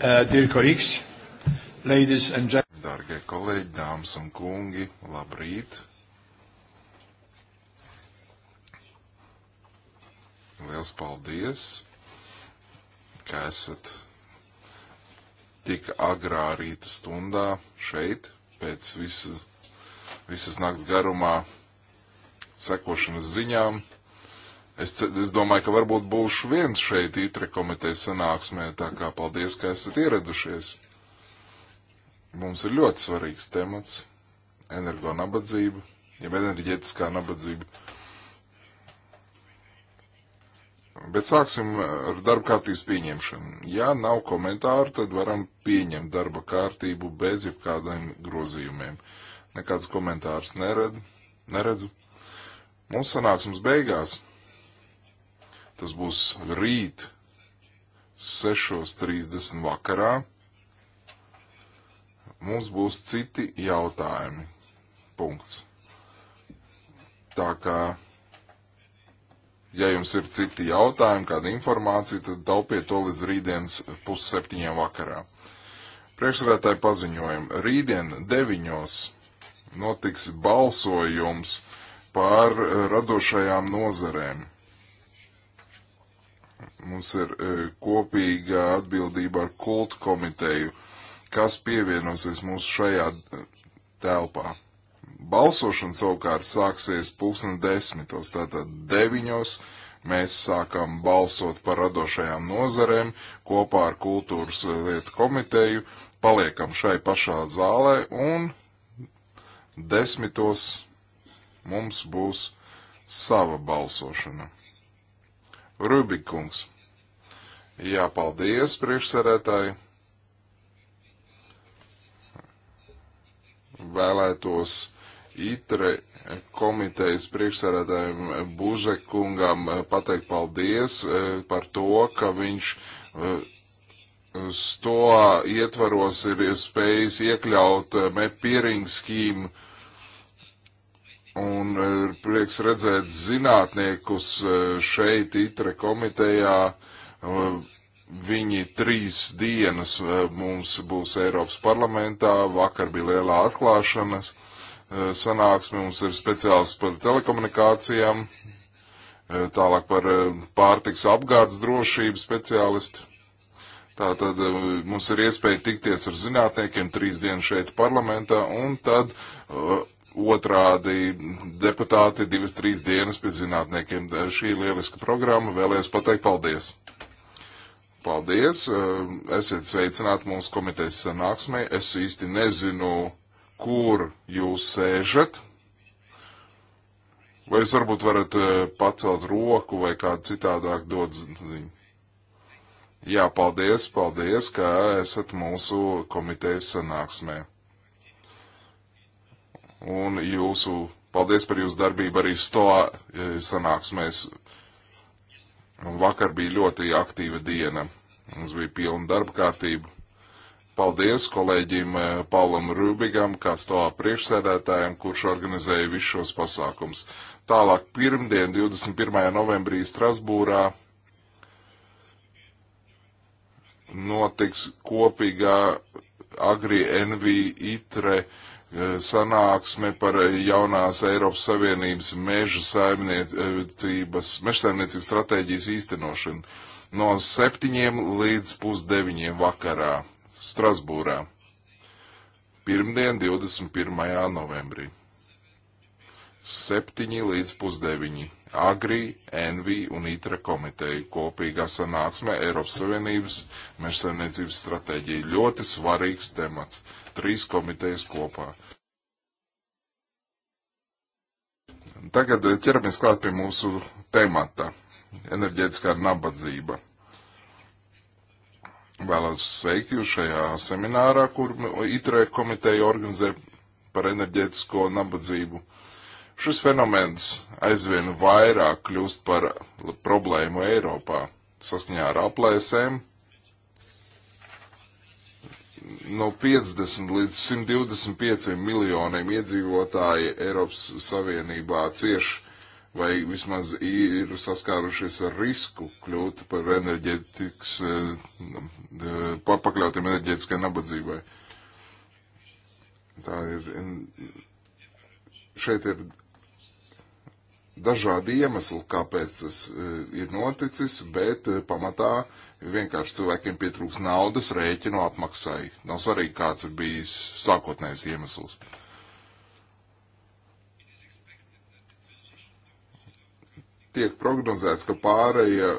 Uh, dear colleagues, ladies and gentlemen. Dārgie kolēģi, dāmas un kungi, labrīt. Liels paldies, ka esat tik agrā rīta stundā šeit pēc visu, visas nakts garumā sekošanas ziņām. Es, es domāju, ka varbūt būšu viens šeit itre komitejas sanāksmē, tā kā paldies, ka esat ieradušies. Mums ir ļoti svarīgs temats - energo nabadzība, jeb enerģetiskā nabadzība. Bet sāksim ar darba kārtības pieņemšanu. Ja nav komentāru, tad varam pieņemt darba kārtību bez jebkādiem grozījumiem. Nekāds komentārs nered, neredzu. Mūsu sanāksmes beigās Tas būs rīt 6.30 vakarā. Mums būs citi jautājumi. Punkts. Tā kā, ja jums ir citi jautājumi, kāda informācija, tad taupiet to līdz rītdienas pusseptiņiem vakarā. Priekšsēdētāji paziņojumi. Rītdien deviņos notiks balsojums pār radošajām nozarēm. Mums ir e, kopīga atbildība ar kultu komiteju, kas pievienosies mūsu šajā telpā. Balsošana savukārt sāksies pusdien desmitos, tātad deviņos mēs sākam balsot par radošajām nozarēm kopā ar kultūras e, lietu komiteju, paliekam šai pašā zālē un desmitos mums būs sava balsošana. Rubikungs. Jā, paldies, priekšsarētāji. Vēlētos ITRE komitejas priekšsarētājiem Bužekungam eh, pateikt paldies eh, par to, ka viņš eh, to ietvaros ir spējis iekļaut MEP peering schēmu Un e, ir prieks redzēt zinātniekus e, šeit, ITRE komitejā. E, viņi trīs dienas mums būs Eiropas parlamentā, vakar bija lielā atklāšanas sanāksme, mums ir speciāls par telekomunikācijām, tālāk par pārtiks apgādes drošību speciālisti. Tātad mums ir iespēja tikties ar zinātniekiem trīs dienas šeit parlamentā, un tad otrādi deputāti divas, trīs dienas pēc zinātniekiem. Šī ir lieliska programma. Vēlējos pateikt paldies. Paldies. Eh, esiet sveicināti mūsu komitejas sanāksmē. Es īsti nezinu, kur jūs sēžat. Vai jūs varbūt varat eh, pacelt roku vai kādu citādāk dot ziņu? Jā, paldies, paldies, ka esat mūsu komitejas sanāksmē un jūsu, paldies par jūsu darbību arī stoa e, sanāksmēs. Vakar bija ļoti aktīva diena. Mums bija pilna darba kārtība. Paldies kolēģim e, Paulam Rūbigam, kā stāvā priekšsēdētājiem, kurš organizēja visus šos pasākums. Tālāk pirmdien, 21. novembrī Strasbūrā, notiks kopīgā Agri NV ITRE uh, Eh, sanāksme par eh, jaunās Eiropas Savienības meža saimniecības, eh, meža saimniecības stratēģijas īstenošanu no septiņiem līdz pusdeviņiem vakarā Strasbūrā. Pirmdien, 21. novembrī. Septiņi līdz pusdeviņi. Agri, Envi un Itra komiteju kopīgā sanāksmē Eiropas Savienības mežsaimniecības stratēģija. Ļoti svarīgs temats. Trīs komitejas kopā. Tagad ķeramies klāt pie mūsu temata - enerģētiskā nabadzība. Vēlos sveikt jūs šajā seminārā, kur ITRE komiteja organizē par enerģētisko nabadzību. Šis fenomens aizvien vairāk kļūst par problēmu Eiropā saskaņā ar aplēsēm. No 50 līdz 125 miljoniem iedzīvotāji Eiropas Savienībā cieši vai vismaz ir saskārušies ar risku kļūt par enerģētikas, eh, eh, pakļautiem enerģētiskai nabadzībai. Tā ir, šeit ir dažādi iemesli, kāpēc tas e, ir noticis, bet e, pamatā vienkārši cilvēkiem pietrūks naudas rēķinu apmaksai. Nav svarīgi, kāds ir bijis sākotnējs iemesls. tiek prognozēts, ka pāreja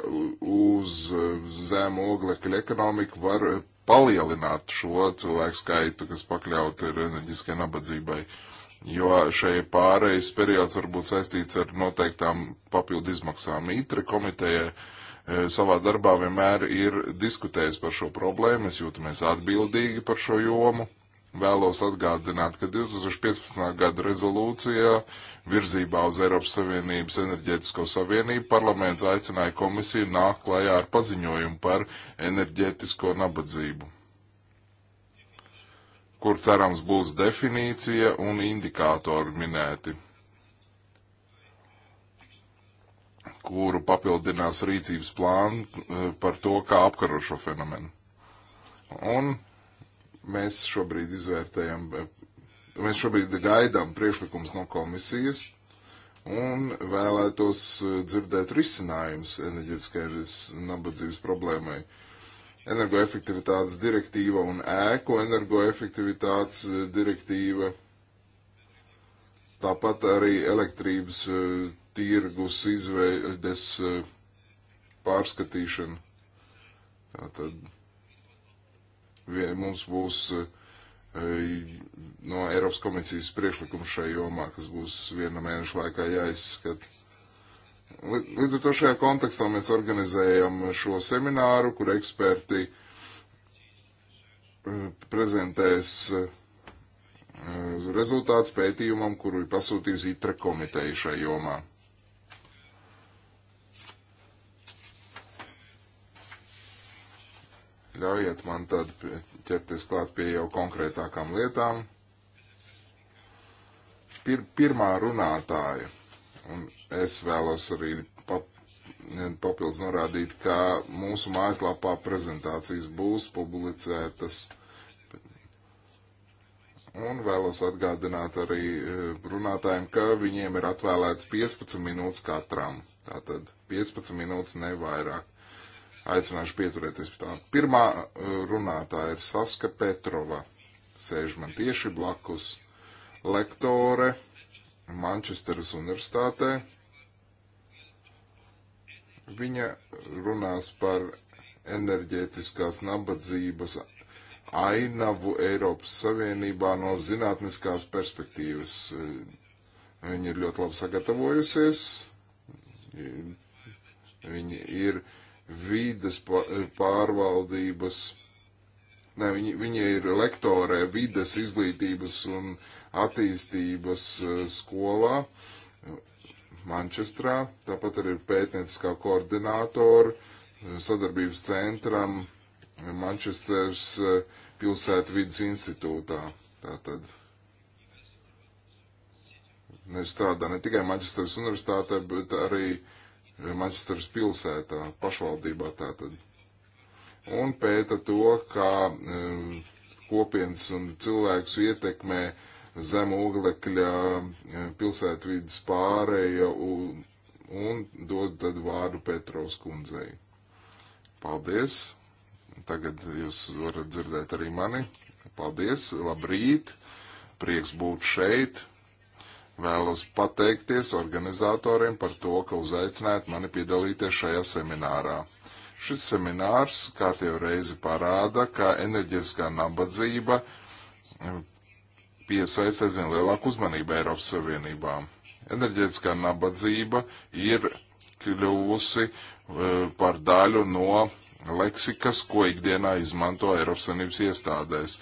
uz e, zemu oglekļa ekonomiku var palielināt šo cilvēku skaitu, kas pakļauti ir enerģiskai nabadzībai. Uh, jo šai pārejas periods var būt saistīts ar noteiktām papildu izmaksām. ITRE komiteja e, savā darbā vienmēr ir diskutējusi par šo problēmu, mēs jūtamies atbildīgi par šo jomu. Vēlos atgādināt, ka 2015. gada rezolūcijā virzībā uz Eiropas Savienības enerģētisko savienību parlaments aicināja komisiju nākt klajā ar paziņojumu par enerģētisko nabadzību kur cerams būs definīcija un indikātori minēti, kuru papildinās rīcības plānu eh, par to, kā apkaro šo fenomenu. Un mēs šobrīd izvērtējam, eh, mēs šobrīd gaidām priekšlikums no komisijas un vēlētos eh, dzirdēt risinājums enerģiskajai nabadzības problēmai. Uh, energoefektivitātes direktīva un ēku energoefektivitātes eh, direktīva. Tāpat arī elektrības eh, tirgus izveides eh, pārskatīšana. Tātad vien, mums būs no Eiropas komisijas priekšlikums šai jomā, kas būs viena mēneša laikā jāizskata. Līdz ar to šajā kontekstā mēs organizējam šo semināru, kur eksperti eh, prezentēs eh, rezultāts pētījumam, kuru ir pasūtījusi ITRE komiteja šai jomā. Ļaujiet man tad ķerties klāt pie jau konkrētākām lietām. Pir pirmā runātāja Un es vēlos arī pap, papildus norādīt, ka mūsu mājaslapā prezentācijas būs publicētas. Un vēlos atgādināt arī e, runātājiem, ka viņiem ir atvēlēts 15 minūtes katram. Tātad 15 minūtes nevairāk. Aicināšu pieturēties pie tā. Pirmā e, runātāja ir Saska Petrova. Sēž man tieši blakus. Lektore Mančesteras Universitātē. Viņa runās par enerģētiskās nabadzības ainavu Eiropas Savienībā no zinātniskās perspektīvas. Viņa ir ļoti labi sagatavojusies. Viņa ir vīdes pārvaldības Nē, viņa, viņa ir lektore vides izglītības un attīstības e, skolā Mančestrā. Tāpat arī ir pētnieciskā koordinātora e, sadarbības centram e, Mančestras pilsētu vidas institūtā. Tātad ne strādā ne tikai Mančestras universitātē, bet arī Mančestras pilsētā, pašvaldībā tātad un pēta to, kā eh, kopienas un cilvēkus ietekmē zem oglekļa eh, pilsētvidas pārēja un, un dod tad vārdu Petros kundzei. Paldies! Tagad jūs varat dzirdēt arī mani. Paldies! Labrīt! Prieks būt šeit! Vēlos pateikties organizatoriem par to, ka uzaicinājāt mani piedalīties šajā seminārā. Šis seminārs kā jau reizi parāda, ka enerģiskā nabadzība eh, piesaista aizvien lielāku uzmanību Eiropas Savienībām. Enerģiskā nabadzība ir kļuvusi eh, par daļu no leksikas, ko ikdienā izmanto Eiropas Savienības iestādēs.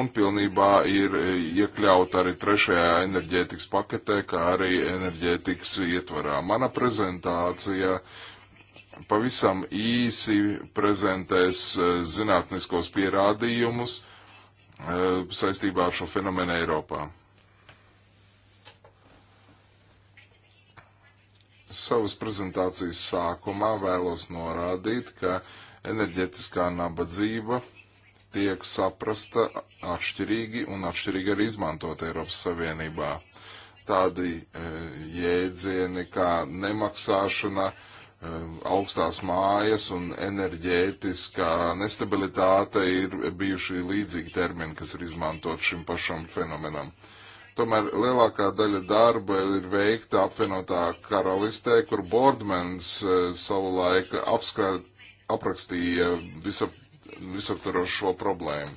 Un pilnībā ir eh, iekļauta arī trešajā enerģētikas paketē, kā arī enerģētikas ietvarā. Mana prezentācija uh, pavisam īsi prezentēs eh, zinātniskos pierādījumus eh, saistībā ar šo fenomenu Eiropā. Savas prezentācijas sākumā vēlos norādīt, ka enerģetiskā nabadzība tiek saprasta atšķirīgi un atšķirīgi arī izmantot Eiropas Savienībā. Tādi e, jēdzieni kā nemaksāšana, e, augstās mājas un enerģētiskā nestabilitāte ir bijuši līdzīgi termini, kas ir izmantot šim pašam fenomenam. Tomēr lielākā daļa darba ir veikta apvienotā karalistē, kur Bordmans e, savu laiku apskat, aprakstīja visap, visaptarošo problēmu.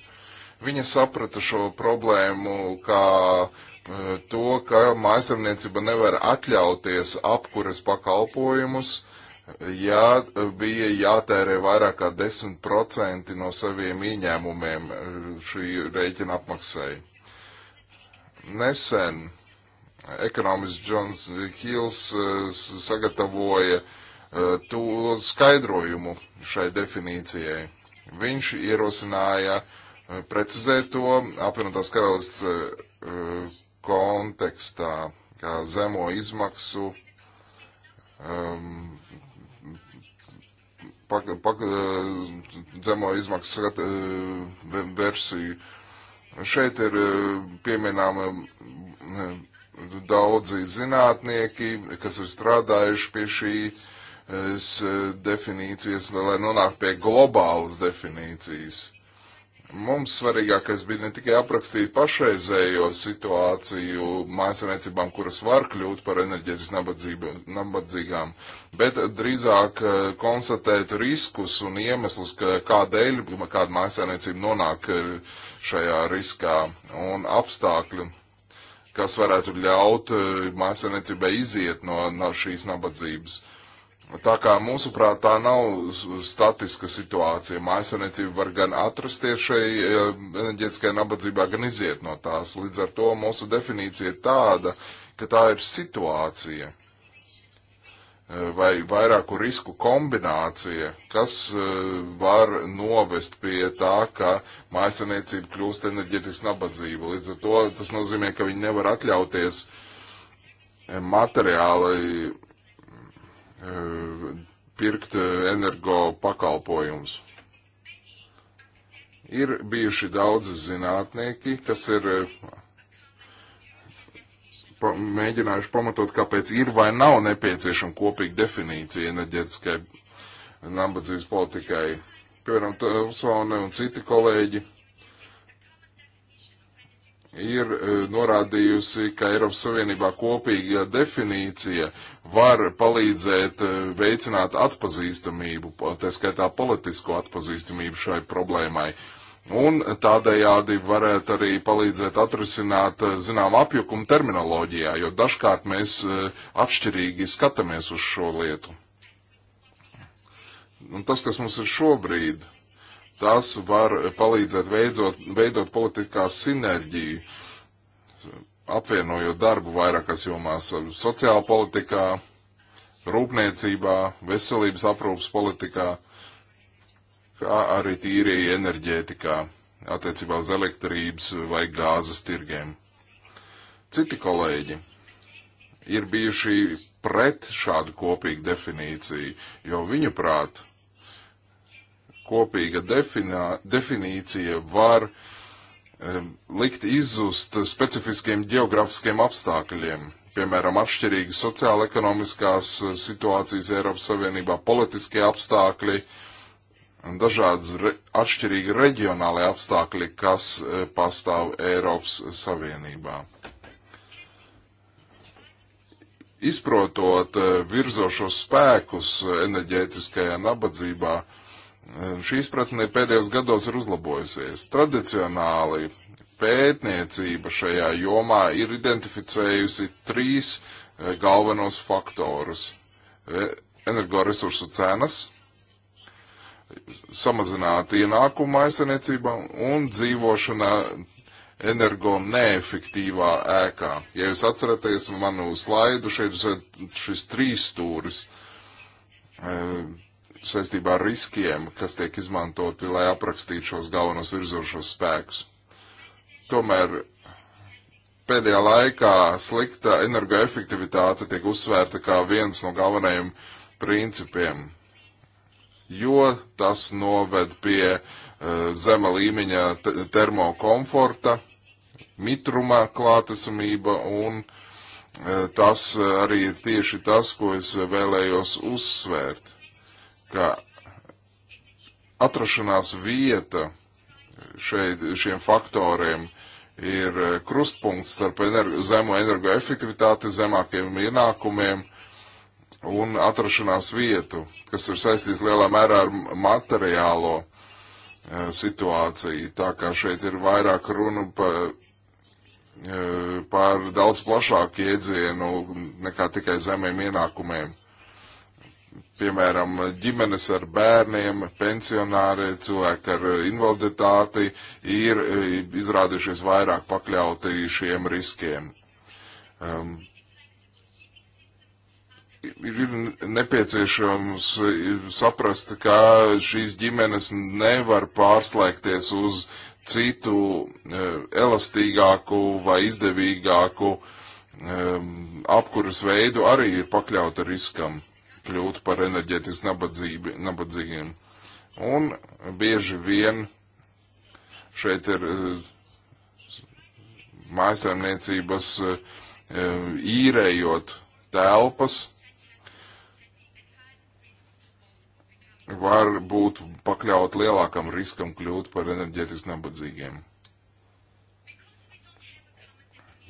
Viņa saprata šo problēmu kā e, to, ka mājasemniecība nevar atļauties apkures pakalpojumus, ja bija jātērē vairāk kā 10% no saviem ieņēmumiem eh, šī rēķina apmaksai. Nesen ekonomists Džons Hils eh, sagatavoja eh, to skaidrojumu šai definīcijai. Viņš ierosināja precizēt to apvienotās karalists kontekstā, kā zemo izmaksu um, pak, pak, e, zemo izmaksu e, versiju. Šeit ir e, pieminama daudzi zinātnieki, kas ir strādājuši pie šīs definīcijas, lai nonāktu pie globālas definīcijas. Mums svarīgākais bija ne tikai aprakstīt pašreizējo situāciju mājasemniecībām, kuras var kļūt par enerģētiski nabadzīgām, bet drīzāk eh, konstatēt riskus un iemeslus, ka kādēļ kāda mājasemniecība nonāk eh, šajā riskā un apstākļu, kas varētu ļaut eh, mājasemniecībai iziet no, no šīs nabadzības. Uh, Tā kā mūsuprāt tā nav statiska situācija, mājasemniecība var gan atrasties šai e, enerģētiskajā nabadzībā, gan iziet no tās. Līdz ar to mūsu definīcija ir tāda, ka tā ir situācija e, vai vairāku risku kombinācija, kas e, var novest pie tā, ka mājasemniecība kļūst enerģētiski nabadzība. Līdz ar to tas nozīmē, ka viņi nevar atļauties materiālai Eh, pirkt eh, energo pakalpojumus. Ir bijuši daudzi zinātnieki, kas ir eh, pa, mēģinājuši pamatot, kāpēc ir vai nav nepieciešama kopīga definīcija enerģetiskai nabadzības politikai. Piemēram, Tomsone un citi kolēģi ir e, norādījusi, ka Eiropas Savienībā kopīga definīcija var palīdzēt e, veicināt atpazīstamību, tā skaitā politisko atpazīstamību šai problēmai. Un tādējādi varētu arī palīdzēt atrisināt, e, zinām, apjukumu terminoloģijā, jo dažkārt mēs atšķirīgi skatāmies uz šo lietu. Un tas, kas mums ir šobrīd, tas var palīdzēt veidzot, veidot politikā sinerģiju, apvienojot darbu vairākas jomās - sociāla politikā, rūpniecībā, veselības aprūpas politikā, kā arī tīrie enerģētikā attiecībā uz elektrības vai gāzes tirgiem. Citi kolēģi ir bijuši pret šādu kopīgu definīciju, jo viņu prāt kopīga definā, definīcija var um, likt izzust specifiskiem geogrāfiskiem apstākļiem, piemēram, atšķirīgas sociāla-ekonomiskās eh, situācijas Eiropas Savienībā, politiskie apstākļi un dažādas re, atšķirīgi reģionālie apstākļi, kas e, pastāv Eiropas Savienībā. Izprotot e, virzošos spēkus enerģētiskajā nabadzībā, e, Šī izpratne pēdējos gados ir uzlabojusies. Tradicionāli pētniecība šajā jomā ir identificējusi trīs eh, galvenos faktorus eh, - energoresursu cenas, samazināt ienākumu aizsarniecībā un dzīvošana energo neefektīvā ēkā. Ja jūs atceraties manu slaidu, šeit ir šis trīs stūris. Eh, saistībā ar riskiem, kas tiek izmantoti, lai aprakstītu šos galvenos virzošos spēkus. Tomēr pēdējā laikā slikta energoefektivitāte tiek uzsvērta kā viens no galvenajiem principiem, jo tas noved pie uh, zema līmeņa te termokomforta, mitruma klātesamība un uh, tas eh, arī ir tieši tas, ko es vēlējos uzsvērt ka atrašanās vieta šeit, šiem faktoriem ir krustpunkts starp energo, zemo energoefektivitāti, zemākiem ienākumiem un atrašanās vietu, kas ir saistīts lielā mērā ar materiālo e, situāciju. Tā kā šeit ir vairāk runa par e, par daudz plašāku iedzienu nekā tikai zemiem ienākumiem piemēram, ģimenes ar bērniem, pensionāri, cilvēki ar invaliditāti ir eh, izrādījušies vairāk pakļauti šiem riskiem. Um, ir nepieciešams eh, saprast, ka šīs ģimenes nevar pārslēgties uz citu eh, elastīgāku vai izdevīgāku um, apkuras veidu, arī ir pakļauta riskam kļūt par enerģētiski nabadzīgiem. Un bieži vien šeit ir eh, mājasēmniecības eh, īrējot telpas, var būt pakļaut lielākam riskam kļūt par enerģētiski nabadzīgiem.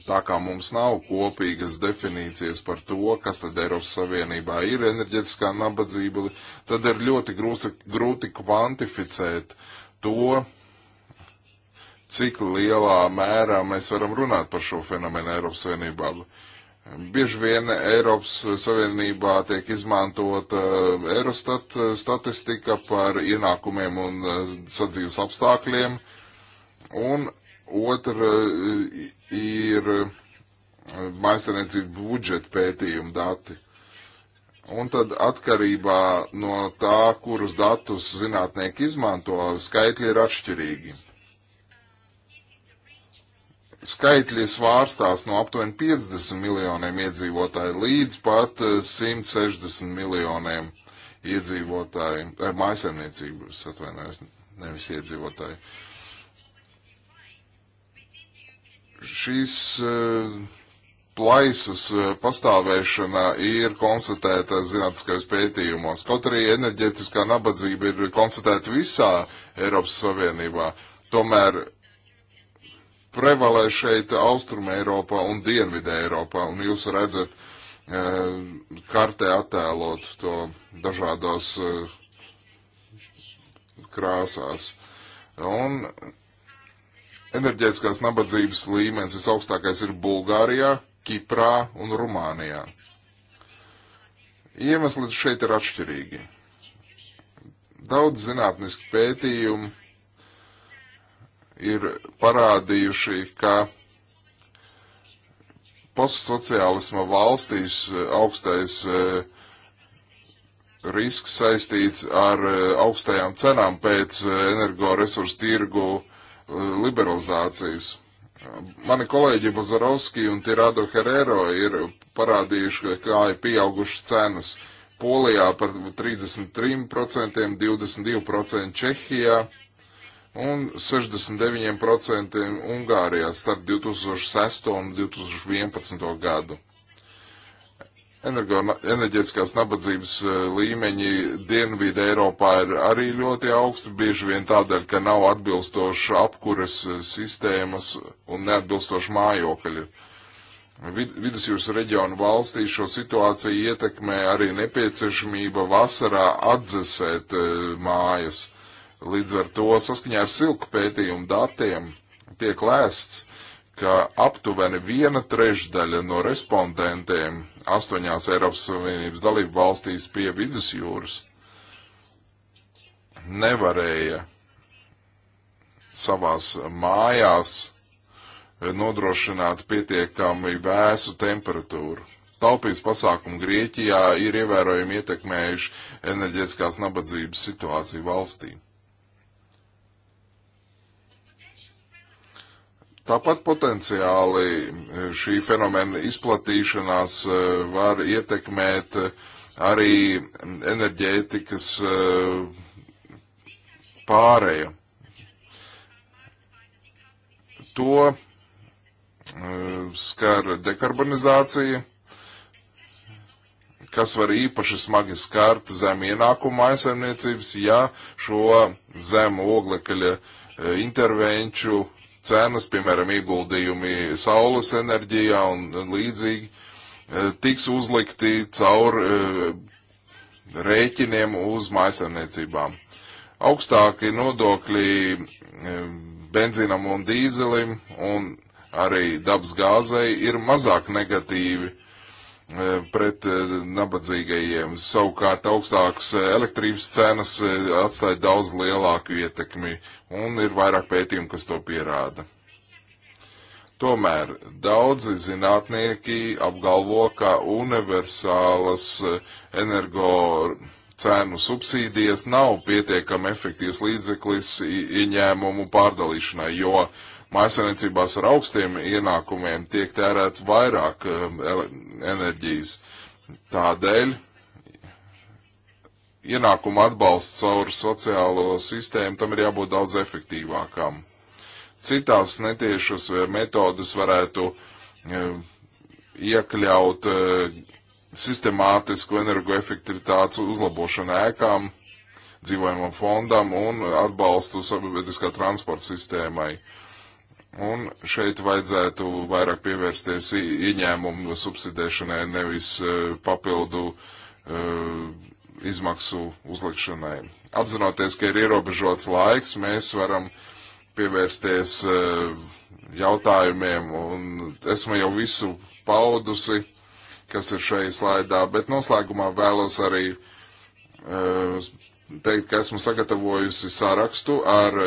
Tā kā mums nav kopīgas definīcijas par to, kas tad Eiropas Savienībā ir enerģetiskā nabadzība, tad ir ļoti grūti, grūti kvantificēt to, cik lielā mērā mēs varam runāt par šo fenomenu Eiropas Savienībā. Bieži vien Eiropas Savienībā tiek izmantota uh, Eurostat uh, statistika par ienākumiem un uh, sadzīves apstākļiem, un otra ir eh, mājasaniecību budžeta pētījumu dati. Un tad atkarībā no tā, kurus datus zinātnieki izmanto, skaitļi ir atšķirīgi. Skaitļi svārstās no aptuveni 50 miljoniem iedzīvotāju līdz pat 160 eh, miljoniem iedzīvotāju, eh, mājasaniecības atvainojas, nevis iedzīvotāju. Uh, Šīs eh, plaisas eh, pastāvēšana ir konstatēta zinātniskajos pētījumos, kaut arī enerģetiskā nabadzība ir konstatēta visā Eiropas Savienībā. Tomēr prevalē šeit Austruma Eiropā un Dienvidē Eiropā, un jūs redzat eh, kartē attēlot to dažādās krāsās. Un Enerģētiskās nabadzības līmenis visaugstākais ir Bulgārijā, Kiprā un Rumānijā. Iemesli šeit ir atšķirīgi. Daudz zinātniski pētījumi ir parādījuši, ka postsociālisma valstīs e, augstais e, risks saistīts ar e, augstajām cenām pēc e, energoresursu tirgu liberalizācijas. Mani kolēģi Bazarovski un Tirado Herrero ir parādījuši, kā ir pieaugušas cenas. Polijā par 33%, 22% Čehijā un 69% Ungārijā starp 2006 un 2011 gadu. Enerģētiskās nabadzības eh, līmeņi Dienvidē Eiropā ir arī ļoti augsti, bieži vien tādēļ, ka nav atbilstoša apkures eh, sistēmas un neatbilstoša mājokļa. Vid vidusjūras reģionu valstī šo situāciju ietekmē arī nepieciešamība vasarā atdzesēt eh, mājas. Līdz ar to saskaņā ar silku pētījumu datiem tiek lēsts, ka aptuveni viena trešdaļa no respondentiem astoņās Eiropas Savienības dalību valstīs pie vidusjūras nevarēja savās mājās nodrošināt pietiekami vēsu temperatūru. Taupības pasākumi Grieķijā ir ievērojami ietekmējuši enerģētiskās nabadzības situāciju valstī. Tāpat potenciāli eh, šī fenomena izplatīšanās eh, var ietekmēt eh, arī enerģētikas pārēju. To skar dekarbonizācija, kas var īpaši smagi skart zem ienākuma aizsaimniecības, ja šo zem oglekļa intervenču cenas, piemēram, ieguldījumi saules enerģijā un līdzīgi, e, tiks uzlikti caur e, rēķiniem uz mājasemniecībām. Augstāki nodokļi e, benzīnam un dīzelim un arī dabas gāzei ir mazāk negatīvi E, pret e, nabadzīgajiem. Savukārt augstākas e, elektrības cenas atstāja daudz lielāku ietekmi, un ir vairāk pētījumu, kas to pierāda. Tomēr daudzi zinātnieki apgalvo, ka universālas energo cēnu subsīdijas nav pietiekami efektīvs līdzeklis ieņēmumu pārdalīšanai, jo uh, mājasemniecībās ar augstiem ienākumiem tiek tērēts vairāk um, enerģijas. Tādēļ ienākuma atbalsts caur sociālo sistēmu tam ir jābūt daudz efektīvākam. Citās netiešas uh, metodas varētu um, iekļaut uh, sistemātisku energoefektivitātes uzlabošanu ēkām, dzīvojamam fondam un atbalstu sabiedriskā transporta sistēmai. Uh, Un šeit vajadzētu vairāk pievērsties ieņēmumu subsidēšanai, nevis e, papildu uh, izmaksu uzlikšanai. Apzinoties, ka ir ierobežots laiks, mēs varam pievērsties uh, jautājumiem, un esmu jau visu paudusi, kas ir šai slaidā, bet noslēgumā vēlos arī uh, teikt, ka esmu sagatavojusi sarakstu ar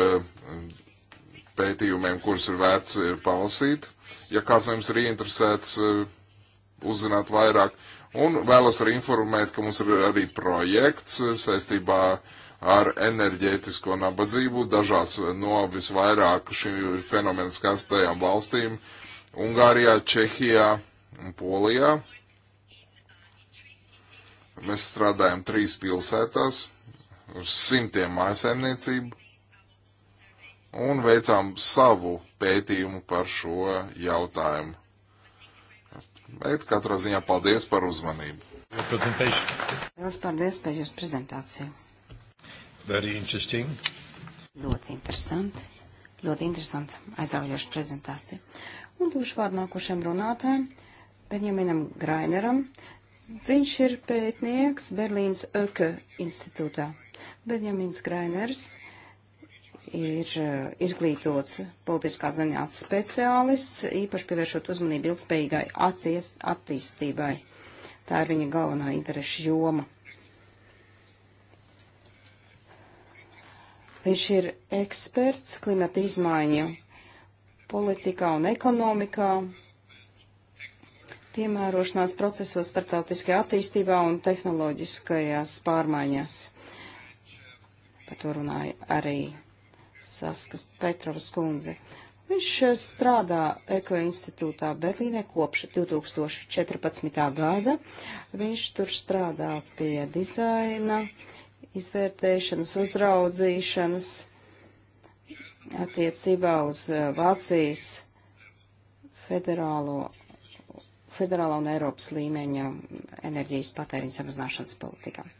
pētījumiem, kurus ir vērts eh, palasīt, ja kāds no jums ir ieinteresēts eh, uzzināt vairāk. Un vēlos arī informēt, ka mums ir arī projekts eh, saistībā ar enerģētisko nabadzību dažās no visvairāk šī fenomena skastajām valstīm - Ungārijā, Čehijā un Polijā. Mēs strādājam trīs pilsētās, uz simtiem mājasemniecību un veicām savu pētījumu par šo jautājumu. Bet katrā ziņā paldies par uzmanību. Lielas paldies par jūsu prezentāciju. Ļoti interesanti. Ļoti interesanti aizraujoša prezentācija. Un došu vārdu nākošajam runātājam, Benjaminam Graineram. Viņš ir pētnieks Berlīnas Öke institūtā. Benjamins Grainers ir eh, izglītots politiskā ziņā speciālists, īpaši pievēršot uzmanību ilgspējīgai atties, attīstībai. Tā ir viņa galvenā interešu joma. Viņš ir eksperts klimata izmaiņu politikā un ekonomikā, piemērošanās procesos starptautiskajā attīstībā un tehnoloģiskajās pārmaiņās. Par to runāja arī Saskas Petrovas kundze. Viņš eh, strādā Eko institūtā Berlīnē kopš 2014. gada. Viņš tur strādā pie dizaina, izvērtēšanas, uzraudzīšanas attiecībā uz eh, Vācijas federālo, federālo un Eiropas līmeņa enerģijas patēriņa samazināšanas politikām.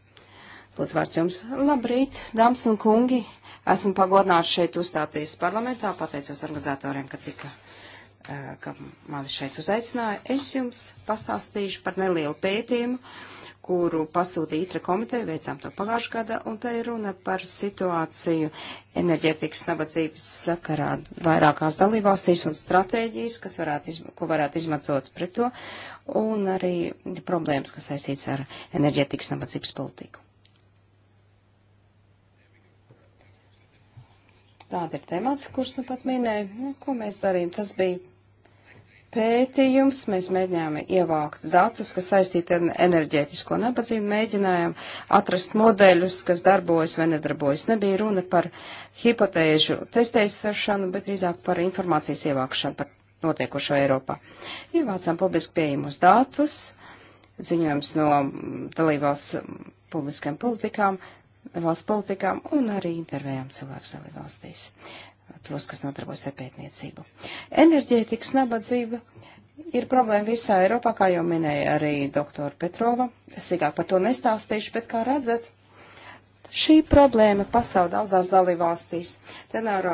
Lūdzu, vārds jums. Labrīt, dāmas un kungi. Esmu pagodināts šeit uzstāties parlamentā. Pateicos organizatoriem, ka tika eh, ka mani šeit uzaicināja. Es jums pastāstīšu par nelielu pētījumu, kuru pasūtīja ITRA komiteja, veicām to pagājušajā gadā, un te ir runa par situāciju enerģētikas nabadzības sakarā vairākās dalībvalstīs un stratēģijas, kas varētu, izma, ko varētu izmantot pret to, un arī problēmas, kas saistīts ar enerģētikas nabadzības politiku. Tāda ir temata, kurus nu pat minēju. Nu, ko mēs darījām? Tas bija pētījums. Mēs mēģinājām ievākt datus, kas saistīti ar enerģētisko nabadzību, mēģinājām atrast modeļus, kas darbojas vai nedarbojas. Nebija runa par hipotēžu testēšanu, bet drīzāk par informācijas ievākšanu par notiekošo Eiropā. Ievācām publiski pieejamos datus, ziņojums no dalībās publiskajām politikām, valsts politikām un arī intervējām cilvēkus arī valstīs, tos, kas nodarbojas ar pētniecību. Enerģētikas nabadzība ir problēma visā Eiropā, kā jau minēja arī doktora Petrova. Es sīkāk par to nestāstīšu, bet kā redzat, šī problēma pastāv daudzās dalībvalstīs. Te nav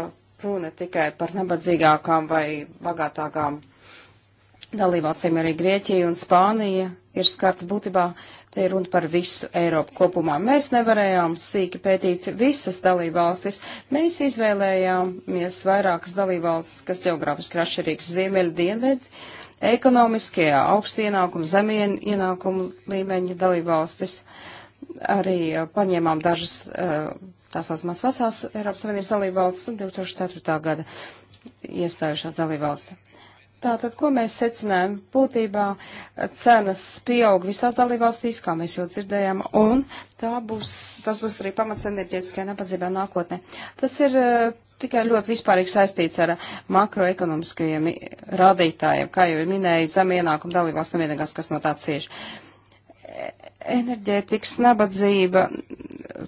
runa tikai par nabadzīgākām vai bagātākām dalībvalstīm, arī Grieķija un Spānija ir skarta būtībā Te ir runa par visu Eiropu kopumā. Mēs nevarējām sīki pētīt visas dalībvalstis. Mēs izvēlējāmies vairākas dalībvalstis, kas geogrāfiski rašķirīgas ziemeļu dienvedi, ekonomiskie augsti ienākumu, zemie ienākumu līmeņa dalībvalstis. Arī uh, paņēmām dažas uh, tās saucamās vecās Eiropas Savienības dalībvalstis 2004. gada iestājušās dalībvalstis. Tātad, ko mēs secinājām? Būtībā cenas pieaug visās dalībvalstīs, kā mēs jau dzirdējām, un tā būs, tas būs arī pamats enerģētiskajai nabadzībai nākotnē. Tas ir eh, tikai ļoti vispārīgi saistīts ar makroekonomiskajiem rādītājiem, kā jau minēju, zem ienākumu dalībvalsts nevienīgās, kas no tā cieši. Enerģētikas nabadzība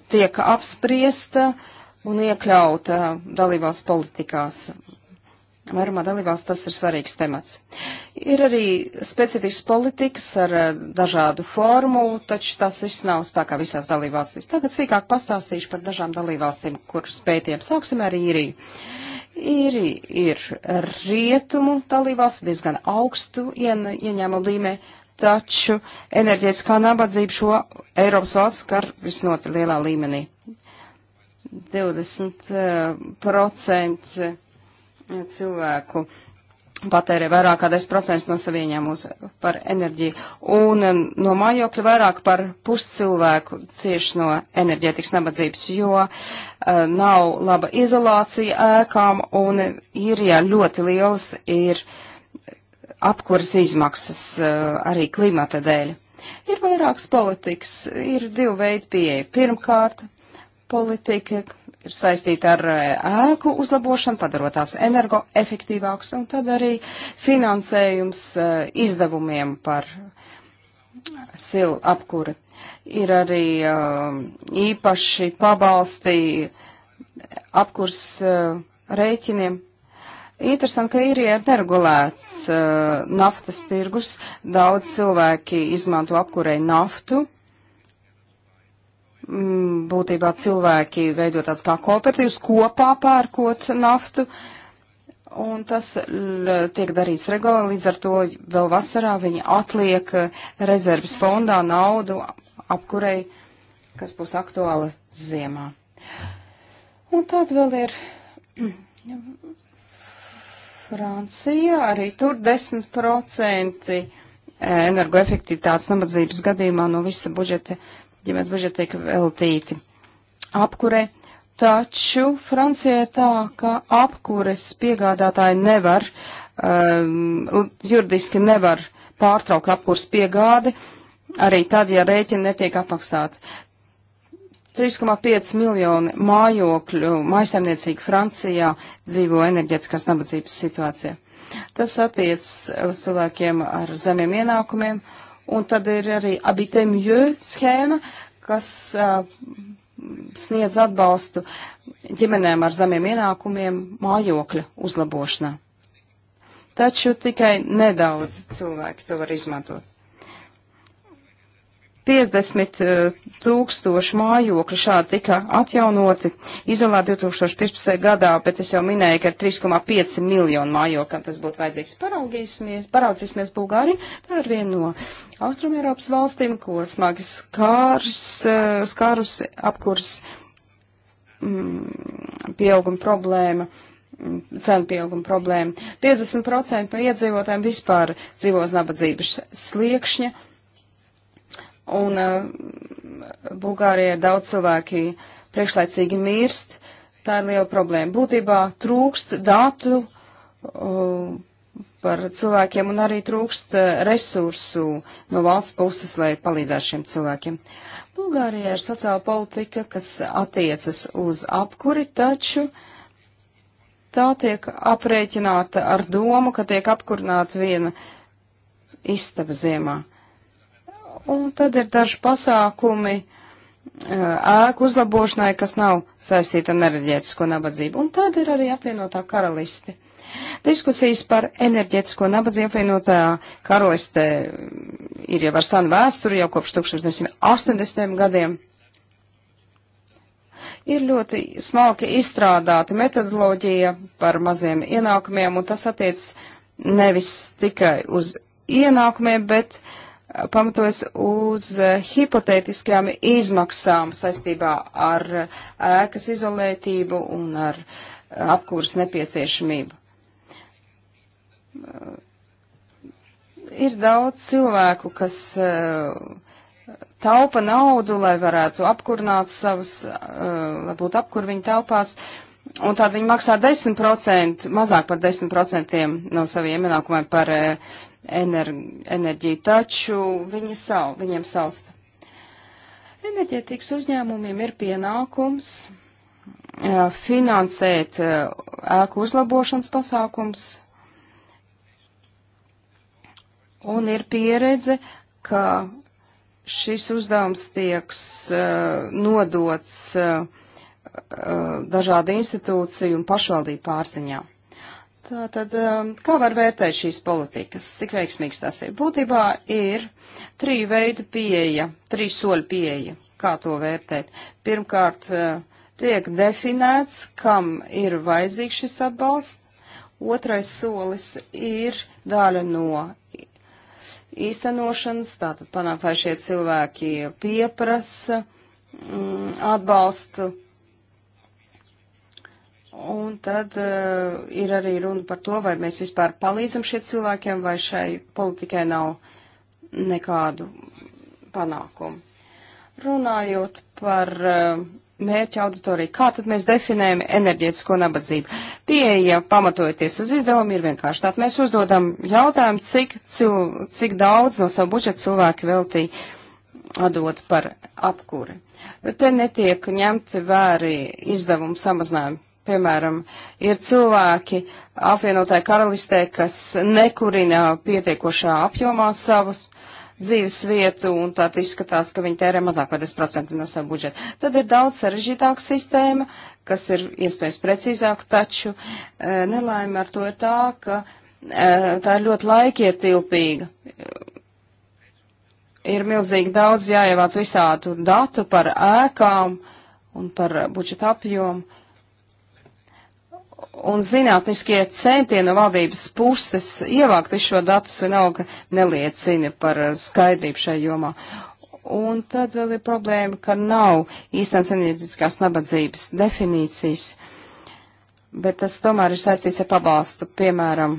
tiek apspriesta un iekļauta dalībvalsts politikās Vairumā dalībās tas ir svarīgs temats. Ir arī specifisks politikas ar eh, dažādu formu, taču tas viss nav spēkā visās dalībvalstīs. Tagad sīkāk pastāstīšu par dažām dalībvalstīm, kuras pētījām. Sāksim ar īriju. Īrija ir rietumu dalībvalsts diezgan augstu ien, ieņēmumu līmē, taču enerģētiskā nabadzība šo Eiropas valsts skar visnotaļ lielā līmenī. 20% cilvēku patērē vairāk kā 10% no saviem ieņēmumiem par enerģiju. Un eh, no mājokļa vairāk par puscilvēku cieši no enerģētikas nabadzības, jo uh, nav laba izolācija ēkām un ir, jā, ļoti liels ir apkuras izmaksas uh, arī klimata dēļ. Ir vairākas politikas, ir divi veidi pieeja. Pirmkārt, politika, ir saistīta ar eh, ēku uzlabošanu, padarot tās energoefektīvākas, un tad arī finansējums eh, izdevumiem par silu apkuri. Ir arī eh, īpaši pabalsti apkurs rēķiniem. Interesanti, ka ir ieregulēts uh, naftas tirgus. Daudz cilvēki izmanto apkurēju naftu, Mm, būtībā cilvēki veido tāds kā kooperatīvs kopā pērkot naftu, un tas tiek darīts regulāri, līdz ar to vēl vasarā viņi atliek rezerves fondā naudu apkurei, kas būs aktuāla ziemā. Un tad vēl ir Francija, arī tur 10% energoefektivitātes nabadzības gadījumā no visa budžeta ģimenes budžeti tiek veltīti apkure, taču Francijā ir tā, ka apkures piegādātāji nevar, um, juridiski nevar pārtraukt apkures piegādi, arī tad, ja rēķini netiek apmaksāti. 3,5 miljoni mājokļu maisaimniecīgi Francijā dzīvo enerģetiskās nabadzības situācijā. Tas attiec uz cilvēkiem ar zemiem ienākumiem Un tad ir arī abitemju schēma, kas uh, sniedz atbalstu ģimenēm ar zemiem ienākumiem mājokļa uzlabošanā. Taču tikai nedaudz cilvēki to var izmantot. 50 eh, tūkstoši mājokļu šādi tika atjaunoti, izolēti 2015. gadā, bet es jau minēju, ka ar 3,5 miljonu mājokļu tas būtu vajadzīgs. Paraudzīsimies Bulgāriju, tā ir viena no Austrumēropas valstīm, ko smagi skārs, eh, skārus apkurs mm, pieauguma problēma mm, cenu pieauguma problēma. 50% no iedzīvotājiem vispār dzīvos nabadzības sliekšņa, un uh, Bulgārijā ir daudz cilvēki priekšlaicīgi mirst. Tā ir liela problēma. Būtībā trūkst datu uh, par cilvēkiem un arī trūkst uh, resursu no valsts puses, lai palīdzētu šiem cilvēkiem. Bulgārijā ir sociāla politika, kas attiecas uz apkuri, taču tā tiek aprēķināta ar domu, ka tiek apkurināta viena istaba ziemā. Uh, Un tad ir daži pasākumi eh, ēku uzlabošanai, kas nav saistīta ar enerģētisko nabadzību. Un tad ir arī apvienotā karalisti. Diskusijas par enerģētisko nabadzību apvienotā karalistē mm, ir jau ar senu vēsturi, jau kopš 1980. gadiem. Ir ļoti smalki izstrādāta metodoloģija par maziem ienākumiem, un tas attiec nevis tikai uz ienākumiem, bet uh, pamatojas uz eh, hipotētiskajām izmaksām saistībā ar eh, ēkas izolētību un ar eh, apkūras nepieciešamību. Ir daudz cilvēku, kas taupa naudu, lai varētu apkurināt savus, lai būtu apkur viņa telpās. Un tāda viņi maksā 10%, mazāk par 10% no saviem ienākumiem par enerģiju, taču viņi sal, viņiem salsta. Enerģētikas uzņēmumiem ir pienākums finansēt ēku uzlabošanas pasākums, un ir pieredze, ka šis uzdevums tieks nodots dažādu institūciju un pašvaldību pārziņā. Tā tad, um, kā var vērtēt šīs politikas, cik veiksmīgs tas ir? Būtībā ir triju veidu pieeja, triju soļu pieeja, kā to vērtēt. Pirmkārt, uh, tiek definēts, kam ir vajadzīgs šis atbalsts. Otrais solis ir daļa no īstenošanas, tātad panākt, lai šie cilvēki pieprasa mm, atbalstu Un tad uh, ir arī runa par to, vai mēs vispār palīdzam šiem cilvēkiem, vai šai politikai nav nekādu panākumu. Runājot par uh, mērķa auditoriju, kā tad mēs definējam enerģētisko nabadzību? Pieeja pamatojoties uz izdevumu ir vienkārši tāda. Mēs uzdodam jautājumu, cik, cil, cik daudz no savu budžetu cilvēki veltīja atdot par apkuri. Bet te netiek ņemti vēri izdevumu samazinājumi Piemēram, ir cilvēki apvienotāji karalistē, kas nekurina pietiekošā apjomā savus dzīves vietu, un tad izskatās, ka viņi tērē mazāk par 10% no savu budžetu. Tad ir daudz sarežģītāka sistēma, kas ir iespējas precīzāk, taču e, nelaime ar to ir tā, ka e, tā ir ļoti laikietilpīga. Ir milzīgi daudz jāievāc visādu datu par ēkām un par budžeta apjomu un zinātniskie centieni no valdības puses ievākt visu šo datus vienalga neliecina par skaidrību šai jomā. Un tad vēl ir problēma, ka nav īstenas enerģiskās nabadzības definīcijas, bet tas tomēr ir saistīts ar pabalstu. Piemēram,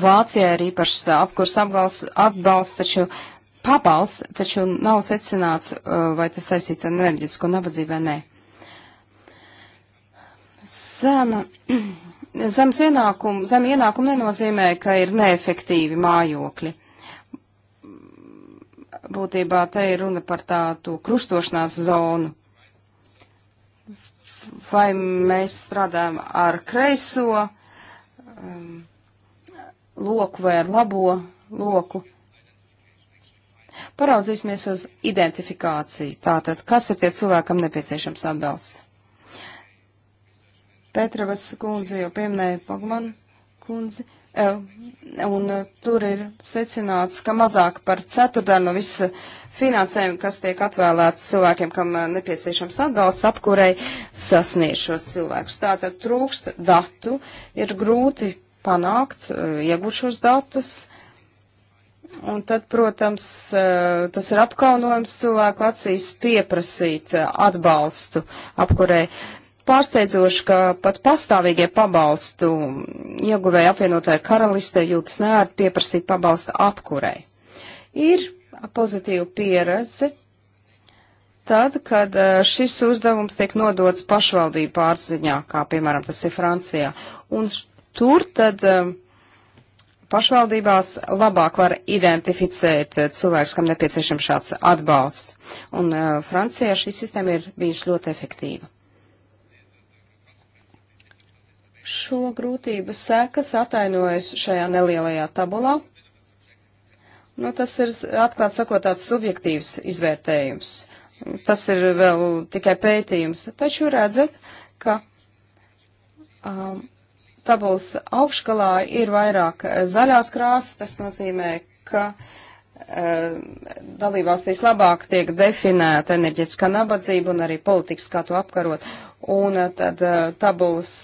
Vācijā ir īpašs apkurs apbalsts, atbalsts, taču pabalsts, taču nav secināts, uh, vai tas saistīts ar enerģisko nabadzību vai nē. Ne. Zema, zems ienākumu, zem ienākumu nenozīmē, ka ir neefektīvi mājokļi. Būtībā te ir runa par tādu krustošanās zonu. Vai mēs strādājam ar kreiso um, loku vai ar labo loku? Paraudzīsimies uz identifikāciju. Tātad, kas ir tie cilvēkam nepieciešams atbalsts? Petravas kundze jau pieminēja Pagman kundzi, eh, un eh, tur ir secināts, ka mazāk par ceturtdaļu no visa finansējuma, kas tiek atvēlēts cilvēkiem, kam eh, nepieciešams atbalsts apkurei, sasniedz šos cilvēkus. Tātad trūkst datu, ir grūti panākt, iegūt šos datus. Un tad, protams, tas ir apkaunojums cilvēku acīs pieprasīt atbalstu apkurē pārsteidzoši, ka pat pastāvīgie pabalstu ieguvēja apvienotāja karaliste jūtas neērti pieprasīt pabalstu apkurei. Ir pozitīva pieredze tad, kad eh, šis uzdevums tiek nodots pašvaldību pārziņā, kā piemēram tas ir Francijā. Un tur tad eh, pašvaldībās labāk var identificēt eh, cilvēks, kam nepieciešams šāds atbalsts. Un Francijā šī sistēma ir bijusi ļoti efektīva. Šo grūtību sekas atainojas šajā nelielajā tabulā. Nu, tas ir, atklāt sakot, tāds subjektīvs izvērtējums. Tas ir vēl tikai pētījums. Taču redzat, ka um, tabulas augšgalā ir vairāk eh, zaļās krāsas. Tas nozīmē, ka eh, dalībvalstīs labāk tiek definēta enerģetiskā nabadzība un arī politikas, kā to apkarot. Un eh, tad tabulas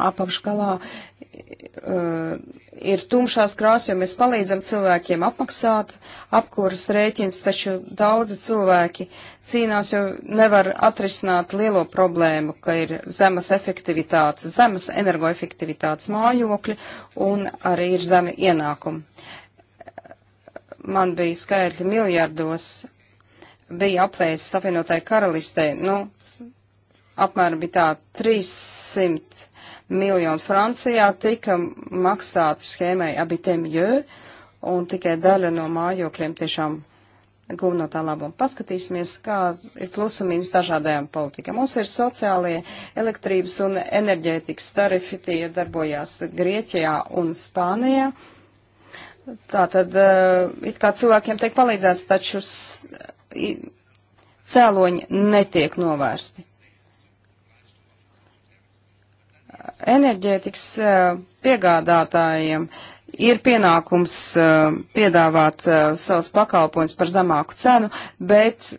apakšgalā uh, ir tumšās krāsas, jo mēs palīdzam cilvēkiem apmaksāt apkuras rēķins, taču daudzi cilvēki cīnās, jo nevar atrisināt lielo problēmu, ka ir zemas efektivitātes, zemas energoefektivitātes mājokļi un arī ir zemi ienākumi. Man bija skaitļi miljardos, bija aplēsis apvienotāji karalistē, nu, apmēram bija tā 300 miljoni Francijā tika maksāti schēmai abitemjē, un tikai daļa no mājokļiem tiešām guva no tā labumu. Paskatīsimies, kā ir plus un mīnus dažādajām politikām. Mums ir sociālie elektrības un enerģētikas tarifi, tie darbojās Grieķijā un Spānijā. Tā tad eh, it kā cilvēkiem tiek palīdzēts, taču cēloņi netiek novērsti. Enerģētikas eh, piegādātājiem ir pienākums eh, piedāvāt eh, savus pakalpojumus par zemāku cenu, bet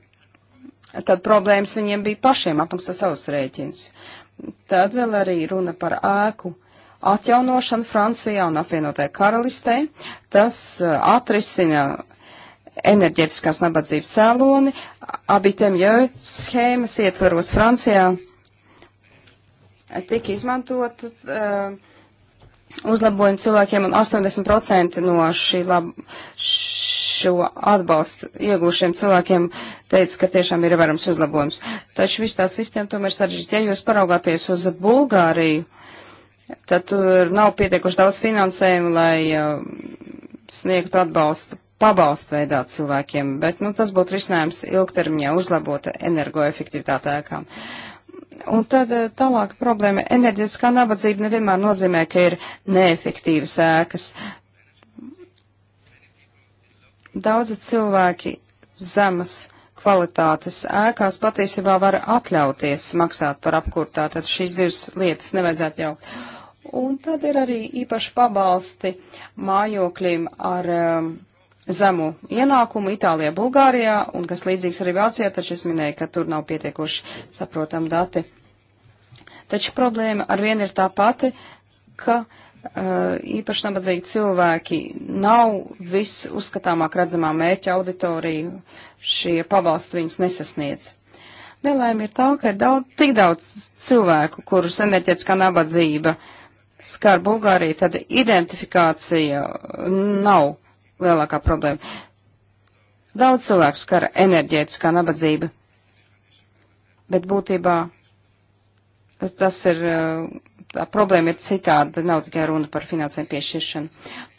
tad problēmas viņiem bija pašiem apmaksāt savus rēķinus. Tad vēl arī runa par ēku atjaunošanu Francijā un apvienotajā karalistē. Tas atrisina enerģētiskās nabadzības cēloni. Abi temjau schēmas ietvaros Francijā tika izmantot uh, uzlabojumu cilvēkiem, un 80% no šī lab, šo atbalstu iegūšiem cilvēkiem teica, ka tiešām ir varams uzlabojums. Taču viss tā sistēma tomēr sarežģīta. Ja jūs paraugāties uz Bulgāriju, tad tur nav pietiekuši daudz finansējumu, lai uh, sniegtu atbalstu pabalstu veidā cilvēkiem, bet nu, tas būtu risinājums ilgtermiņā uzlabota energoefektivitāte ēkām. Uh, Un tad eh, tālāk problēma - enerģetiskā nabadzība nevienmēr nozīmē, ka ir neefektīvas ēkas. Daudzi cilvēki zemas kvalitātes ēkās patiesībā var atļauties maksāt par apkurtā, tad šīs divas lietas nevajadzētu jaukt. Un tad ir arī īpaši pabalsti mājokļiem ar um, zemu ienākumu Itālijā, Bulgārijā, un kas līdzīgs arī Vācijā, taču es minēju, ka tur nav pietiekoši saprotam dati. Taču problēma ar vienu ir tā pati, ka uh, īpaši nabadzīgi cilvēki nav viss uzskatāmāk redzamā mērķa auditorija, šie pavalsti viņus nesasniedz. Nelēma ir tā, ka ir daudz, tik daudz cilvēku, kurus enerģetiskā nabadzība skar Bulgāriju, tad identifikācija nav lielākā problēma. Daudz cilvēku skara enerģētiskā nabadzība, bet būtībā tas ir, tā problēma ir citāda, nav tikai runa par finansēm piešķiršanu.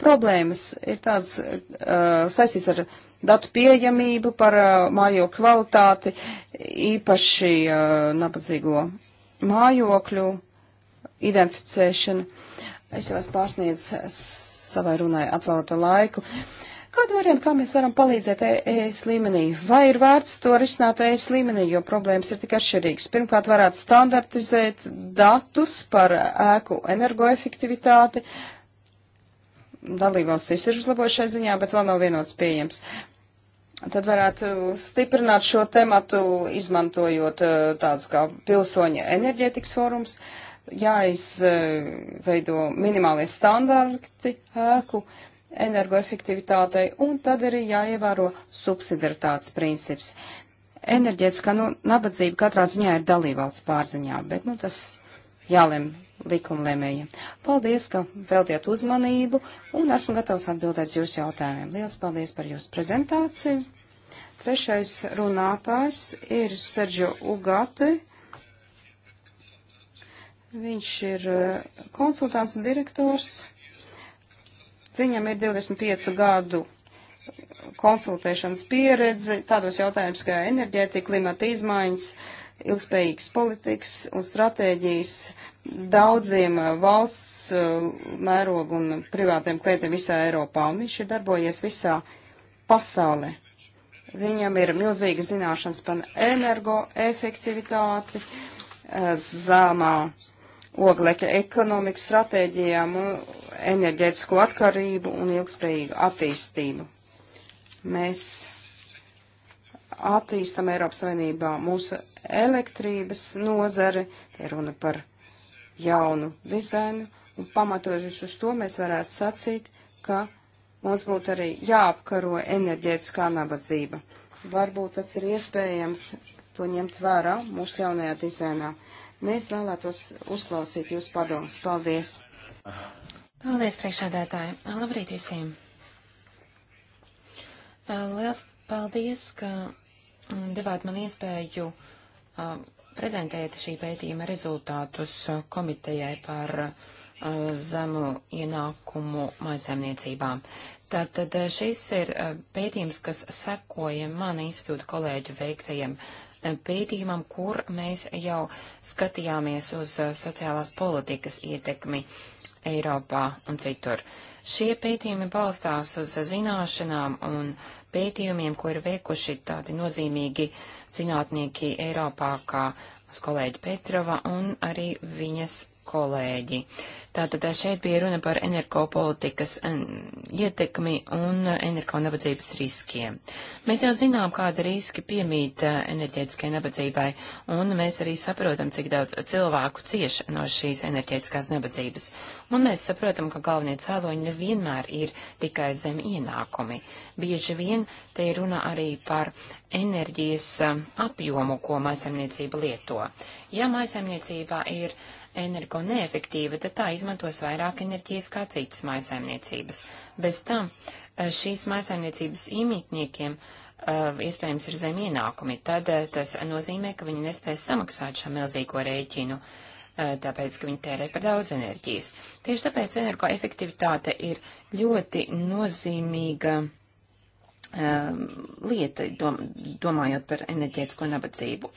Problēmas ir tāds saistīts ar datu pieejamību, par mājo kvalitāti, īpaši nabadzīgo mājokļu identificēšanu. Es jau esmu pārsniedzis savai runai atvēlēto laiku. Uh, Kādu variantu, kā mēs varam palīdzēt ES līmenī? Vai ir vērts to risināt ES līmenī, jo problēmas ir tik atšķirīgas? Pirmkārt, varētu standartizēt datus par ēku energoefektivitāti. Dalībvalstis ir uzlabojušai ziņā, bet vēl nav vienots pieejams. Tad varētu stiprināt šo tematu, izmantojot e, tāds kā pilsoņa enerģētikas forums, jāizveido minimālie standarti ēku energoefektivitātei, un tad arī jāievēro subsidaritātes princips. Enerģētiskā nu, nabadzība katrā ziņā ir dalībvalsts pārziņā, bet nu, tas jālem likumlēmējiem. Paldies, ka veltiet uzmanību, un esmu gatavs atbildēt jūsu jautājumiem. Lielas paldies par jūsu prezentāciju. Trešais runātājs ir Sergio Ugate. Viņš ir eh, konsultants un direktors. Viņam ir 25 gadu konsultēšanas pieredze tādos jautājumos kā enerģētika, klimata izmaiņas, ilgspējīgas politikas un stratēģijas daudziem uh, valsts uh, mērogu un privātiem klientiem visā Eiropā, un viņš ir darbojies visā pasaulē. Viņam ir milzīga zināšanas par energoefektivitāti, uh, zāmā oglekļa ekonomikas stratēģijām, enerģētisko atkarību un ilgspējīgu attīstību. Mēs attīstam Eiropas Savienībā mūsu elektrības nozari, te runa par jaunu dizainu, un pamatoties uz to mēs varētu sacīt, ka mums būtu arī jāapkaro enerģētiskā nabadzība. Varbūt tas ir iespējams to ņemt vērā mūsu jaunajā dizainā. Mēs vēlētos uzklausīt jūsu padomus. Paldies! Paldies, priekšādētāji! Labrīt visiem! Liels paldies, ka devāt man iespēju prezentēt šī pētījuma rezultātus komitejai par zemu ienākumu maisaimniecībām. Tātad šis ir pētījums, kas sekoja man institūta kolēģu veiktajiem pētījumam, kur mēs jau skatījāmies uz uh, sociālās politikas ietekmi Eiropā un citur. Šie pētījumi balstās uz zināšanām un pētījumiem, ko ir veikuši tādi nozīmīgi zinātnieki Eiropā, kā uz kolēģi Petrova un arī viņas kolēģi. Tātad šeit bija runa par energopolitikas ietekmi un energonabadzības riskiem. Mēs jau zinām, kāda riski piemīt eh, enerģētiskai nabadzībai, un mēs arī saprotam, cik daudz cilvēku cieš no šīs enerģētiskās nabadzības. Un mēs saprotam, ka galvenie cēloņi nevienmēr ir tikai zem ienākumi. Bieži vien te ir runa arī par enerģijas eh, apjomu, ko maisaimniecība lieto. Ja maisaimniecībā ir uh, energo neefektīva, tad tā izmantos vairāk enerģijas kā citas maisaimniecības. Bez tam eh, šīs maisaimniecības īmītniekiem eh, iespējams ir zem ienākumi, tad eh, tas nozīmē, ka viņi nespēs samaksāt šo milzīgo rēķinu tāpēc, ka viņi tērē par daudz enerģijas. Tieši tāpēc energoefektivitāte ir ļoti nozīmīga uh, Um, lieta, dom, domājot par enerģētisko nabadzību.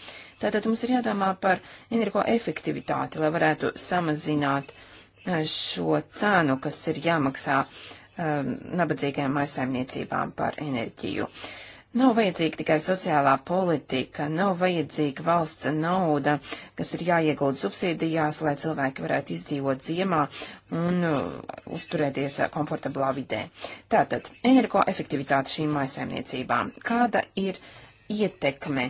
Tātad mums ir jādomā par energoefektivitāti, lai varētu samazināt uh, šo cenu, kas ir jāmaksā um, nabadzīgajām maisaimniecībām par enerģiju. Uh, Nav vajadzīga tikai sociālā politika, nav vajadzīga valsts nauda, kas ir jāiegulda subsīdijās, lai cilvēki varētu izdzīvot ziemā un uh, uzturēties uh, komfortablā vidē. Tātad, energoefektivitāte šīm maisaimniecībām. Kāda ir ietekme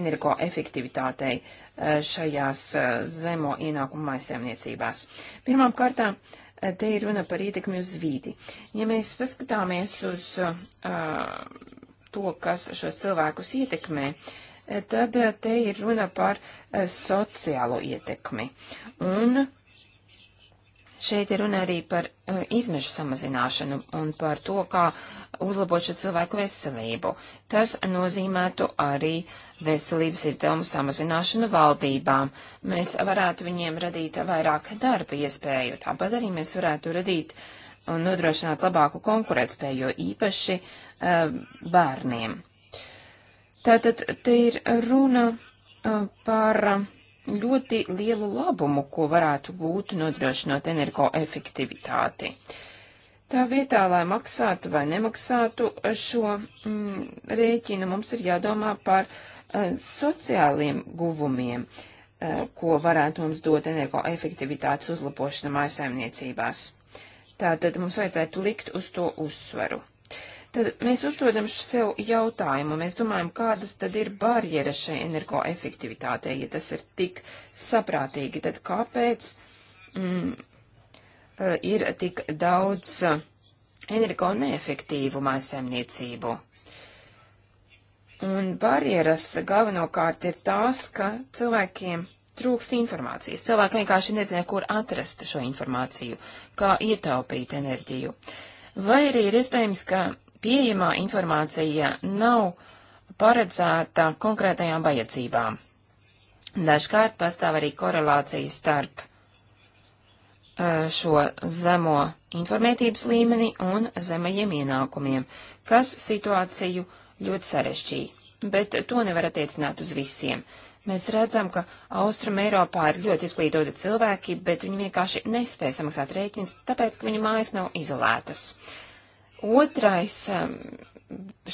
energoefektivitātei uh, šajās uh, zemo ienākumu maisaimniecībās? Pirmām kārtām, uh, te ir runa par ietekmi uz vīdi. Ja mēs paskatāmies uz uh, to, kas šos cilvēkus ietekmē, eh, tad eh, te ir runa par eh, sociālo ietekmi. Un šeit ir runa arī par izmešu samazināšanu un par to, kā uzlabot šo cilvēku veselību. Tas nozīmētu arī veselības izdevumu samazināšanu valdībām. Mēs varētu viņiem radīt vairāk darba iespēju, tāpat arī mēs varētu radīt uh, un nodrošināt labāku konkurētspēju, jo īpaši uh, bērniem. Tātad te ir runa uh, par ļoti lielu labumu, ko varētu būt nodrošinot energoefektivitāti. Tā vietā, lai maksātu vai nemaksātu šo mm, rēķinu, mums ir jādomā par uh, sociāliem guvumiem, uh, ko varētu mums dot energoefektivitātes uzlabošana mājasēmniecībās. Tātad mums vajadzētu likt uz to uzsvaru. Tad mēs uzdodam sev jautājumu, mēs domājam, kādas tad ir barjeras šai energoefektivitātei, ja tas ir tik saprātīgi, tad kāpēc mm, eh, ir tik daudz eh, energo neefektīvu mājasēmniecību? Un barjeras galvenokārt ir tās, ka cilvēkiem trūkst informācijas. Cilvēki vienkārši nezina, kur atrast šo informāciju, kā ietaupīt enerģiju. Vai arī ir iespējams, ka pieejamā informācija nav paredzēta konkrētajām vajadzībām. Dažkārt pastāv arī korelācija starp eh, šo zemo informētības līmeni un zemajiem ienākumiem, kas situāciju ļoti sarežģīja, bet to nevar attiecināt uz visiem. Uh, Mēs redzam, ka Austrum Eiropā ir ļoti izglītoti cilvēki, bet viņi vienkārši nespēja samaksāt rēķinus, tāpēc, ka viņu mājas nav izolētas. Otrais um,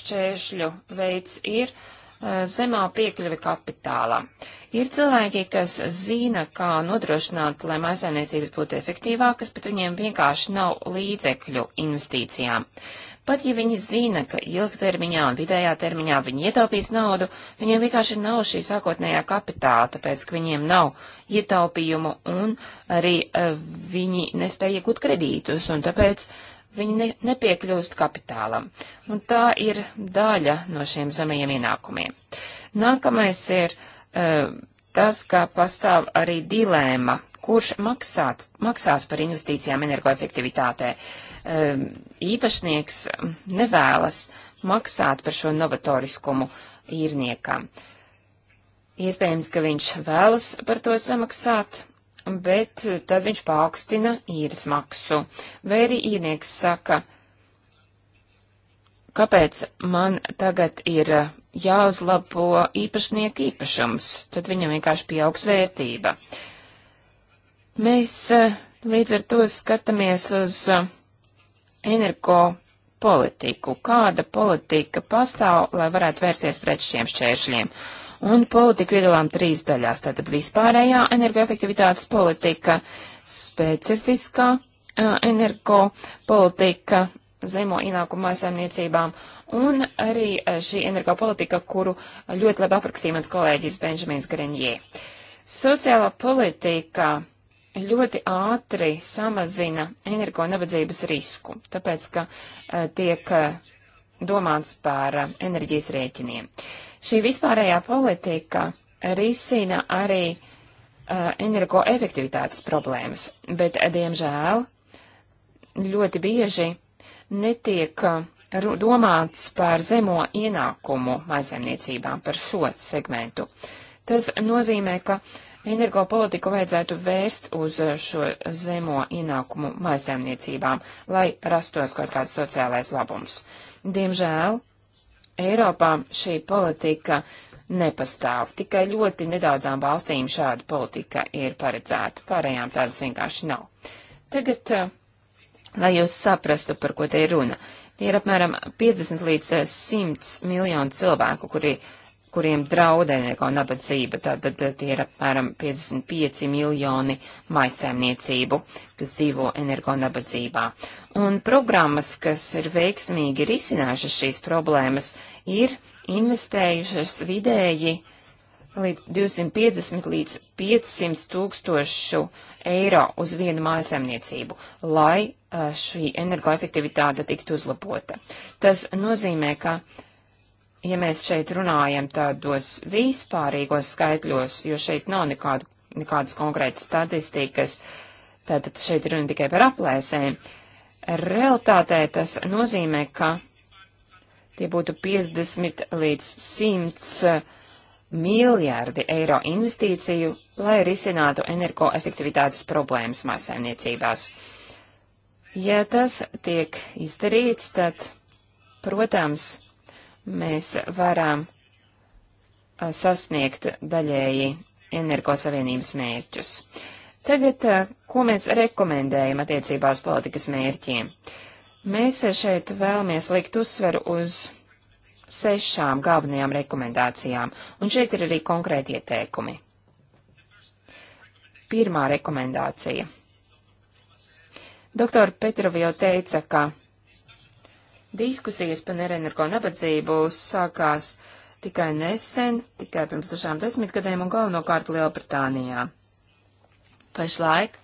šķēršļu veids ir uh, zemā piekļuve kapitālā. Ir cilvēki, kas zina, kā nodrošināt, lai mājasēmniecības būtu efektīvākas, bet viņiem vienkārši nav līdzekļu investīcijām. Uh, Pat ja viņi zina, ka ilgtermiņā un vidējā termiņā viņi ietaupīs naudu, viņiem vienkārši nav šī sākotnējā kapitāla, tāpēc, ka viņiem nav ietaupījumu un arī uh, viņi nespēja iegūt kredītus, un tāpēc viņi ne, nepiekļūst kapitālam. Un tā ir daļa no šiem zemajiem ienākumiem. Nākamais ir uh, tas, ka pastāv arī dilēma kurš maksāt, maksās par investīcijām energoefektivitātē. Ehm, īpašnieks nevēlas maksāt par šo novatoriskumu īrniekam. Iespējams, ka viņš vēlas par to samaksāt, bet tad viņš paaugstina īres maksu. Vai arī īrnieks saka, kāpēc man tagad ir eh, jāuzlabo īpašnieku īpašums, tad viņam vienkārši pieaugs vērtība. Uh, Mēs e, līdz ar to skatāmies uz e, energo politiku, kāda politika pastāv, lai varētu vērsties pret šiem šķēršļiem. Un politiku iedalām trīs daļās. Tātad vispārējā energoefektivitātes politika, specifiskā e, energo politika zemo ienākumu mājasēmniecībām un arī šī energo politika, kuru ļoti labi aprakstīja mans kolēģis Benžamins Grenjē. Sociālā politika ļoti ātri samazina energo nabadzības risku, tāpēc, ka uh, tiek uh, domāts par uh, enerģijas rēķiniem. Šī vispārējā politika risina arī energoefektivitātes problēmas, bet, diemžēl, ļoti bieži netiek domāts par zemo ienākumu maizemniecībām, par šo segmentu. Tas nozīmē, ka uh, energopolitiku vajadzētu vērst uz šo zemo ienākumu mazsaimniecībām, lai rastos kaut kāds sociālais labums. Diemžēl Eiropā šī politika nepastāv. Tikai ļoti nedaudzām valstīm šāda politika ir paredzēta. Pārējām tādas vienkārši nav. Tagad, eh, lai jūs saprastu, par ko te ir runa. Tie ir apmēram 50 līdz 100 eh, miljonu cilvēku, kuri uh, kuriem draudē energo nabadzība, tātad eh, tie ir apmēram 55 miljoni maisaimniecību, kas dzīvo energo nabadzībā. Un programmas, kas ir veiksmīgi risinājušas šīs problēmas, ir investējušas vidēji līdz 250 līdz 500 tūkstošu eiro uz vienu mājasemniecību, lai eh, šī energoefektivitāte tiktu uzlabota. Tas nozīmē, ka ja mēs šeit runājam tādos vispārīgos skaitļos, jo šeit nav nekādu, nekādas konkrētas statistikas, tātad šeit runa tikai par aplēsēm, realitātē tas nozīmē, ka tie būtu 50 līdz 100 miljārdi eiro investīciju, lai risinātu energoefektivitātes problēmas mājsaimniecībās. Ja tas tiek izdarīts, tad, protams, mēs varam sasniegt daļēji energosavienības mērķus. Tagad, ko mēs rekomendējam attiecībā uz politikas mērķiem? Mēs šeit vēlamies likt uzsveru uz sešām galvenajām rekomendācijām, un šeit ir arī konkrēti ieteikumi. Pirmā rekomendācija. Doktor Petrov jau teica, ka Diskusijas par nerenergo nabadzību sākās tikai nesen, tikai pirms dažām desmitgadēm un galvenokārt Lielbritānijā. Pašlaik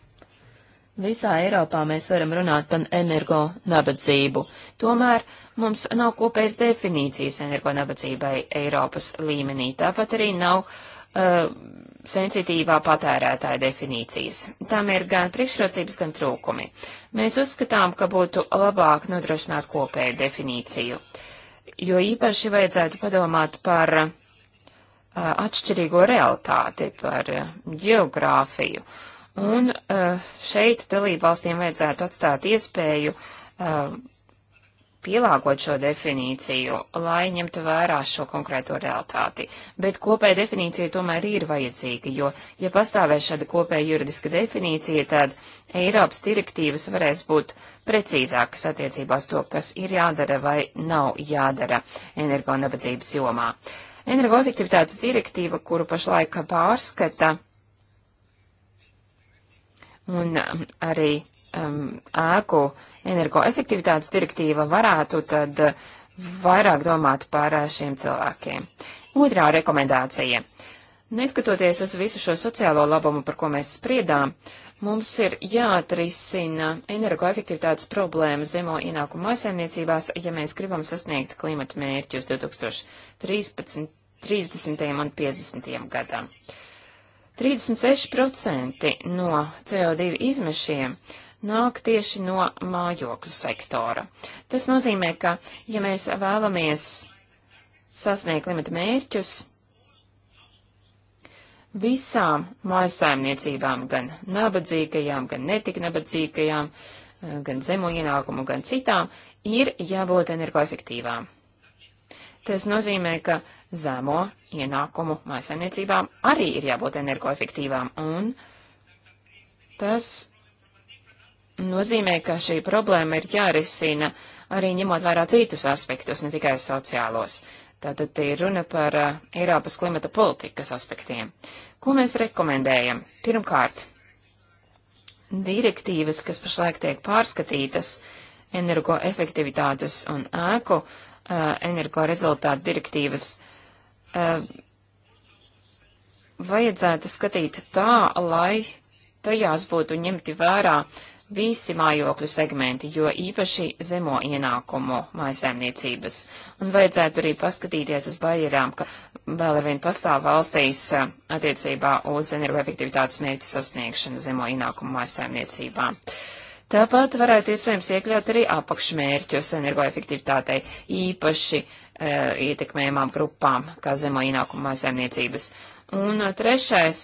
visā Eiropā mēs varam runāt par energo nabadzību. Tomēr mums nav kopējas definīcijas energo nabadzībai Eiropas līmenī. Tāpat arī nav uh, sensitīvā patērētāja definīcijas. Tam ir gan priekšrocības, gan trūkumi. Mēs uzskatām, ka būtu labāk nodrošināt kopēju definīciju, jo īpaši vajadzētu padomāt par uh, atšķirīgo realitāti, par uh, geogrāfiju. Un uh, šeit dalībvalstīm vajadzētu atstāt iespēju uh, pielāgot šo definīciju, lai ņemtu vērā šo konkrēto realitāti. Bet kopēja definīcija tomēr ir vajadzīga, jo, ja pastāvēs šāda kopēja juridiska definīcija, tad Eiropas direktīvas varēs būt precīzākas attiecībās to, kas ir jādara vai nav jādara energonabadzības jomā. Energoefektivitātes direktīva, kuru pašlaik pārskata, un um, arī um, ēku energoefektivitātes direktīva varētu tad vairāk domāt par eh, šiem cilvēkiem. Otrā rekomendācija. Neskatoties uz visu šo sociālo labumu, par ko mēs spriedām, mums ir jāatrisina energoefektivitātes problēma zemo ienākumu mājasēmniecībās, ja mēs gribam sasniegt klimata mērķus 2013, 30. un 50. gadam. 36% no CO2 izmešiem uh, nāk tieši no mājokļu sektora. Tas nozīmē, ka, ja mēs vēlamies sasniegt limita mērķus, visām mājasēmniecībām, gan nabadzīgajām, gan netik nabadzīgajām, gan zemu ienākumu, gan citām, ir jābūt energoefektīvām. Tas nozīmē, ka zemo ienākumu mājasēmniecībām arī ir jābūt energoefektīvām, un tas nozīmē, ka šī problēma ir jārisina arī ņemot vērā citus aspektus, ne tikai sociālos. Tātad te ir runa par uh, Eiropas klimata politikas aspektiem. Ko mēs rekomendējam? Pirmkārt, direktīvas, kas pašlaik tiek pārskatītas, energoefektivitātes un ēku uh, energoresultātu direktīvas, uh, vajadzētu skatīt tā, lai tajās būtu ņemti vērā uh, visi mājokļu segmenti, jo īpaši zemo ienākumu mājasēmniecības. Un vajadzētu arī paskatīties uz barjerām, ka vēl ar vien pastāv valstīs attiecībā uz energoefektivitātes mērķu sasniegšanu zemo ienākumu mājasēmniecībām. Tāpat varētu iespējams iekļaut arī apakšmērķus energoefektivitātei īpaši e, ietekmējumām grupām, kā zemo ienākumu mājasēmniecības. Un trešais,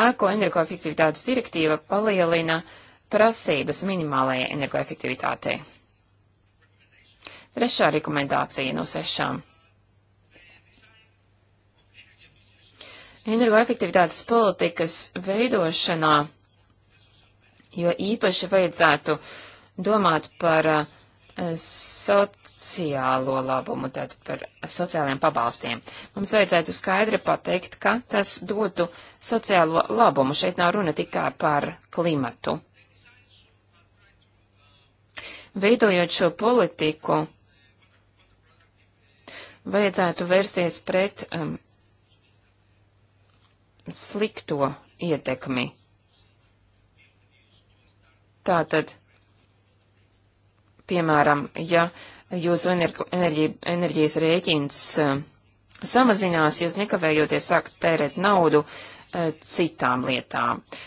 ēko energoefektivitātes direktīva palielina uh, prasības minimālajai energoefektivitātei. Trešā rekomendācija no sešām. Energoefektivitātes politikas veidošanā, jo īpaši vajadzētu domāt par uh, sociālo labumu, tātad par sociālajiem pabalstiem. Mums vajadzētu skaidri pateikt, ka tas dotu sociālo labumu. Šeit nav runa tikai par klimatu. Veidojot šo politiku, vajadzētu vērsties pret um, slikto ietekmi. Tātad, piemēram, ja jūsu enerģi, enerģijas rēķins um, samazinās, jūs nekavējoties sākt tērēt naudu uh, citām lietām. Uh,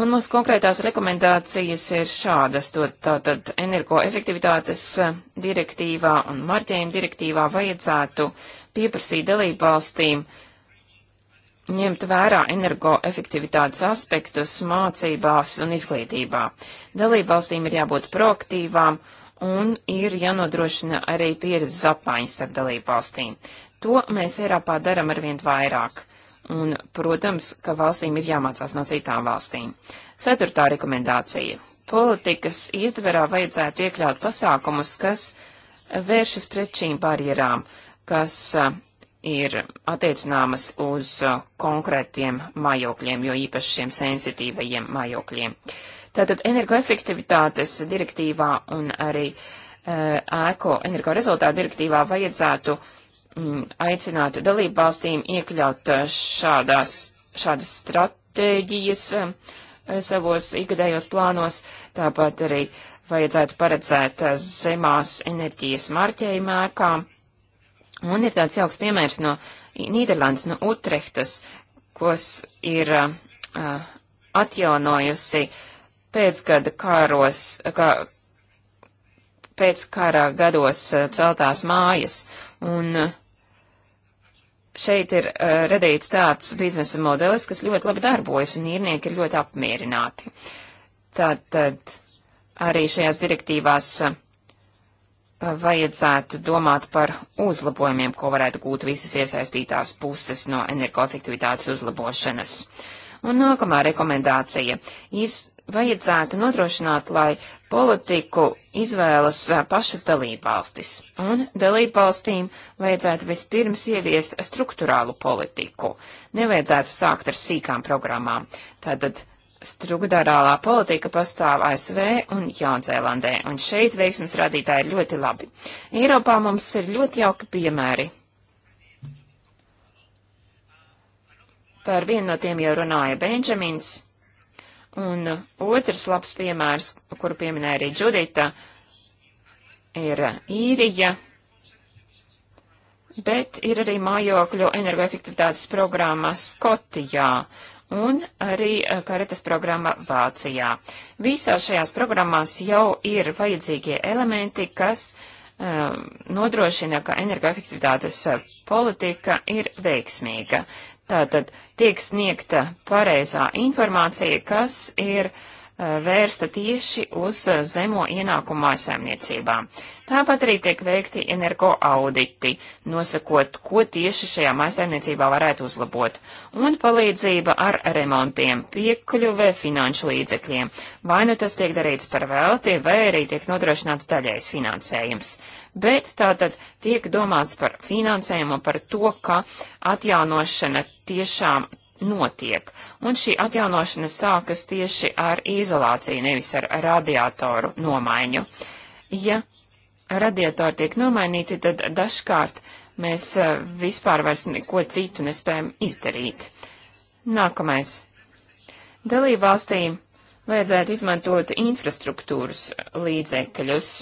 Un mūsu konkrētās rekomendācijas ir šādas, to tātad energoefektivitātes eh, direktīvā un marķējuma direktīvā vajadzētu pieprasīt dalībvalstīm ņemt vērā energoefektivitātes aspektus mācībās un izglītībā. Dalībvalstīm ir jābūt proaktīvām un ir jānodrošina arī pieredzes apmaiņas starp dalībvalstīm. To mēs Eiropā daram arvien vairāk. Un, protams, ka valstīm ir jāmācās no citām valstīm. Ceturtā rekomendācija. Politikas ietverā vajadzētu iekļaut pasākumus, kas vēršas pret šīm barjerām, kas ir attiecināmas uz konkrētiem mājokļiem, jo īpaši šiem sensitīvajiem mājokļiem. Tātad energoefektivitātes direktīvā un arī e, ēko energo rezultātu direktīvā vajadzētu uh, Mm, aicināt dalību valstīm iekļaut eh, šādās, šādas stratēģijas eh, savos ikgadējos plānos, tāpat arī vajadzētu paredzēt eh, zemās enerģijas marķējuma ēkām. Un ir tāds jauks piemērs no Nīderlandes, no Utrehtas, kas ir uh, atjaunojusi pēcgada kāros, kā, pēc kara gados celtās mājas. Un uh, šeit ir uh, radīts tāds biznesa modelis, kas ļoti labi darbojas un īrnieki ir ļoti apmierināti. Tātad arī šajās direktīvās uh, vajadzētu domāt par uzlabojumiem, ko varētu gūt visas iesaistītās puses no energoefektivitātes uzlabošanas. Un nākamā rekomendācija iz, vajadzētu nodrošināt, lai politiku izvēlas pašas dalībvalstis, un dalībvalstīm vajadzētu vispirms ieviest struktūrālu politiku. Nevajadzētu sākt ar sīkām programmām. Tātad struktūrālā politika pastāv ASV un Jaunzēlandē, un šeit veiksmes rādītāji ir ļoti labi. Eiropā mums ir ļoti jauki piemēri. Par vienu no tiem jau runāja Benjamins. Un uh, otrs labs piemērs, kuru pieminēja arī Džudita, ir uh, īrija, bet ir arī mājokļu energoefektivitātes programma Skotijā un arī uh, karetas programma Vācijā. Visās šajās programmās jau ir vajadzīgie elementi, kas um, nodrošina, ka energoefektivitātes politika ir veiksmīga. Tātad tiek sniegta pareizā informācija, kas ir uh, vērsta tieši uz uh, zemo ienākumu mājasēmniecībām. Tāpat arī tiek veikti energo auditi, nosakot, ko tieši šajā mājasēmniecībā varētu uzlabot, un palīdzība ar remontiem, piekļuve finanšu līdzekļiem. Vai nu tas tiek darīts par velti, vai arī tiek nodrošināts daļais finansējums bet tātad tiek domāts par finansējumu, par to, ka atjaunošana tiešām notiek. Un šī atjaunošana sākas tieši ar izolāciju, nevis ar radiatoru nomaiņu. Ja radiatori tiek nomainīti, tad dažkārt mēs eh, vispār vairs neko citu nespējam izdarīt. Nākamais. Dalībvalstīm vajadzētu izmantot infrastruktūras līdzekļus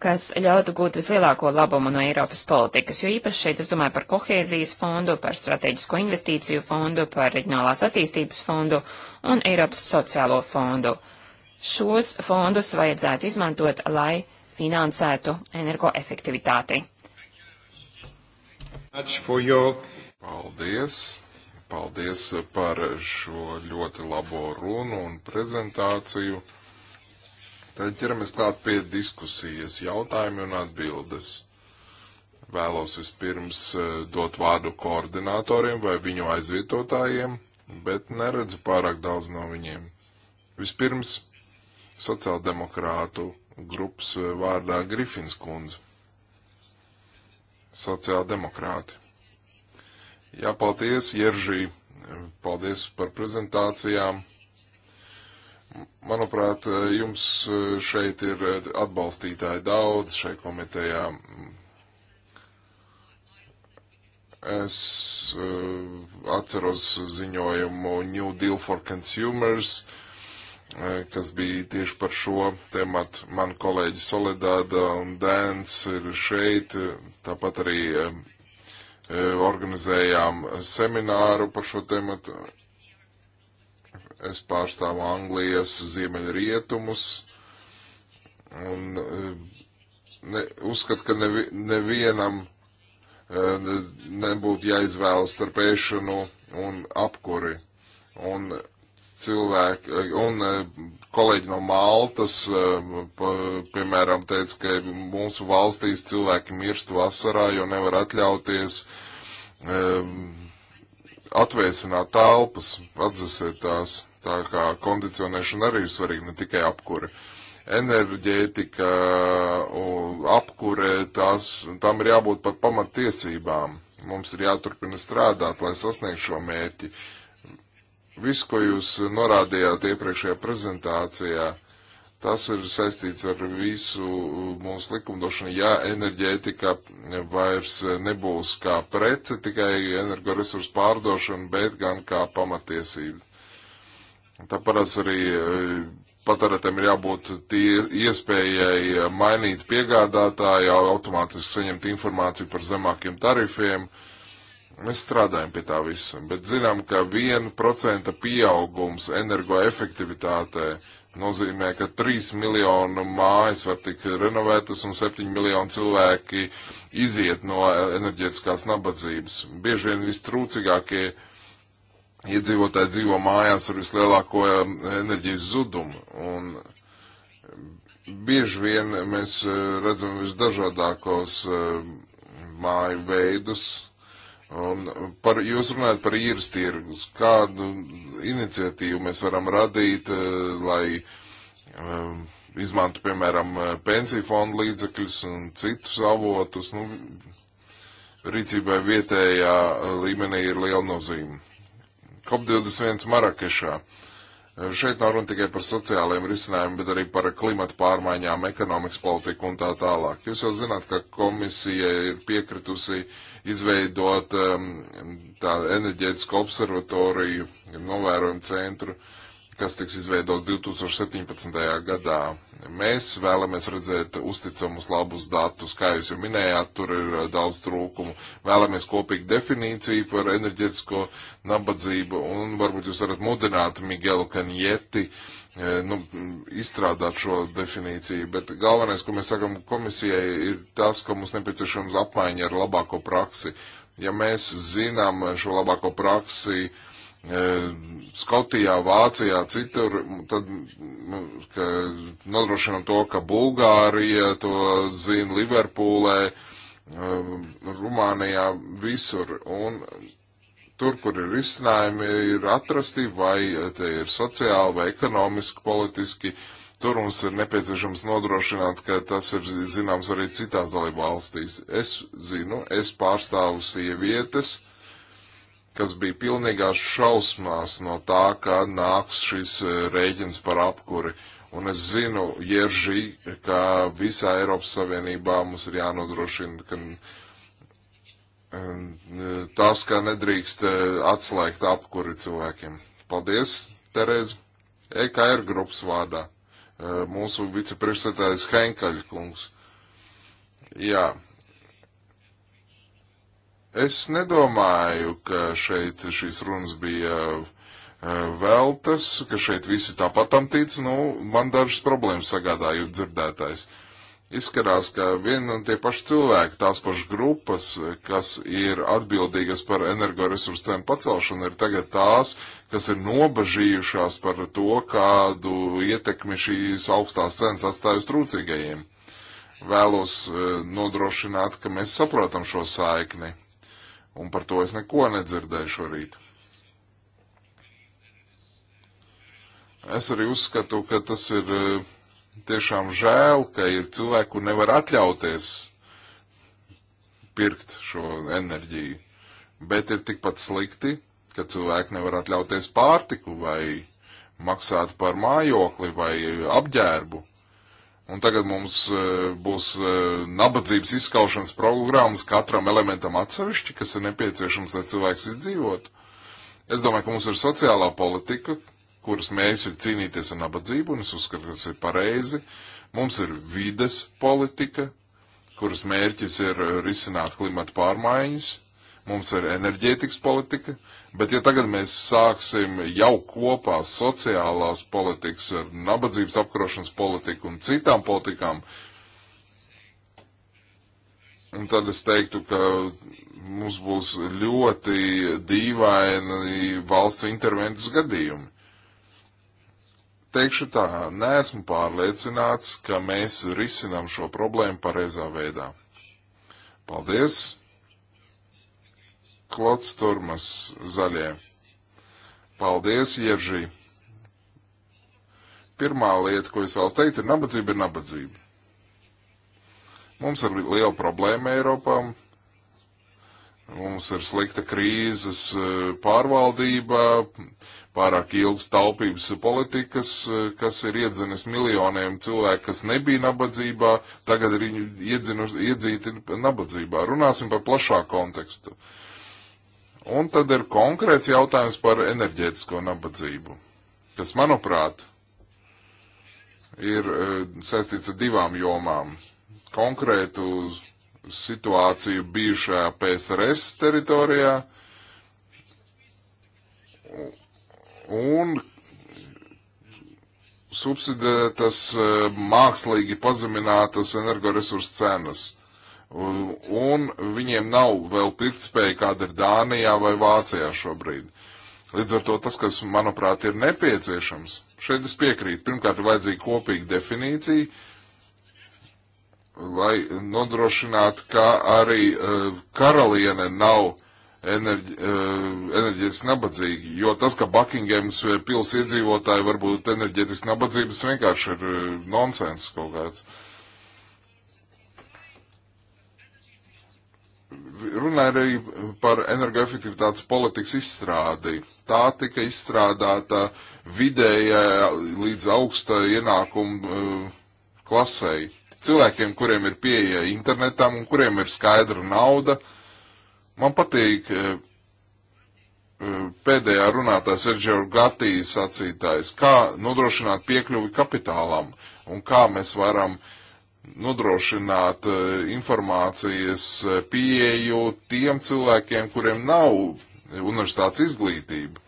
kas ļautu gūt vislielāko labumu no Eiropas politikas, jo īpaši šeit es domāju par kohēzijas fondu, par strateģisko investīciju fondu, par reģionālās attīstības fondu un Eiropas sociālo fondu. Šos fondus vajadzētu izmantot, lai finansētu energoefektivitāti. Paldies! Paldies par šo ļoti labo runu un prezentāciju. Tad ķeramies klāt pie diskusijas, jautājumi un atbildes. Vēlos vispirms eh, dot vārdu koordinatoriem vai viņu aizvietotājiem, bet neredzu pārāk daudz no viņiem. Vispirms sociāldemokrātu grupas eh, vārdā Grifins kundze. Sociāldemokrāti. Jā, paldies, Jeržī. Paldies par prezentācijām. Manuprāt, jums šeit ir atbalstītāji daudz šai komitejā. Es eh, atceros ziņojumu New Deal for Consumers, eh, kas bija tieši par šo tematu. Man kolēģi Soledāda un Dēns ir šeit, tāpat arī eh, organizējām semināru par šo tematu Es pārstāvu Anglijas ziemeļrietumus un eh, ne, uzskatu, ka nevi, nevienam eh, ne, nebūtu jāizvēlas starp ēšanu un apkuri. Un cilvēki, eh, un kolēģi no Maltas, pa, piemēram, teica, ka mūsu valstīs cilvēki mirst vasarā, jo nevar atļauties um, atvēsināt telpas, atdzesēt tās. Tā kā kondicionēšana arī ir svarīga, ne tikai apkure. Enerģētika un apkure, tās, tam ir jābūt pat pamattiesībām. Mums ir jāturpina strādāt, lai sasniegtu šo mērķi. Viss, ko jūs norādījāt iepriekšējā prezentācijā, tas ir saistīts ar visu mūsu likumdošanu. Ja enerģētika vairs nebūs kā prece, tikai energoresursu pārdošana, bet gan kā pamatiesība Tā parasti arī eh, patērētēm ir jābūt tie iespējai mainīt piegādātāju, automātiski saņemt informāciju par zemākiem tarifiem. Mēs strādājam pie tā visa, bet zinām, ka 1% pieaugums energoefektivitātē nozīmē, ka 3 miljonu mājas var tik renovētas un 7 miljonu cilvēki iziet no enerģētiskās nabadzības. Bieži vien vistrūcīgākie cilvēki iedzīvotāji dzīvo mājās ar vislielāko um, enerģijas zudumu. Un bieži vien mēs uh, redzam visdažādākos um, māju veidus. Un par, jūs runājat par īres tirgus. Kādu iniciatīvu mēs varam radīt, uh, lai um, izmantu, piemēram, uh, pensiju fondu līdzekļus un citus avotus? Nu, rīcībai vietējā līmenī ir liela nozīme. COP21 Marakešā. Eh, šeit nav runa tikai par sociālajiem risinājumiem, bet arī par klimatu pārmaiņām, ekonomikas politiku un tā tālāk. Jūs jau zināt, ka komisija ir piekritusi izveidot um, ehm, tādu enerģētisku observatoriju, novērojumu centru uh, kas tiks izveidots 2017. gadā. Mēs vēlamies redzēt uzticamus labus datus, kā jūs jau minējāt, tur ir uh, daudz trūkumu. Vēlamies kopīgu definīciju par enerģetisko nabadzību un varbūt jūs varat mudināt Miguelu Kanjeti uh, nu, izstrādāt šo definīciju, bet galvenais, ko mēs sakam komisijai, ir tas, ka mums nepieciešams apmaiņa ar labāko praksi. Ja mēs zinām šo labāko praksi, uh, E, Skotijā, Vācijā, citur, tad nu, nodrošinām to, ka Bulgārija to zina Liverpūlē, e, Rumānijā, visur. Un tur, kur ir izcinājumi, ir atrasti, vai tie ir sociāli, vai ekonomiski, politiski. Tur mums ir nepieciešams nodrošināt, ka tas ir zināms arī citās dalību valstīs. Es zinu, es pārstāvu sievietes. Ja kas bija pilnīgā šausmās no tā, ka nāks šis e, rēķins par apkuri. Un es zinu, Jerži, ka visā Eiropas Savienībā mums ir jānodrošina, ka e, tas, ka nedrīkst e, atslēgt apkuri cilvēkiem. Paldies, Tereza, EKR grupas vārdā. Mūsu vicepriekšsētājs Henkaļkungs. Jā. Yeah. Es nedomāju, ka šeit šīs runas bija e, veltas, ka šeit visi tāpat tam tic, nu, man dažas problēmas sagādāja dzirdētājs. Izskatās, ka viena un tie paši cilvēki, tās pašas grupas, kas ir atbildīgas par energoresursu cenu pacelšanu, ir tagad tās, kas ir nobažījušās par to, kādu ietekmi šīs augstās cenas atstājas trūcīgajiem. Vēlos e, nodrošināt, ka mēs saprotam šo saikni un par to es neko nedzirdēju šorīt. Es arī uzskatu, ka tas ir eh, tiešām žēl, ka ir cilvēku, kur nevar atļauties pirkt šo enerģiju, bet ir tikpat slikti, ka cilvēki nevar atļauties pārtiku vai maksāt par mājokli vai apģērbu. Un tagad mums e, būs e, nabadzības izskaušanas programmas katram elementam atsevišķi, kas ir nepieciešams, lai cilvēks izdzīvotu. Es domāju, ka mums ir sociālā politika, kuras mērķis ir cīnīties ar nabadzību, un es uzskatu, ka tas ir pareizi. Mums ir vides politika, kuras mērķis ir risināt klimata pārmaiņas, mums ir enerģētikas politika, bet ja tagad mēs sāksim jau kopā sociālās politikas, nabadzības apkarošanas politiku un citām politikām, un tad es teiktu, ka mums būs ļoti dīvaini valsts intervences gadījumi. Teikšu tā, neesmu pārliecināts, ka mēs risinām šo problēmu pareizā veidā. Paldies! Klots Turmas zaļie. Paldies, Jeržī. Pirmā lieta, ko es vēlos teikt, ir nabadzība ir nabadzība. Mums ir liela problēma Eiropā. Mums ir slikta krīzes e, pārvaldība, pārāk ilgs taupības politikas, e, kas ir iedzenis miljoniem cilvēku, kas nebija nabadzībā, tagad ir iedzīti nabadzībā. Runāsim par plašāku kontekstu. Uh, Un tad ir konkrēts jautājums par enerģētisko nabadzību, kas, manuprāt, ir e, saistīts ar divām jomām. Konkrētu situāciju bijušajā PSRS teritorijā un subsidētas e, mākslīgi pazeminātas energoresursu cenas. Un, un viņiem nav vēl pirktspēja, kāda ir Dānijā vai Vācijā šobrīd. Līdz ar to tas, kas, manuprāt, ir nepieciešams, šeit es piekrītu. Pirmkārt, ir vajadzīga kopīga definīcija, lai nodrošinātu, ka arī uh, karaliene nav enerģi, uh, eh, enerģiski nabadzīga. Jo tas, ka Buckinghams pils iedzīvotāji varbūt enerģiski nabadzības, vienkārši ir uh, nonsens kaut kāds. Uh, Runāja arī par energoefektivitātes politikas izstrādi. Tā tika izstrādāta vidējā līdz augsta ienākuma uh, klasei. Cilvēkiem, kuriem ir pieeja internetam un kuriem ir skaidra nauda. Man patīk uh, uh, pēdējā runātā Sergio Gatīs sacītājs, kā nodrošināt piekļuvi kapitālam un kā mēs varam uh, nodrošināt eh, informācijas eh, pieeju tiem cilvēkiem, kuriem nav eh, universitātes izglītība.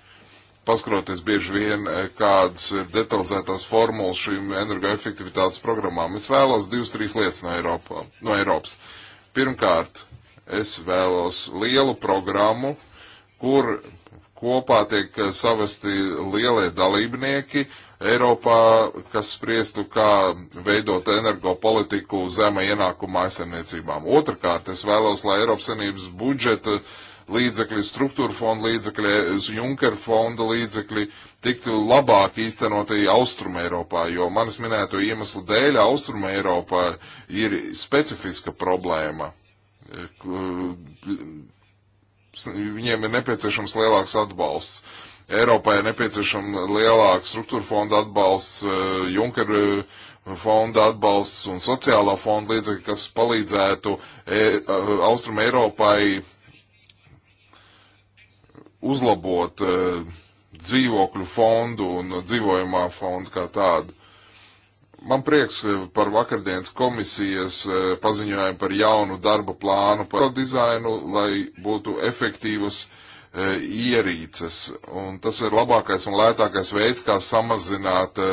Paskroties bieži vien, kādas ir detalizētās formulas šīm energoefektivitātes programmām, es vēlos divas, trīs lietas no, Eiropā, no Eiropas. Pirmkārt, es vēlos lielu programmu, kur kopā tiek savesti lielie dalībnieki Eiropā, kas spriestu, nu, kā veidot energopolitiku zema ienākuma aizsaimniecībām. Otrakārt, es vēlos, lai Eiropas Savienības budžeta līdzekļi, struktūra fonda līdzekļi, Junker fonda līdzekļi tiktu labāk īstenoti Austrum Eiropā, jo manis minēto iemeslu dēļ Austrum Eiropā ir specifiska problēma. Eh, viņiem ir nepieciešams lielāks atbalsts Eiropai nepieciešama lielāka struktūra fonda atbalsts, eh, Junker eh, fonda atbalsts un sociālā fonda līdzekļi, kas palīdzētu e Austrum Eiropai uzlabot e dzīvokļu fondu un dzīvojamā fondu kā tādu. Man prieks par vakardienas komisijas paziņojumu par jaunu darba plānu, par dizainu, lai būtu efektīvas uh, E, ierīces. Un tas ir labākais un lētākais veids, kā samazināt e,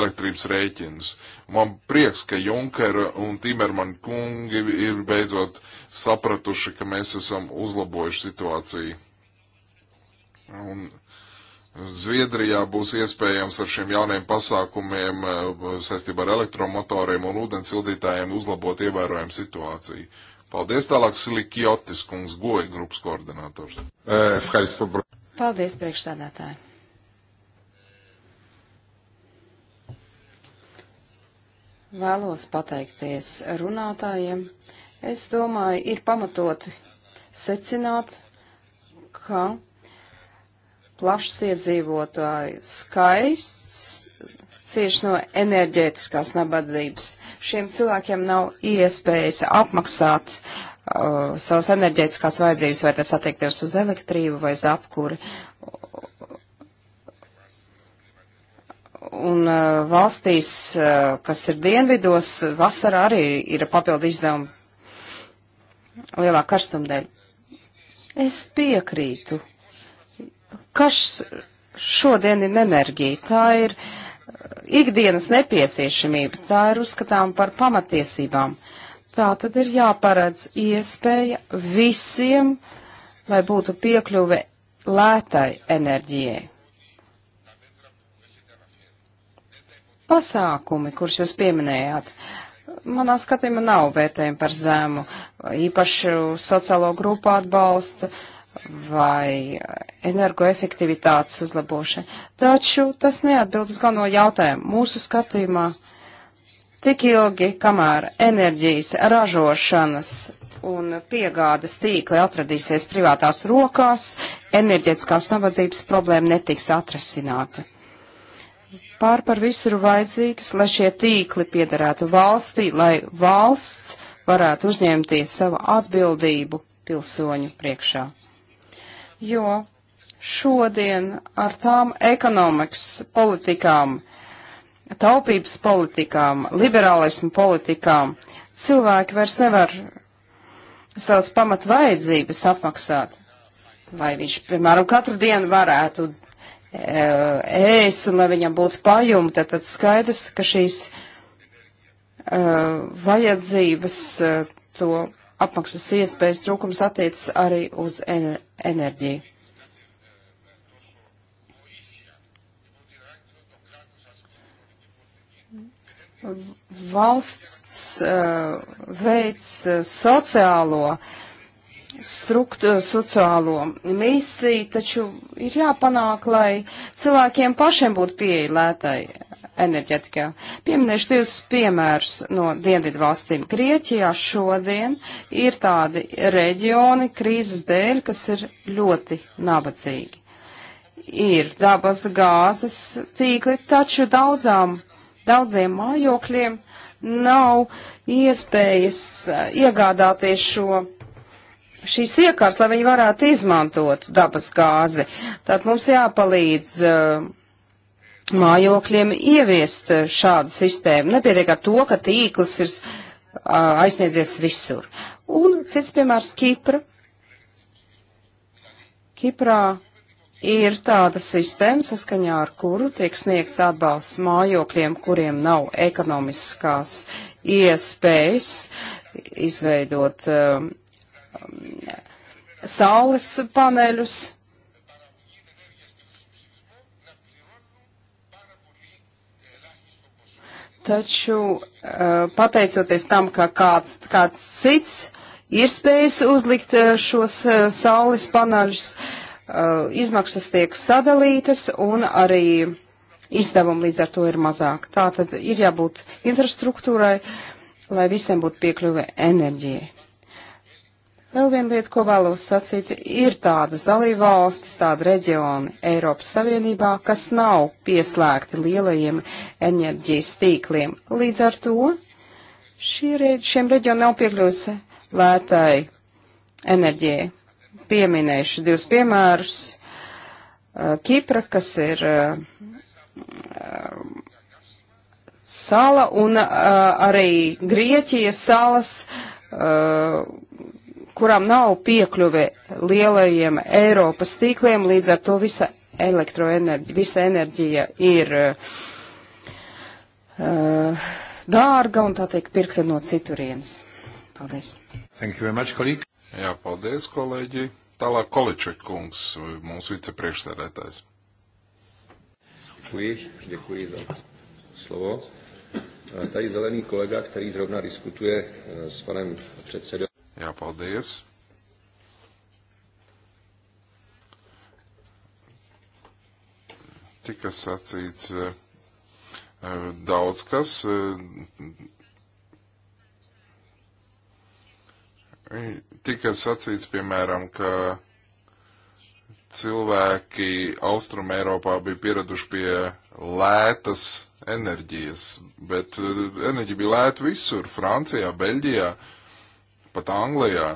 elektrības rēķinus. Man prieks, ka Junkera un Timerman kungi ir beidzot sapratuši, ka mēs esam uzlabojuši situāciju. Un Zviedrijā būs iespējams ar šiem jauniem pasākumiem e, saistībā ar elektromotoriem un ūdensildītājiem uzlabot ievērojami situāciju. Paldies tālāk Silikjotis kungs, goja grupas koordinators. Paldies, priekšsādātāji. Vēlos pateikties runātājiem. Es domāju, ir pamatoti secināt, ka plašs iedzīvotāju skaists cieš no enerģētiskās nabadzības. Šiem cilvēkiem nav iespējas apmaksāt uh, savas enerģētiskās vajadzības, vai tas attiekties uz elektrību vai uz apkuri. Un uh, valstīs, uh, kas ir dienvidos, vasarā arī ir papildu izdevumi lielā karstumdēļ. Es piekrītu. Kas šodien ir enerģija? Tā ir uh, ikdienas nepieciešamība, tā ir uzskatām par pamatiesībām. Tā tad ir jāparedz iespēja visiem, lai būtu piekļuve lētai enerģijai. Pasākumi, kurus jūs pieminējāt, manā skatījumā nav vērtējumi par zēmu, īpaši sociālo grupu atbalstu, uh, vai energoefektivitātes uzlabošana. Taču tas neatbild uz galveno jautājumu. Mūsu skatījumā tik ilgi, kamēr enerģijas ražošanas un piegādes tīkli atradīsies privātās rokās, enerģētiskās nabadzības problēma netiks atrasināta. Pār par visu ir vajadzīgs, lai šie tīkli piederētu valstī, lai valsts varētu uzņemties savu atbildību pilsoņu priekšā jo šodien ar tām ekonomikas politikām, taupības politikām, liberālismu politikām cilvēki vairs nevar savas pamat vajadzības apmaksāt. Lai viņš, piemēram, katru dienu varētu e, ēst un lai viņam būtu pajumta, tad skaidrs, ka šīs e, vajadzības e, to apmaksas iespējas trūkums attiecas arī uz ener enerģiju. Valsts uh, veids eh, sociālo uh, struktu, eh, sociālo misiju, taču ir jāpanāk, lai cilvēkiem pašiem būtu pieeja lētai enerģetikai. Pieminēšu divus piemērus no dienvidu valstīm. Grieķijā šodien ir tādi reģioni krīzes dēļ, kas ir ļoti nabadzīgi. Ir dabas gāzes tīkli, taču daudzām, daudziem mājokļiem nav iespējas eh, iegādāties šo šīs iekārs, lai viņi varētu izmantot dabas gāzi. Tad mums jāpalīdz uh, mājokļiem ieviest uh, šādu sistēmu. Nepietiek ar to, ka tīkls ir uh, aizsniedzies visur. Un cits piemērs Kipra. Kiprā ir tāda sistēma, saskaņā ar kuru tiek sniegts atbalsts mājokļiem, kuriem nav ekonomiskās iespējas izveidot uh, Um, saules paneļus. Taču uh, pateicoties tam, ka kāds, kāds cits ir spējis uzlikt uh, šos uh, saules paneļus, izmaksas tiek sadalītas un arī izdevumi līdz ar to ir mazāk. Tā tad ir jābūt infrastruktūrai, lai visiem būtu piekļuve enerģijai. Vēl viena lieta, ko vēlos sacīt, ir tādas dalībvalstis, tāda reģiona Eiropas Savienībā, kas nav pieslēgti lielajiem enerģijas tīkliem. Līdz ar to re, šiem reģionam nav piekļuvusi lētai enerģijai. Pieminēšu divus piemērus. Uh, Kipra, kas ir uh, sala, un uh, arī Grieķijas salas kurām nav piekļuve lielajiem Eiropas tīkliem, līdz ar to visa elektroenerģija, visa enerģija ir uh, dārga un tā tiek pirkta no citurienes. Paldies. Thank you very much, kolēģi. Jā, paldies, kolēģi. Tālāk Količek kungs, mūsu vicepriekšsēdētājs. Děkuji, děkuji za slovo. Tady zelený kolega, který zrovna diskutuje eh, s panem předsedou. Jā, paldies. Tika sacīts eh, eh, daudz kas. Eh, tika sacīts, piemēram, ka cilvēki Austrum Eiropā bija pieraduši pie lētas enerģijas, bet enerģija bija lēta visur - Francijā, Beļģijā. Uh, Pat Anglijā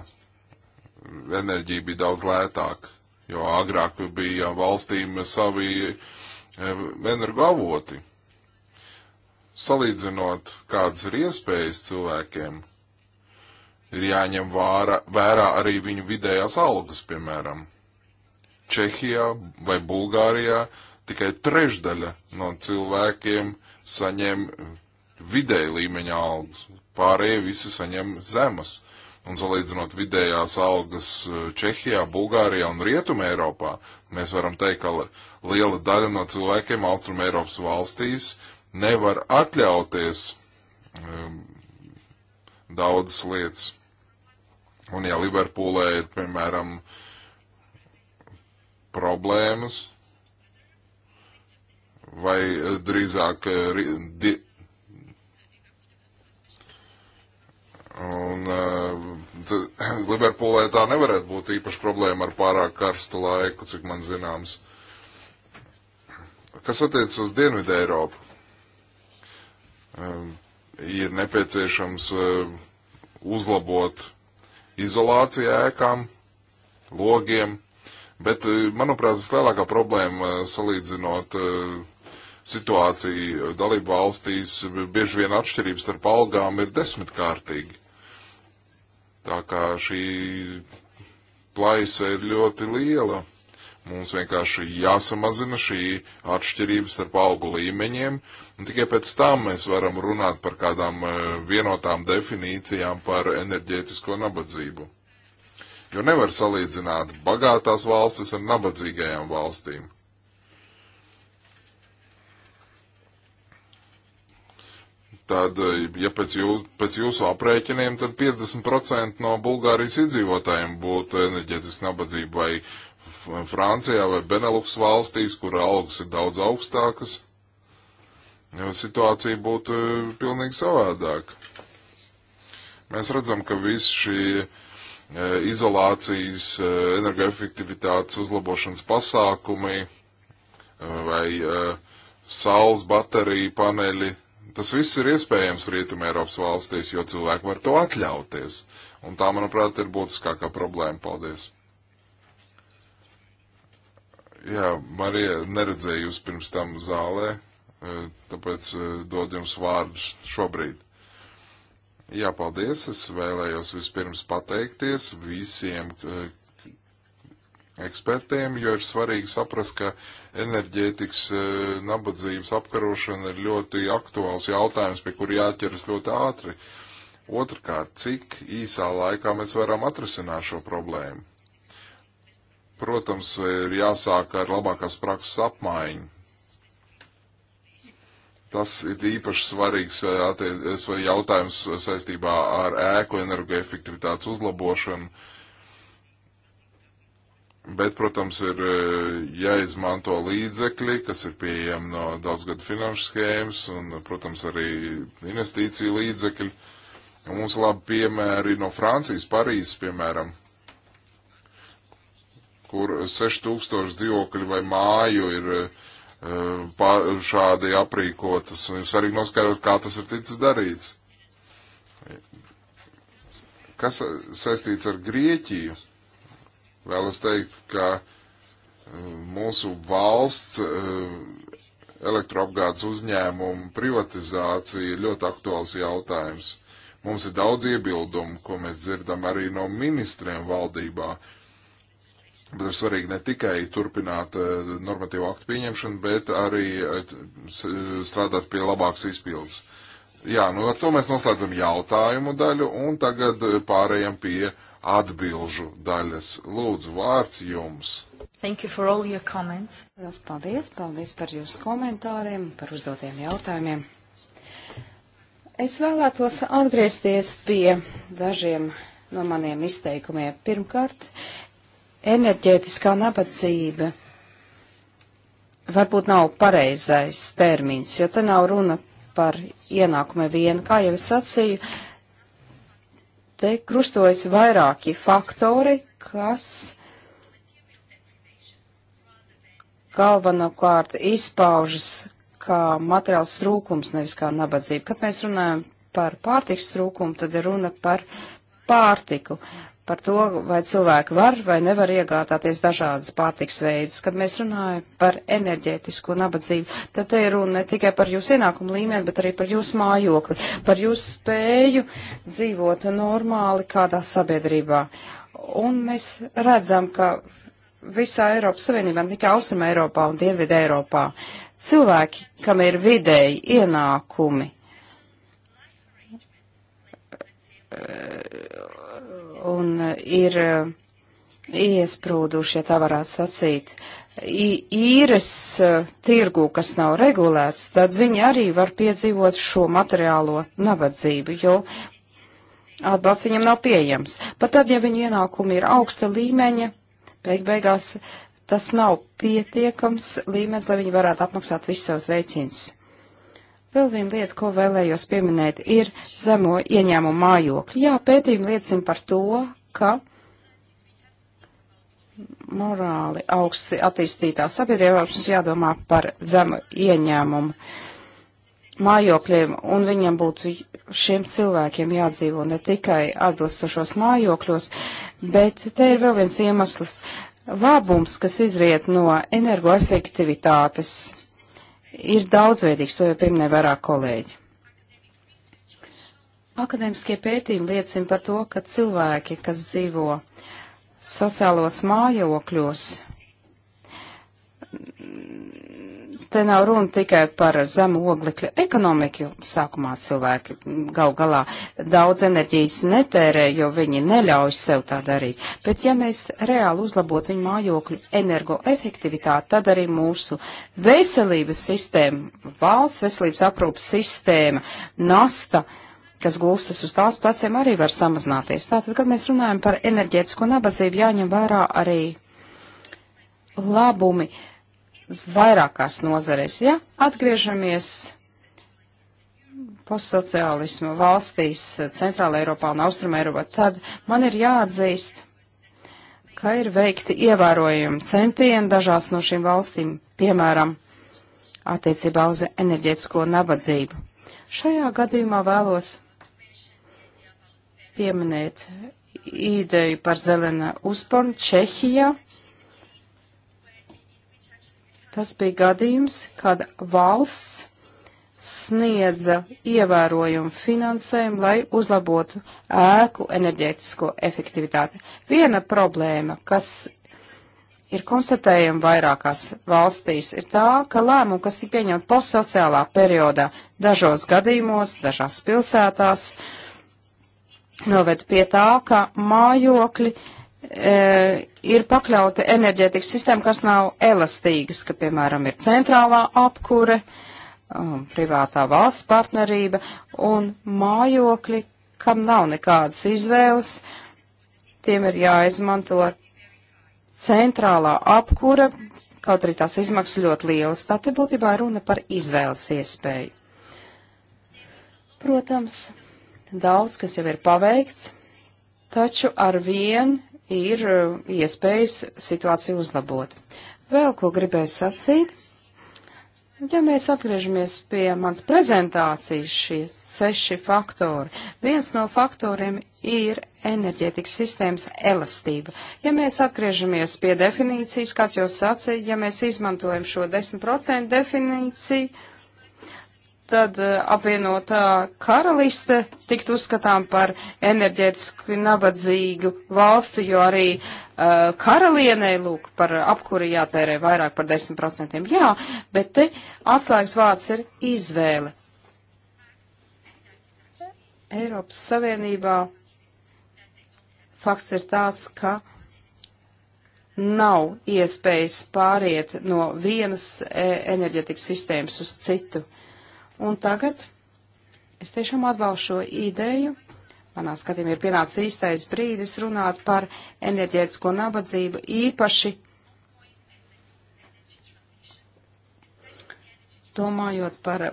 enerģija bija daudz lētāka, jo agrāk bija valstīm savi eh, energoavoti. Salīdzinot, kādas ir iespējas cilvēkiem, ir jāņem vāra, vērā arī viņu vidējās algas, piemēram. Čehijā vai Bulgārijā tikai trešdaļa no cilvēkiem saņem vidēji līmeņa algas, pārējie visi saņem zemas Un salīdzinot vidējās algas e, Čehijā, Bulgārijā un Rietumē Eiropā, mēs varam teikt, ka liela daļa no cilvēkiem Austrum Eiropas valstīs nevar atļauties um, daudzas lietas. Un ja Liverpūlē ir, piemēram, problēmas, vai e, drīzāk e, di Un uh, Liverpoolē tā nevarētu būt īpaši problēma ar pārāk karstu laiku, cik man zināms. Kas attiecas uz Dienvidu Eiropu? Uh, ir nepieciešams uh, uzlabot izolāciju ēkām, logiem, bet, uh, manuprāt, vislielākā problēma uh, salīdzinot uh, situāciju dalību valstīs, bieži vien atšķirības starp algām ir desmitkārtīgi. Tā kā šī plaisa ir ļoti liela. Mums vienkārši jāsamazina šī atšķirība starp algu līmeņiem, un tikai pēc tam mēs varam runāt par kādām eh, vienotām definīcijām par enerģētisko nabadzību. Jo nevar salīdzināt bagātās valstis ar nabadzīgajām valstīm. Tad, ja pēc, jūs, pēc jūsu aprēķiniem, tad 50% no Bulgārijas iedzīvotājiem būtu enerģētiski nabadzība vai Francijā vai Beneluks valstīs, kur algas ir daudz augstākas, jo situācija būtu pilnīgi savādāka. Mēs redzam, ka viss šī e, izolācijas, e, energoefektivitātes uzlabošanas pasākumi e, vai saules bateriju paneļi Tas viss ir iespējams Rietumē Eiropas valstīs, jo cilvēki var to atļauties. Un tā, manuprāt, ir būtiskākā problēma. Paldies! Jā, Marija, neredzēju jūs pirms tam zālē, e, tāpēc e, dod jums vārdus šobrīd. Jā, paldies! Es vēlējos vispirms pateikties visiem, e, ekspertiem, jo ir svarīgi saprast, ka enerģētikas e, nabadzības apkarošana ir ļoti aktuāls jautājums, pie kura jāķeras ļoti ātri. Otrkārt, cik īsā laikā mēs varam atrisināt šo problēmu? Protams, ir jāsāk ar labākās prakses apmaiņu. Tas ir īpaši svarīgs e, e, jautājums saistībā ar ēku energoefektivitātes uzlabošanu Bet, protams, ir eh, jāizmanto līdzekļi, kas ir pieejami no daudzgadu finanšu schēmas un, protams, arī investīcija līdzekļi. Un mums labi piemēri no Francijas, Parīzes, piemēram, kur 6000 dzīvokļu vai māju ir uh, šādi aprīkotas. Un ir svarīgi noskaidrot, kā tas ir ticis darīts. Kas saistīts ar Grieķiju? Vēlos teikt, ka eh, mūsu valsts eh, elektroapgādes uzņēmumu privatizācija ir ļoti aktuāls jautājums. Mums ir daudz iebildumu, ko mēs dzirdam arī no ministriem valdībā. Bet ir svarīgi ne tikai turpināt eh, normatīvu aktu pieņemšanu, bet arī strādāt pie labākas izpildes. Jā, nu ar to mēs noslēdzam jautājumu daļu un tagad pārējām pie uh, atbilžu daļas. Lūdzu, vārds jums! Thank you for all your comments. Lielas paldies, paldies par jūsu komentāriem, par uzdotiem jautājumiem. Es vēlētos atgriezties pie dažiem no maniem izteikumiem. Pirmkārt, enerģētiskā nabadzība varbūt nav pareizais termins, jo te nav runa par ienākumu vienu. Kā jau es sacīju, Te krustojas vairāki faktori, kas galvenokārt izpaužas kā materiāls trūkums, nevis kā nabadzība. Kad mēs runājam par pārtiks trūkumu, tad ir runa par pārtiku par to, vai cilvēki var vai nevar iegādāties dažādas pārtiks veidus. Kad mēs runājam par enerģētisko nabadzību, tad te ir runa ne tikai par jūsu ienākumu līmeni, bet arī par jūsu mājokli, par jūsu spēju dzīvot normāli kādā sabiedrībā. Un mēs redzam, ka visā Eiropas Savienībā, ne tikai Austruma Eiropā un Dienvidē Eiropā, cilvēki, kam ir vidēji ienākumi, un uh, ir uh, iesprūduši, ja tā varētu sacīt, īres uh, tirgu, kas nav regulēts, tad viņi arī var piedzīvot šo materiālo nabadzību, jo atbalsts viņam nav pieejams. Pat tad, ja viņu ienākumi ir augsta līmeņa, beig beigās tas nav pietiekams līmenis, lai viņi varētu apmaksāt visus savus rēķinus. Vēl viena lieta, ko vēlējos pieminēt, ir zemo ieņēmumu mājokļi. Jā, pētījumi liecina par to, ka morāli augsti attīstītā sabiedrībā mums jādomā par zemu ieņēmumu mājokļiem, un viņiem būtu šiem cilvēkiem jādzīvo ne tikai atbilstošos mājokļos, bet te ir vēl viens iemesls labums, kas izriet no energoefektivitātes ir daudzveidīgs, to jau pieminēja vairāk kolēģi. Akadēmiskie pētījumi liecina par to, ka cilvēki, kas dzīvo sociālos mājokļos, Te nav runa tikai par zemu oglekļa ekonomiku, jo sākumā cilvēki gal galā daudz enerģijas netērē, jo viņi neļauj sev tā darīt. Bet ja mēs reāli uzlabot viņu mājokļu energoefektivitāti, tad arī mūsu veselības sistēma, valsts veselības aprūpas sistēma, nasta, kas gūstas uz tās pleciem, arī var samazināties. Tātad, kad mēs runājam par enerģētisko nabadzību, jāņem vērā arī labumi vairākās nozarēs. Ja atgriežamies postsociālismu valstīs, Centrāla Eiropā un Austruma Eiropā, tad man ir jāatzīst, ka ir veikti ievērojumi centieni dažās no šīm valstīm, piemēram, attiecībā uz enerģētisko nabadzību. Šajā gadījumā vēlos pieminēt ideju par zelena uzponu Čehijā Tas bija gadījums, kad valsts sniedza ievērojumu finansējumu, lai uzlabotu ēku enerģētisko efektivitāti. Viena problēma, kas ir konstatējama vairākās valstīs, ir tā, ka lēmumi, kas tika pieņemti postsociālā periodā, dažos gadījumos, dažās pilsētās, noved pie tā, ka mājokļi e, ir pakļauti enerģētikas sistēma, kas nav elastīgas, ka, piemēram, ir centrālā apkure, um, privātā valsts partnerība un mājokļi, kam nav nekādas izvēles, tiem ir jāizmanto centrālā apkura, kaut arī tās izmaksas ļoti lielas. Tā te būtībā runa par izvēles iespēju. Protams, daudz, kas jau ir paveikts, taču ar vien ir uh, iespējas situāciju uzlabot. Vēl ko gribēju sacīt. Ja mēs atgriežamies pie mans prezentācijas, šie seši faktori, viens no faktoriem ir enerģētikas sistēmas elastība. Ja mēs atgriežamies pie definīcijas, kāds jau sacīja, ja mēs izmantojam šo 10% definīciju, tad eh, apvienotā karaliste tiktu uzskatām par enerģētiski nabadzīgu valsti, jo arī uh, karalienei, lūk, par apkuri jātērē vairāk par 10%. Jā, bet te atslēgas vārds ir izvēle. Eiropas Savienībā fakts ir tāds, ka nav iespējas pāriet no vienas e, enerģetikas sistēmas uz citu Un tagad es tiešām atbalstu šo ideju. Manā skatījumā ir pienācis īstais brīdis runāt par enerģētisko nabadzību īpaši. Domājot par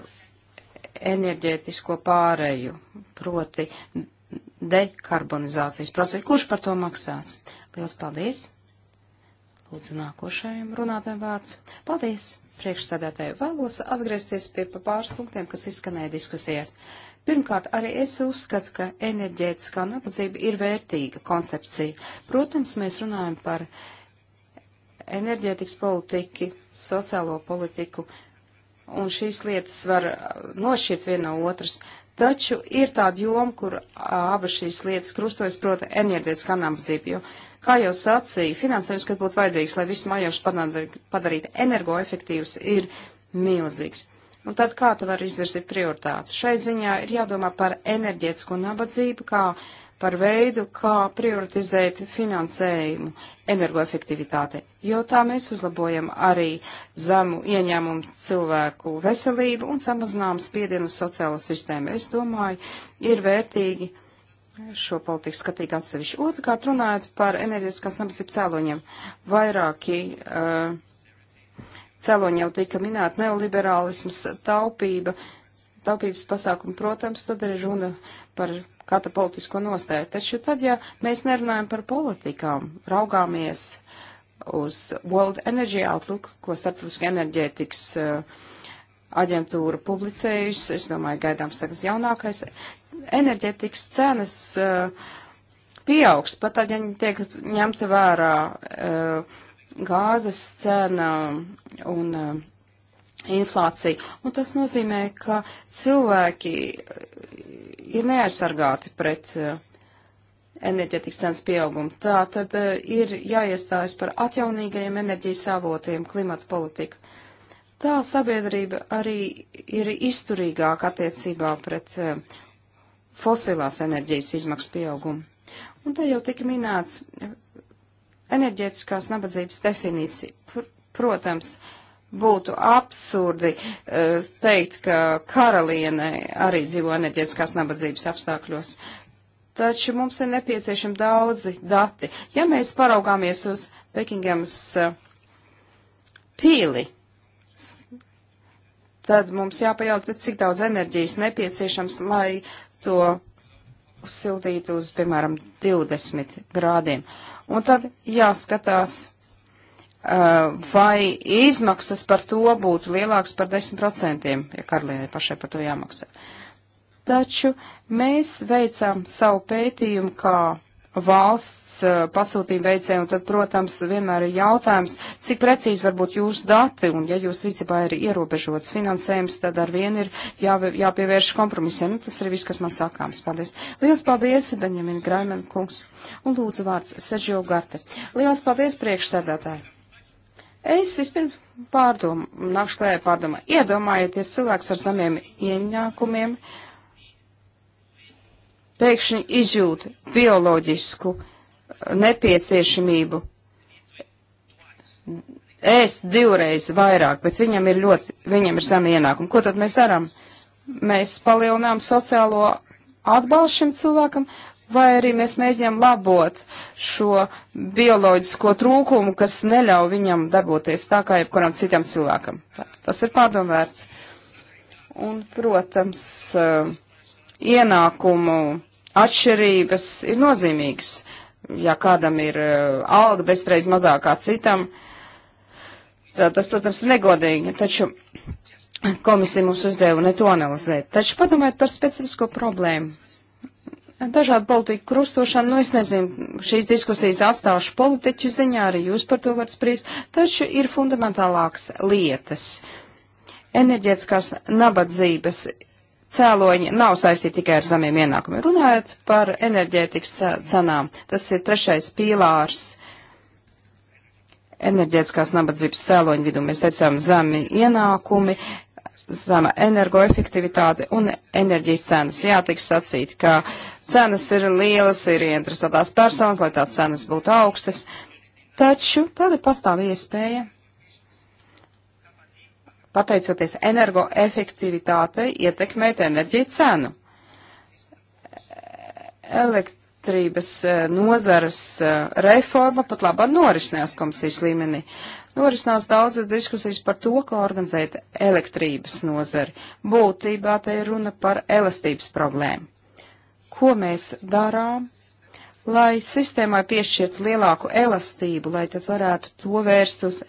enerģētisko pāreju, proti dekarbonizācijas procesu. Kurš par to maksās? Lielas paldies! Lūdzu, nākošajam runātājam vārds. Paldies! priekšsēdētāju. Vēlos atgriezties pie pāris punktiem, kas izskanēja diskusijās. Pirmkārt, arī es uzskatu, ka enerģētiskā nabadzība ir vērtīga koncepcija. Protams, mēs runājam par enerģētikas politiku, sociālo politiku, un šīs lietas var nošķirt viena no otras. Taču ir tāda joma, kur abas šīs lietas krustojas, proti, enerģētiskā nabadzība, jo Kā jau sacīja, finansējums, kad būtu vajadzīgs, lai visu mājokļus padarītu energoefektīvs, ir milzīgs. Un tad kā tu vari izvirzīt prioritātes? Šai ziņā ir jādomā par enerģētisko nabadzību, kā par veidu, kā prioritizēt finansējumu energoefektivitāte, jo tā mēs uzlabojam arī zemu ieņēmumu cilvēku veselību un samazinām spiedienu sociālo sistēmu. Es domāju, ir vērtīgi šo politiku skatīgi atsevišķi. Otrakārt, runājot par enerģiskās nabadzības cēloņiem, vairāki uh, cēloņi jau tika minēti - neoliberālisms, taupība, taupības pasākumi, protams, tad ir runa par katra politisko nostāju. Taču tad, ja mēs nerunājam par politikām, raugāmies uz World Energy Outlook, ko starptautiskā enerģētikas uh, aģentūra publicējusi, es domāju, gaidāms tagad jaunākais, enerģetikas cenas eh, pieaugs, pat tad, ja tiek ņemta vērā eh, gāzes cena un eh, inflācija. Un tas nozīmē, ka cilvēki ir neaizsargāti pret enerģetikas cenas pieaugumu. Tā tad ir jāiestājas par atjaunīgajiem enerģijas avotiem, klimata politiku. Tā sabiedrība arī ir izturīgāka attiecībā pret fosilās enerģijas izmaksu pieaugumu. Un te jau tika minēts enerģētiskās nabadzības definīcija. Pr protams, būtu absurdi uh, teikt, ka karaliene arī dzīvo enerģētiskās nabadzības apstākļos. Taču mums ir nepieciešami daudzi dati. Ja mēs paraugāmies uz Pekingams uh, eh, pīli, tad mums jāpajaut, cik daudz enerģijas nepieciešams, lai to sildīt uz, piemēram, 20 grādiem. Un tad jāskatās, uh, vai izmaksas par to būtu lielākas par 10%, ja Karlīnai pašai par to jāmaksā. Taču mēs veicām savu pētījumu kā valsts uh, pasūtījumu veicēju, un tad, protams, vienmēr ir jautājums, cik precīzi var būt jūsu dati, un ja jūs rīcībā ir ierobežots finansējums, tad ar vienu ir jā, jāpievērš kompromisiem. Nu, tas ir viss, kas man sakāms. Paldies. Lielas paldies, Benjamin Graiman kungs, un lūdzu vārds Sergio Garte. Lielas paldies priekšsēdētāji. Es vispirms pārdomu, nākšu klējā pārdomu. Iedomājieties cilvēks ar zemiem ienākumiem. Uh, pēkšņi izjūt bioloģisku nepieciešamību ēst divreiz vairāk, bet viņam ir ļoti, viņam ir zemi ienākumi. Ko tad mēs darām? Mēs palielinām sociālo atbalstu šim cilvēkam, vai arī mēs mēģinām labot šo bioloģisko trūkumu, kas neļauj viņam darboties tā kā jebkuram citam cilvēkam. Tas ir pārdomvērts. Un, protams, eh, ienākumu atšķirības ir nozīmīgas. Ja kādam ir uh, alga desmitreiz mazākā citam, tad tas, protams, ir negodīgi. Taču komisija mums uzdeva ne to analizēt. Taču padomājiet par specifisko problēmu. Dažādu politiku krustošanu, nu es nezinu, šīs diskusijas atstāšu politiķu ziņā, arī jūs par to varat spriest, taču ir fundamentālāks lietas. Enerģētiskās nabadzības cēloņi nav saistīti tikai ar zemiem ienākumiem. Runājot par enerģētikas cenām, tas ir trešais pīlārs enerģētiskās nabadzības cēloņu vidū. Mēs teicām zemi ienākumi, zema energoefektivitāte un enerģijas cenas. Jā, tiks sacīt, ka cenas ir lielas, ir interesētās personas, lai tās cenas būtu augstas, taču tagad pastāv iespēja pateicoties energoefektivitātei, ietekmēt enerģiju cenu. Elektrības eh, nozares eh, reforma pat labā norisinās komisijas līmenī. Norisinās daudzas diskusijas par to, kā organizēt elektrības nozari. Būtībā te ir runa par elastības problēmu. Ko mēs darām, lai sistēmai piešķirtu lielāku elastību, lai tad varētu to vērst uz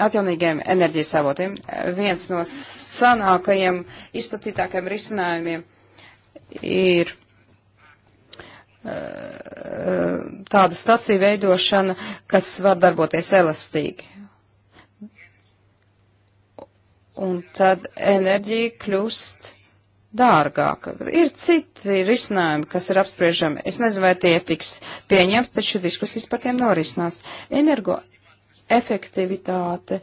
atjaunīgiem enerģijas avotiem. Viens no sanākajiem, izplatītākajiem risinājumiem ir eh, tādu staciju veidošana, kas var darboties elastīgi. Un tad enerģija kļūst dārgāka. Ir citi risinājumi, kas ir apspriežami. Es nezinu, vai tie tiks pieņemti, taču diskusijas par tiem norisinās. Energo efektivitāte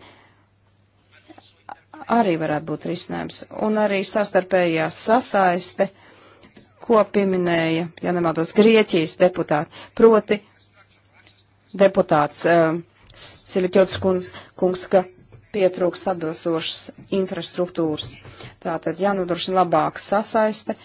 arī varētu būt risinājums. Un arī sastarpējā sasaiste, ko pieminēja, ja nemaldos, Grieķijas deputāti. Proti, deputāts um, eh, Siliķots kungs, kungs, ka pietrūks atbilstošas infrastruktūras. Tātad jānodrošina labāka sasaiste,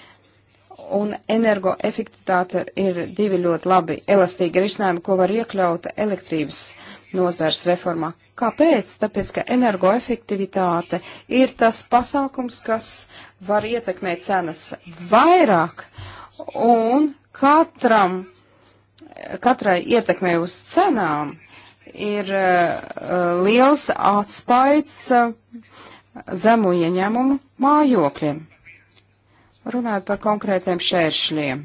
un energoefektivitāte ir divi ļoti labi elastīgi risinājumi, ko var iekļaut elektrības uh, nozars reformā. Kāpēc? Tāpēc, ka energoefektivitāte ir tas pasākums, kas var ietekmēt cenas vairāk un katram, katrai ietekmē uz cenām ir uh, liels atspaids uh, zemu ieņēmumu mājokļiem. Runājot par konkrētiem šēršļiem,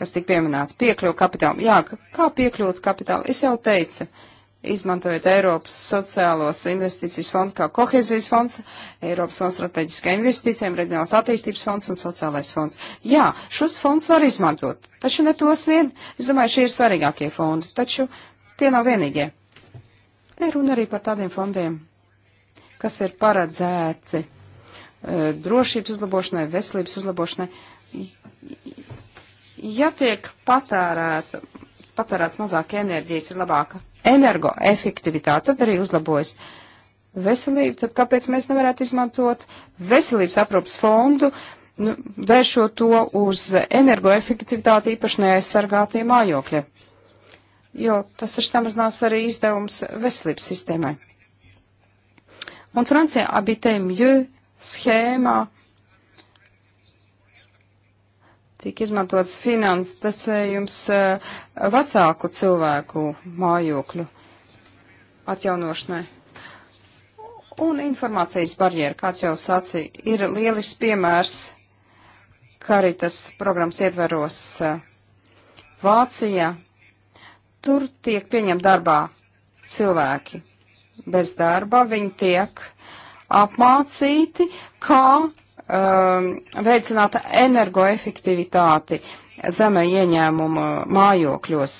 kas tik pieminēti, piekļuvu kapitālu. Jā, kā piekļūt kapitālu? Es jau teicu, uh, izmantojot Eiropas sociālos investīcijas fondu kā kohezijas fonds, Eiropas fonds strateģiskai investīcijām, reģionāls attīstības fonds un sociālais fonds. Jā, šos fondus var izmantot, taču ne tos vien. Es domāju, šie ir svarīgākie fondi, taču tie nav vienīgie. Te runa arī par tādiem fondiem, kas ir paredzēti e, drošības uzlabošanai, veselības uzlabošanai. Ja tiek patērēta patērēts mazāk enerģijas, ir labāka energoefektivitāte, tad arī uzlabojas veselība, tad kāpēc mēs nevarētu izmantot veselības aprūpas fondu, nu, vēršot to uz energoefektivitāti īpaši neaizsargātie mājokļi, jo tas taču samazinās arī izdevums veselības sistēmai. Un Francijā abitēm jē schēmā tika izmantots finansējums eh, vecāku cilvēku mājokļu atjaunošanai. Un informācijas barjera, kāds jau sacīja, ir lielisks piemērs Karitas programmas ietveros eh, Vācijā. Tur tiek pieņem darbā cilvēki bez darba, viņi tiek apmācīti, kā um, veicināt energoefektivitāti zemē ieņēmuma mājokļos.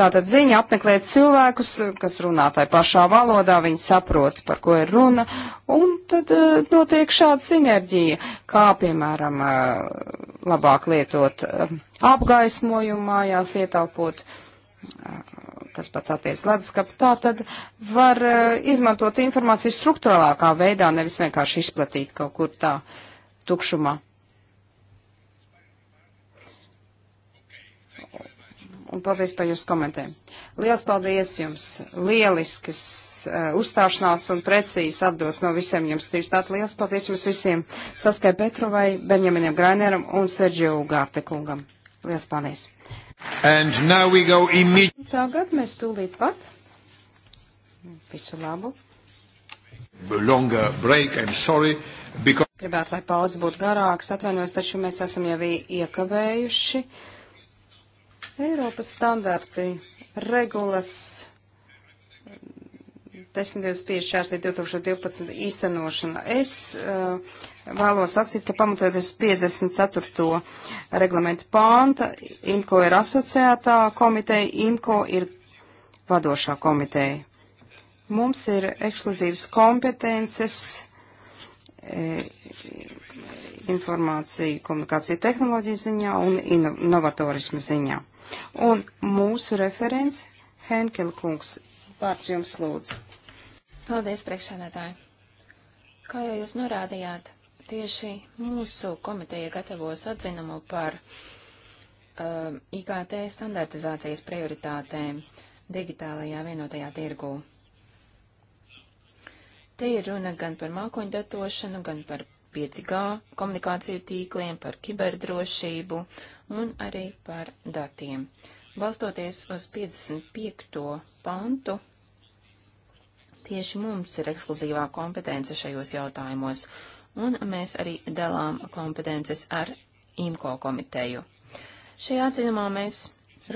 Tātad viņi apmeklē cilvēkus, kas runā tai pašā valodā, viņi saprot, par ko ir runa, un tad uh, notiek šāda sinerģija, kā piemēram uh, labāk lietot uh, apgaismojumu mājās, ietaupot uh, tas pats attiec leduskapu, tā tad var uh, izmantot informāciju struktūrālākā veidā, nevis vienkārši izplatīt kaut kur tā. Uh, tukšumā. Un paldies par jūsu komentēm. Lielas paldies jums! Lieliskas uh, uzstāšanās un precīzas atbildes no visiem jums. Tieši tātad liels paldies jums visiem Saskai Petrovai, Benjaminam Graineram un Sergio Ugārte kungam. Lielas paldies! Tagad mēs tūlīt pat. Visu labu! Longer break, I'm sorry. Because... Gribētu, lai pauze būtu garāks, atvainojos, taču mēs esam jau iekavējuši. Eiropas standarti regulas 10.5.4. 2012. īstenošana. Es uh, vēlos atsīt, ka pamatojoties 54. reglamentu pānta, IMCO ir asociētā komiteja, IMCO ir vadošā komiteja. Mums ir ekskluzīvas kompetences E, informāciju komunikāciju tehnoloģiju ziņā un novatorismu ziņā. Un mūsu referents Henkela kungs, vārds jums lūdzu. Paldies, priekšsēdētāji. Kā jau jūs norādījāt, tieši mūsu komiteja gatavos atzinumu par uh, e, IKT standartizācijas prioritātēm digitālajā vienotajā tirgū. Te ir runa gan par mākoņu datošanu, gan par 5G komunikāciju tīkliem, par kiberdrošību un arī par datiem. Balstoties uz 55. pantu, tieši mums ir ekskluzīvā kompetence šajos jautājumos, un mēs arī dalām kompetences ar IMCO komiteju. Šajā atzinumā mēs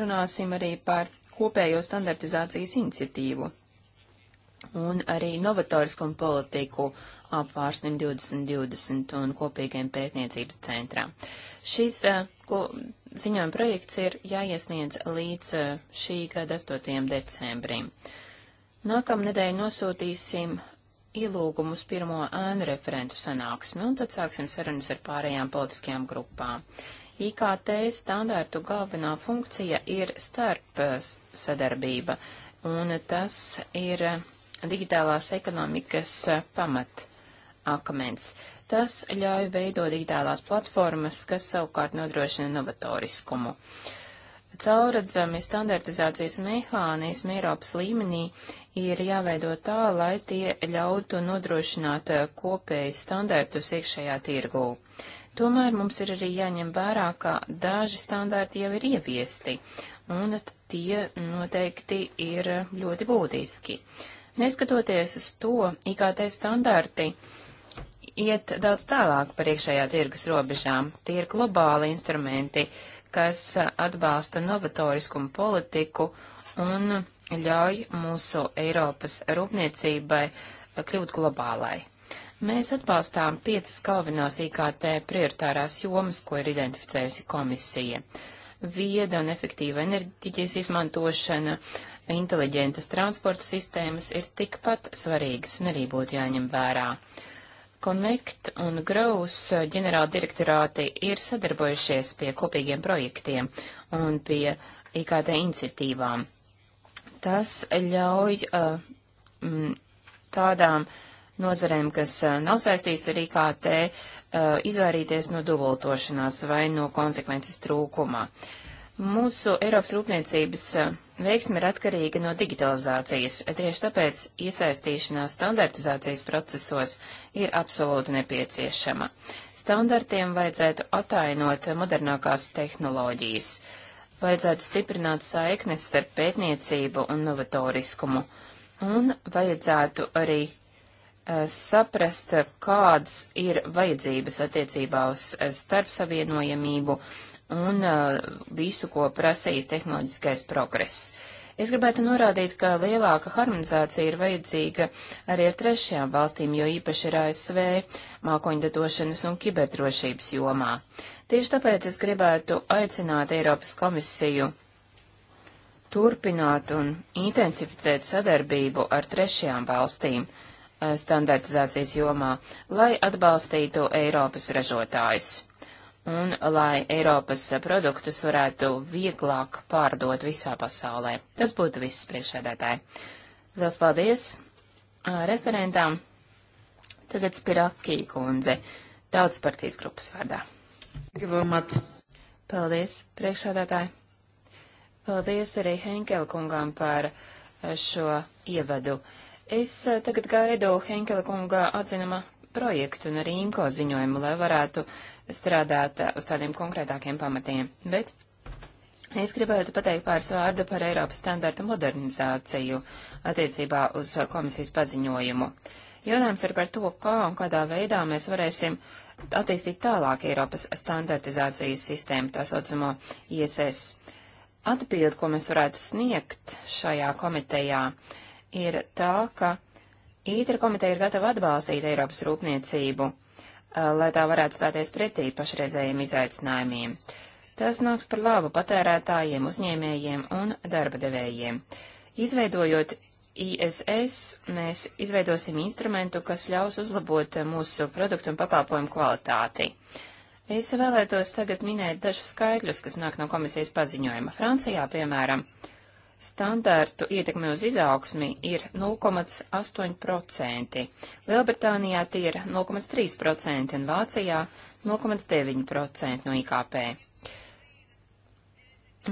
runāsim arī par kopējo standartizācijas iniciatīvu un arī novatoriskumu politiku apvārsnim 2020 un kopīgiem pētniecības centrām. Šis eh, ko, ziņojuma projekts ir jāiesniedz līdz eh, šī gada 8. decembrim. Nākamnedēļ nosūtīsim ielūgumu uz pirmo ēnu referentu sanāksmi, un tad sāksim sarunas ar pārējām politiskajām grupām. IKT standārtu galvenā funkcija ir starp eh, sadarbība, un tas ir digitālās ekonomikas eh, pamat akmens. Tas ļauj veidot digitālās platformas, kas savukārt nodrošina novatoriskumu. Cauradzami standartizācijas mehānismi Eiropas līmenī ir jāveido tā, lai tie ļautu nodrošināt eh, kopēju standartus iekšējā tirgū. Tomēr mums ir arī jāņem vērā, ka daži standarti jau ir ieviesti, un tie noteikti ir ļoti būtiski. Neskatoties uz to, IKT standarti iet daudz tālāk par iekšējā tirgus robežām. Tie ir globāli instrumenti, kas atbalsta novatoriskumu politiku un ļauj mūsu Eiropas rūpniecībai kļūt globālai. Mēs atbalstām piecas galvenās IKT prioritārās jomas, ko ir identificējusi komisija. Vieda un efektīva enerģijas izmantošana, uh, inteliģentas transporta sistēmas ir tikpat svarīgas un arī būtu jāņem vērā. Connect un Grows ģenerāla direktorāti ir sadarbojušies pie kopīgiem projektiem un pie IKT iniciatīvām. Tas ļauj uh, m, mm, tādām nozarēm, kas uh, nav saistīts ar IKT, uh, izvairīties no dubultošanās vai no konsekvences trūkumā. Uh, Mūsu Eiropas rūpniecības eh, veiksme ir atkarīga no digitalizācijas, tieši tāpēc iesaistīšanās standartizācijas procesos ir absolūti nepieciešama. Standartiem vajadzētu atainot modernākās tehnoloģijas, vajadzētu stiprināt saiknes starp pētniecību un novatoriskumu, un vajadzētu arī eh, saprast, kādas ir vajadzības attiecībā uz eh, starpsavienojamību, un uh, visu, ko prasīs tehnoloģiskais progress. Es gribētu norādīt, ka lielāka harmonizācija ir vajadzīga arī ar trešajām valstīm, jo īpaši ir ASV mākoņdatošanas un kiberdrošības jomā. Tieši tāpēc es gribētu aicināt Eiropas komisiju turpināt un intensificēt sadarbību ar trešajām valstīm uh, standartizācijas jomā, lai atbalstītu Eiropas ražotājus un lai Eiropas produktus varētu vieglāk pārdot visā pasaulē. Tas būtu viss priekšēdētāji. Lielas paldies referentām. Tagad Spirakī kundze, tautas partijas grupas vārdā. Paldies, priekšādātāji. Paldies arī Henkela kungām par šo ievadu. Es tagad gaidu Henkela kunga atzinuma projektu un arī IMCO ziņojumu, lai varētu strādāt uh, uz tādiem konkrētākiem pamatiem. Bet es gribētu pateikt pāris vārdu par Eiropas standarta modernizāciju attiecībā uz uh, komisijas paziņojumu. Jautājums ir par to, kā un kādā veidā mēs varēsim attīstīt tālāk Eiropas standartizācijas sistēmu, tā saucamo ISS. Atbildi, ko mēs varētu sniegt šajā komitejā, ir tā, ka Ītra komiteja ir gatava atbalstīt Eiropas rūpniecību, lai tā varētu stāties pretī pašreizējiem izaicinājumiem. Tas nāks par labu patērētājiem, uzņēmējiem un darba devējiem. Izveidojot ISS, mēs izveidosim instrumentu, kas ļaus uzlabot mūsu produktu un pakalpojumu kvalitāti. Es vēlētos tagad minēt dažus skaitļus, kas nāk no komisijas paziņojuma. Francijā, piemēram, uh, standārtu ietekme uz izaugsmi ir 0,8%, Lielbritānijā tie ir 0,3% un Vācijā 0,9% no IKP.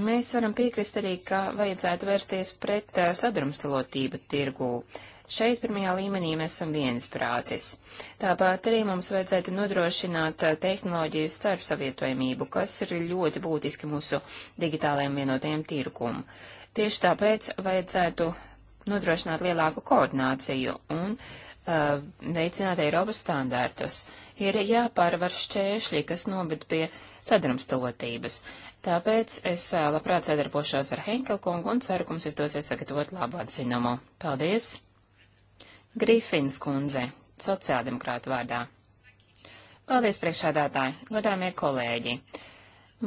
Mēs varam piekrist arī, ka vajadzētu vērsties pret uh, sadrumstalotību tirgū. Šeit pirmajā līmenī mēs esam viensprātis. Tāpat arī mums vajadzētu nodrošināt uh, tehnoloģiju starp savietojamību, kas ir ļoti būtiski mūsu digitālajiem vienotajiem tirgum. Uh, Tieši tāpēc vajadzētu nodrošināt lielāku koordināciju un uh, veicināt Eiropas standārtus. Ir jāpārvar šķēršļi, kas noved pie sadrumstalotības. Tāpēc es uh, labprāt sadarbošos ar Henkelkungu un ceru, ka mums izdosies sagatavot labu atzinumu. Paldies! Grifins kundze, sociāldemokrātu vārdā. Paldies, priekšādātāji, godāmie kolēģi!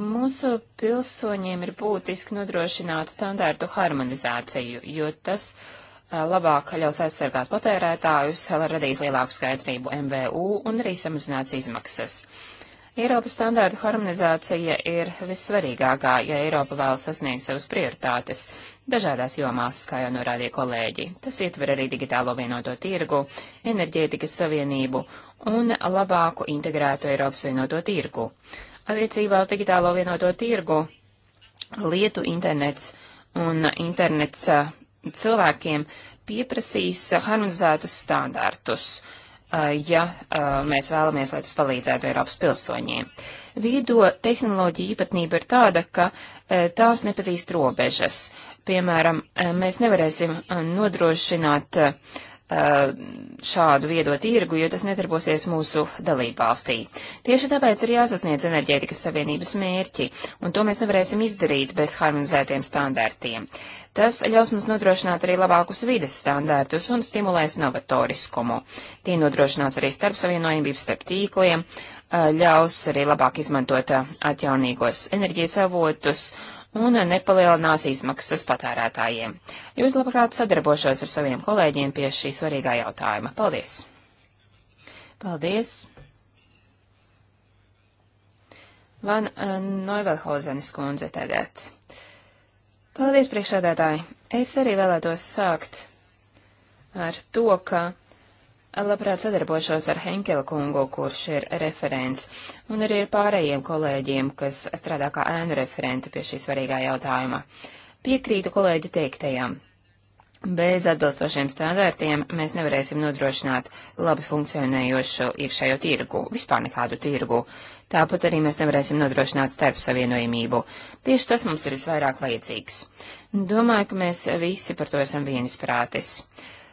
Mūsu pilsoņiem ir būtiski nodrošināt standārtu harmonizāciju, jo tas labāk ļaus aizsargāt patērētājus, radīs lielāku skaidrību MVU un arī samazinās izmaksas. Eiropas standārtu harmonizācija ir vissvarīgākā, ja Eiropa vēl sasniegt savas prioritātes dažādās jomās, kā jau norādīja kolēģi. Tas ietver arī digitālo vienoto tirgu, enerģētikas savienību un labāku integrētu Eiropas vienoto tirgu. Attiecībā uz digitālo vienoto tirgu lietu internets un internets cilvēkiem pieprasīs harmonizētus standārtus, ja mēs vēlamies, lai tas palīdzētu Eiropas pilsoņiem. Viedo tehnoloģija īpatnība ir tāda, ka e, tās nepazīst robežas. Piemēram, e, mēs nevarēsim nodrošināt uh, Uh, šādu viedo tirgu, jo tas nedarbosies mūsu dalībvalstī. Tieši tāpēc ir jāsasniedz enerģētikas savienības mērķi, un to mēs nevarēsim izdarīt bez harmonizētiem standartiem. Tas ļaus mums nodrošināt arī labākus vides standartus un stimulēs novatoriskumu. Tie nodrošinās arī starp savienojumības starp tīkliem, uh, ļaus arī labāk izmantot uh, atjaunīgos enerģijas avotus, uh, un nepalielinās izmaksas patērētājiem. Ļoti labprāt sadarbošos ar saviem kolēģiem pie šī svarīgā jautājuma. Paldies! Paldies! Van eh, Noivelhozenes kundze tagad. Paldies, priekšsēdētāji! Es arī vēlētos sākt ar to, ka labprāt sadarbošos ar Henkela kungu, kurš ir referents, un arī ar pārējiem kolēģiem, kas strādā kā ēnu referenti pie šī svarīgā jautājuma. Piekrītu kolēģi teiktajam. Bez atbilstošiem standārtiem mēs nevarēsim nodrošināt labi funkcionējošu iekšējo tirgu, vispār nekādu tirgu. Tāpat arī mēs nevarēsim nodrošināt starp savienojumību. Tieši tas mums ir visvairāk vajadzīgs. Domāju, ka mēs visi par to esam vienisprātis. prātis.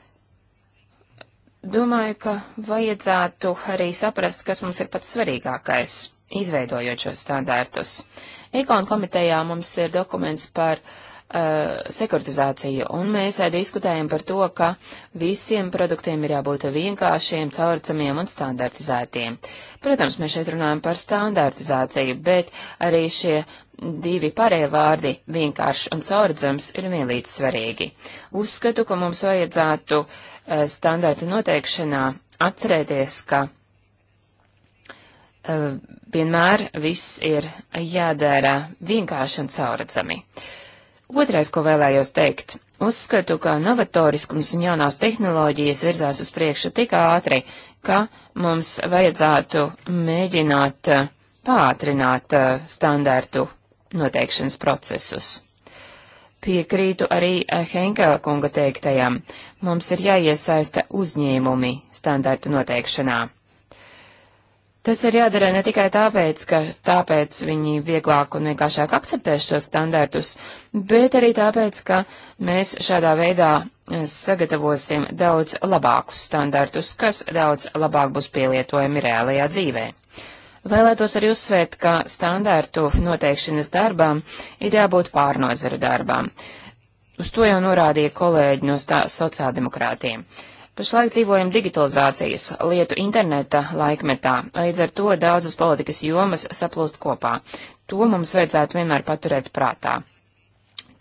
Domāju, ka vajadzētu arī saprast, kas mums ir pats svarīgākais, izveidojot šos standārtus. Ekon komitejā mums ir dokuments par uh, sekuritizāciju, un mēs uh, diskutējam par to, ka visiem produktiem ir jābūt vienkāršiem, caurcamiem un standartizētiem. Protams, mēs šeit runājam par standartizāciju, bet arī šie divi pārējie vārdi - vienkārši un caurdzams - ir vienlīdz svarīgi. Uzskatu, ka mums vajadzētu uh, Eh, standārtu noteikšanā atcerēties, ka eh, vienmēr viss ir jādara vienkārši un cauradzami. Otrais, ko vēlējos teikt, uzskatu, ka novatoriskums un jaunās tehnoloģijas virzās uz priekšu tik ātri, ka mums vajadzētu mēģināt eh, pātrināt standārtu noteikšanas procesus. Piekrītu arī Henkela kunga teiktajam. Mums ir jāiesaista uzņēmumi standartu noteikšanā. Tas ir jādara ne tikai tāpēc, ka tāpēc viņi vieglāk un vienkāršāk akceptēs šos standartus, bet arī tāpēc, ka mēs šādā veidā eh, sagatavosim daudz labākus standartus, kas daudz labāk būs pielietojami reālajā dzīvē. Vēlētos arī uzsvērt, ka standartu noteikšanas darbām ir jābūt pārnozara darbām. Uz to jau norādīja kolēģi no sociāldemokrātiem. Pašlaik dzīvojam digitalizācijas lietu interneta laikmetā, līdz ar to daudzas politikas jomas saplūst kopā. To mums vajadzētu vienmēr paturēt prātā.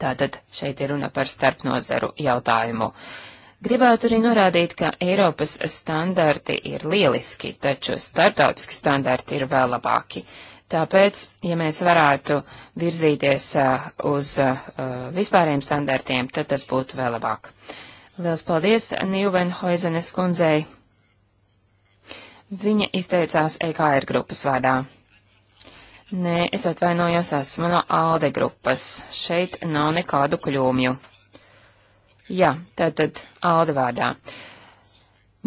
Tātad šeit ir runa par starpnozaru jautājumu. Gribētu arī norādīt, ka Eiropas standarti ir lieliski, taču starptautiski standarti ir vēl labāki. Tāpēc, ja mēs varētu virzīties uh, uz uh, vispāriem standartiem, tad tas būtu vēl labāk. Liels paldies Nīvenhoizenes kundzei. Viņa izteicās EKR grupas vārdā. Nē, es atvainojos, esmu no ALDE grupas. Šeit nav nekādu kļūmju. Jā, tātad ALDE vārdā.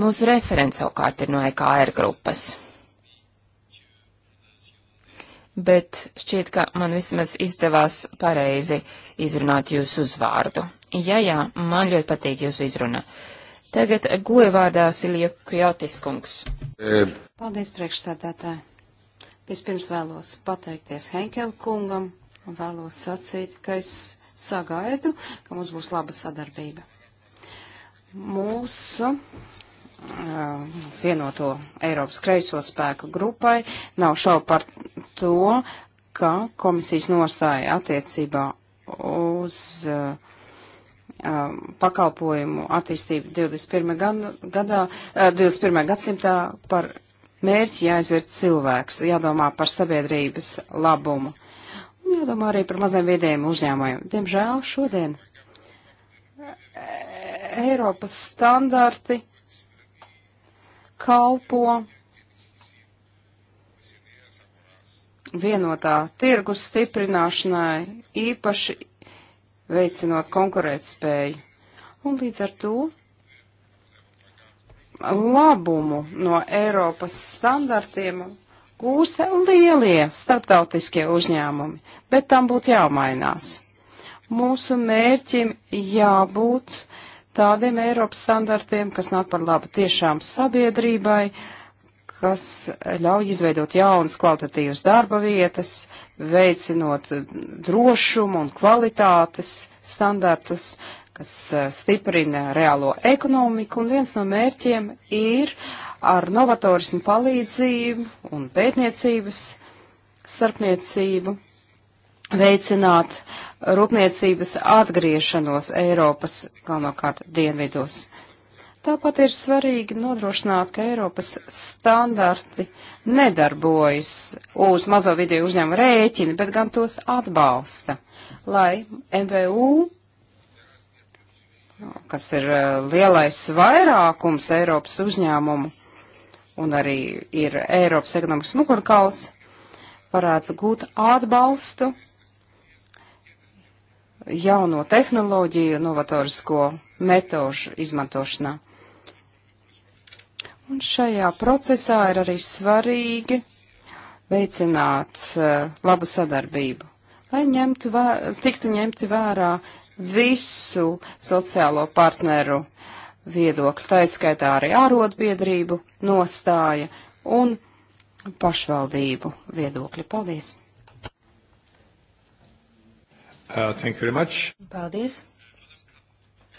Mūsu referents savukārt ir no EKR grupas bet šķiet, ka man vismaz izdevās pareizi izrunāt jūsu uzvārdu. Jā, jā, man ļoti patīk jūsu izruna. Tagad goja vārdā Silija Kjotis kungs. E. Paldies, priekšstādātāji. Vispirms vēlos pateikties Henkel kungam un vēlos sacīt, ka es sagaidu, ka mums būs laba sadarbība. Mūsu vienoto Eiropas kreiso spēku grupai. Nav šaubu par to, ka komisijas nostāja attiecībā uz uh, um, pakalpojumu attīstību 21. gadā, 21. Uh, gadsimtā par mērķi jāizvirt cilvēks, jādomā par sabiedrības labumu. Un jādomā arī par maziem viedējiem uzņēmumiem. Diemžēl šodien uh, Eiropas standarti kalpo vienotā tirgus stiprināšanai, īpaši veicinot konkurētspēju. Un līdz ar to labumu no Eiropas standartiem gūs lielie starptautiskie uzņēmumi, bet tam būtu jāmainās. Mūsu mērķim jābūt tādiem Eiropas standartiem, kas nāk par labu tiešām sabiedrībai, kas ļauj izveidot jaunas kvalitatīvas darba vietas, veicinot drošumu un kvalitātes standartus, kas eh, stiprina reālo ekonomiku, un viens no mērķiem ir ar novatorismu palīdzību un pētniecības starpniecību veicināt rūpniecības atgriešanos Eiropas galvenokārt dienvidos. Tāpat ir svarīgi nodrošināt, ka Eiropas standarti nedarbojas uz mazo video uzņēmu rēķini, bet gan tos atbalsta, lai MVU, kas ir uh, lielais vairākums Eiropas uzņēmumu un arī ir Eiropas ekonomikas mugurkauls, varētu gūt atbalstu jauno tehnoloģiju, novatorisko metožu izmantošanā. Un šajā procesā ir arī svarīgi veicināt uh, labu sadarbību, lai ņemtu vē, tiktu ņemti vērā visu sociālo partneru viedokli, tā izskaitā arī ārotbiedrību nostāja un pašvaldību viedokļi. Paldies! Uh, thank you very much. Paldies.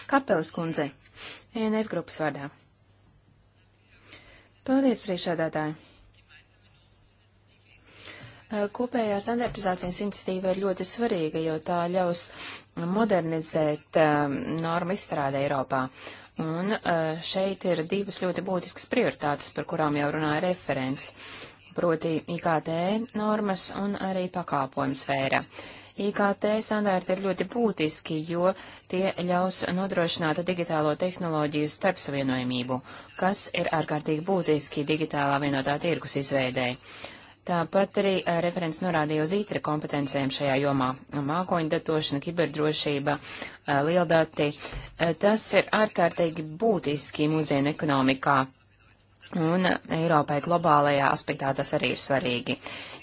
Kapelas kundze, ENF grupas vārdā. Paldies, priekšādātāji. Uh, kopējā standartizācijas iniciatīva ir ļoti svarīga, jo tā ļaus modernizēt um, normu izstrādi Eiropā. Un uh, šeit ir divas ļoti būtiskas prioritātes, par kurām jau runāja referents, proti IKT normas un arī pakāpojums sfēra. Uh, IKT standarti ir ļoti būtiski, jo tie ļaus nodrošināt digitālo tehnoloģiju starpsavienojumību, kas ir ārkārtīgi būtiski digitālā vienotā tirkus izveidē. Tāpat arī eh, referents norādīja uz ītra e kompetencijām šajā jomā - mākoņdatošana, kiberdrošība, eh, lieldati. Eh, tas ir ārkārtīgi būtiski mūsdienu ekonomikā Un Eiropai globālajā aspektā tas arī ir svarīgi.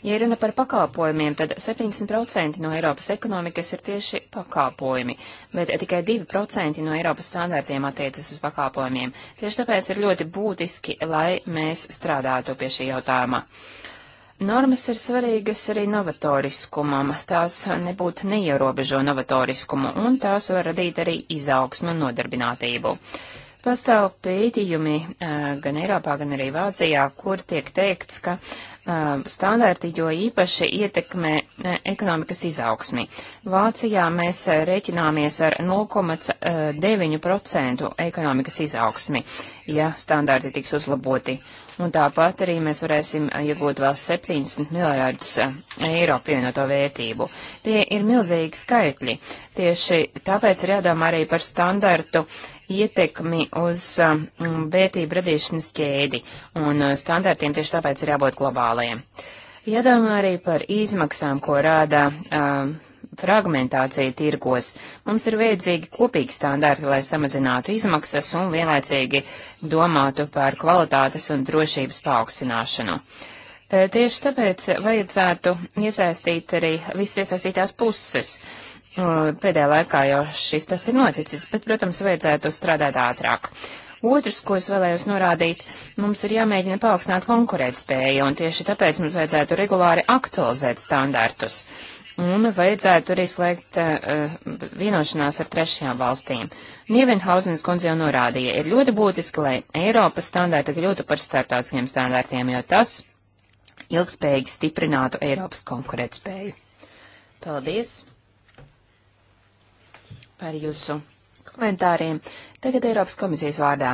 Ja runa par pakalpojumiem, tad 70% no Eiropas ekonomikas ir tieši pakalpojumi, bet tikai 2% no Eiropas standartiem attiecas uz pakalpojumiem. Tieši tāpēc ir ļoti būtiski, lai mēs strādātu pie šī jautājuma. Normas ir svarīgas arī novatoriskumam, tās nebūtu neierobežo novatoriskumu, un tās var radīt arī izaugsmu un nodarbinātību. Uh, Pastāv pētījumi gan Eiropā, gan arī Vācijā, kur tiek teikts, ka standarti jo īpaši ietekmē ekonomikas izaugsmi. Vācijā mēs rēķināmies ar 0,9% ekonomikas izaugsmi, ja standarti tiks uzlaboti. Un tāpat arī mēs varēsim iegūt vēl 70 miljārdus eiro pievienoto vērtību. Tie ir milzīgi skaitļi. Tieši tāpēc ir jādomā arī par standartu ietekmi uz um, vērtību radīšanas ķēdi, un uh, standartiem tieši tāpēc ir jābūt globālajiem. Jādomā arī par izmaksām, ko rāda um, fragmentācija tirgos. Mums ir vajadzīgi kopīgi standarti, lai samazinātu izmaksas un vienlaicīgi domātu par kvalitātes un drošības paaugstināšanu. E, tieši tāpēc vajadzētu iesaistīt arī visas iesaistītās puses. Uh, Pēdējā laikā jau šis tas ir noticis, bet, protams, vajadzētu strādāt ātrāk. Otrs, ko es vēlējos norādīt, mums ir jāmēģina paaugstināt konkurētspēju, un tieši tāpēc mums vajadzētu regulāri aktualizēt standartus. Un vajadzētu arī slēgt uh, vienošanās ar trešajām valstīm. Nievenhausens kundze jau norādīja, ir ļoti būtiski, lai Eiropas standarti kļūtu par startautiskiem standartiem, jo tas ilgspējīgi stiprinātu Eiropas konkurētspēju. Paldies! par jūsu komentāriem. Tagad Eiropas komisijas vārdā.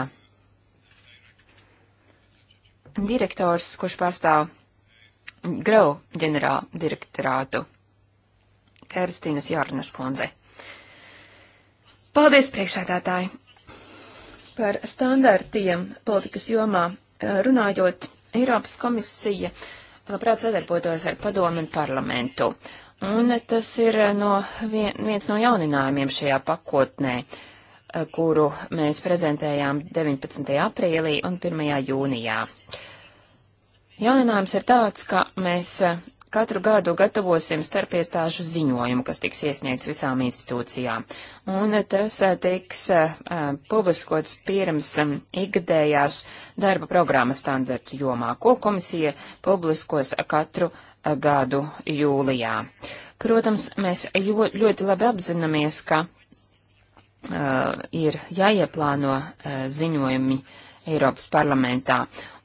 Direktors, kurš pārstāv Grau ģenerāla direktorātu, Kerstīnas Jārnas kundze. Paldies, priekšsēdētāji! Par standartiem politikas jomā runājot, Eiropas komisija labprāt sadarbotos ar padomu un parlamentu. Un tas ir no vien, viens no jauninājumiem šajā pakotnē, eh, kuru mēs prezentējām 19. aprīlī un 1. jūnijā. Jauninājums ir tāds, ka mēs eh, katru gadu gatavosim starpiestāšu ziņojumu, kas tiks iesniegts visām institūcijām. Un tas eh, tiks uh, publiskots pirms um, ikgadējās darba programmas standartu jomā, ko komisija publiskos katru gadu jūlijā. Protams, mēs ļoti labi apzināmies, ka uh, ir jāieplāno uh, ziņojumi Eiropas parlamentā,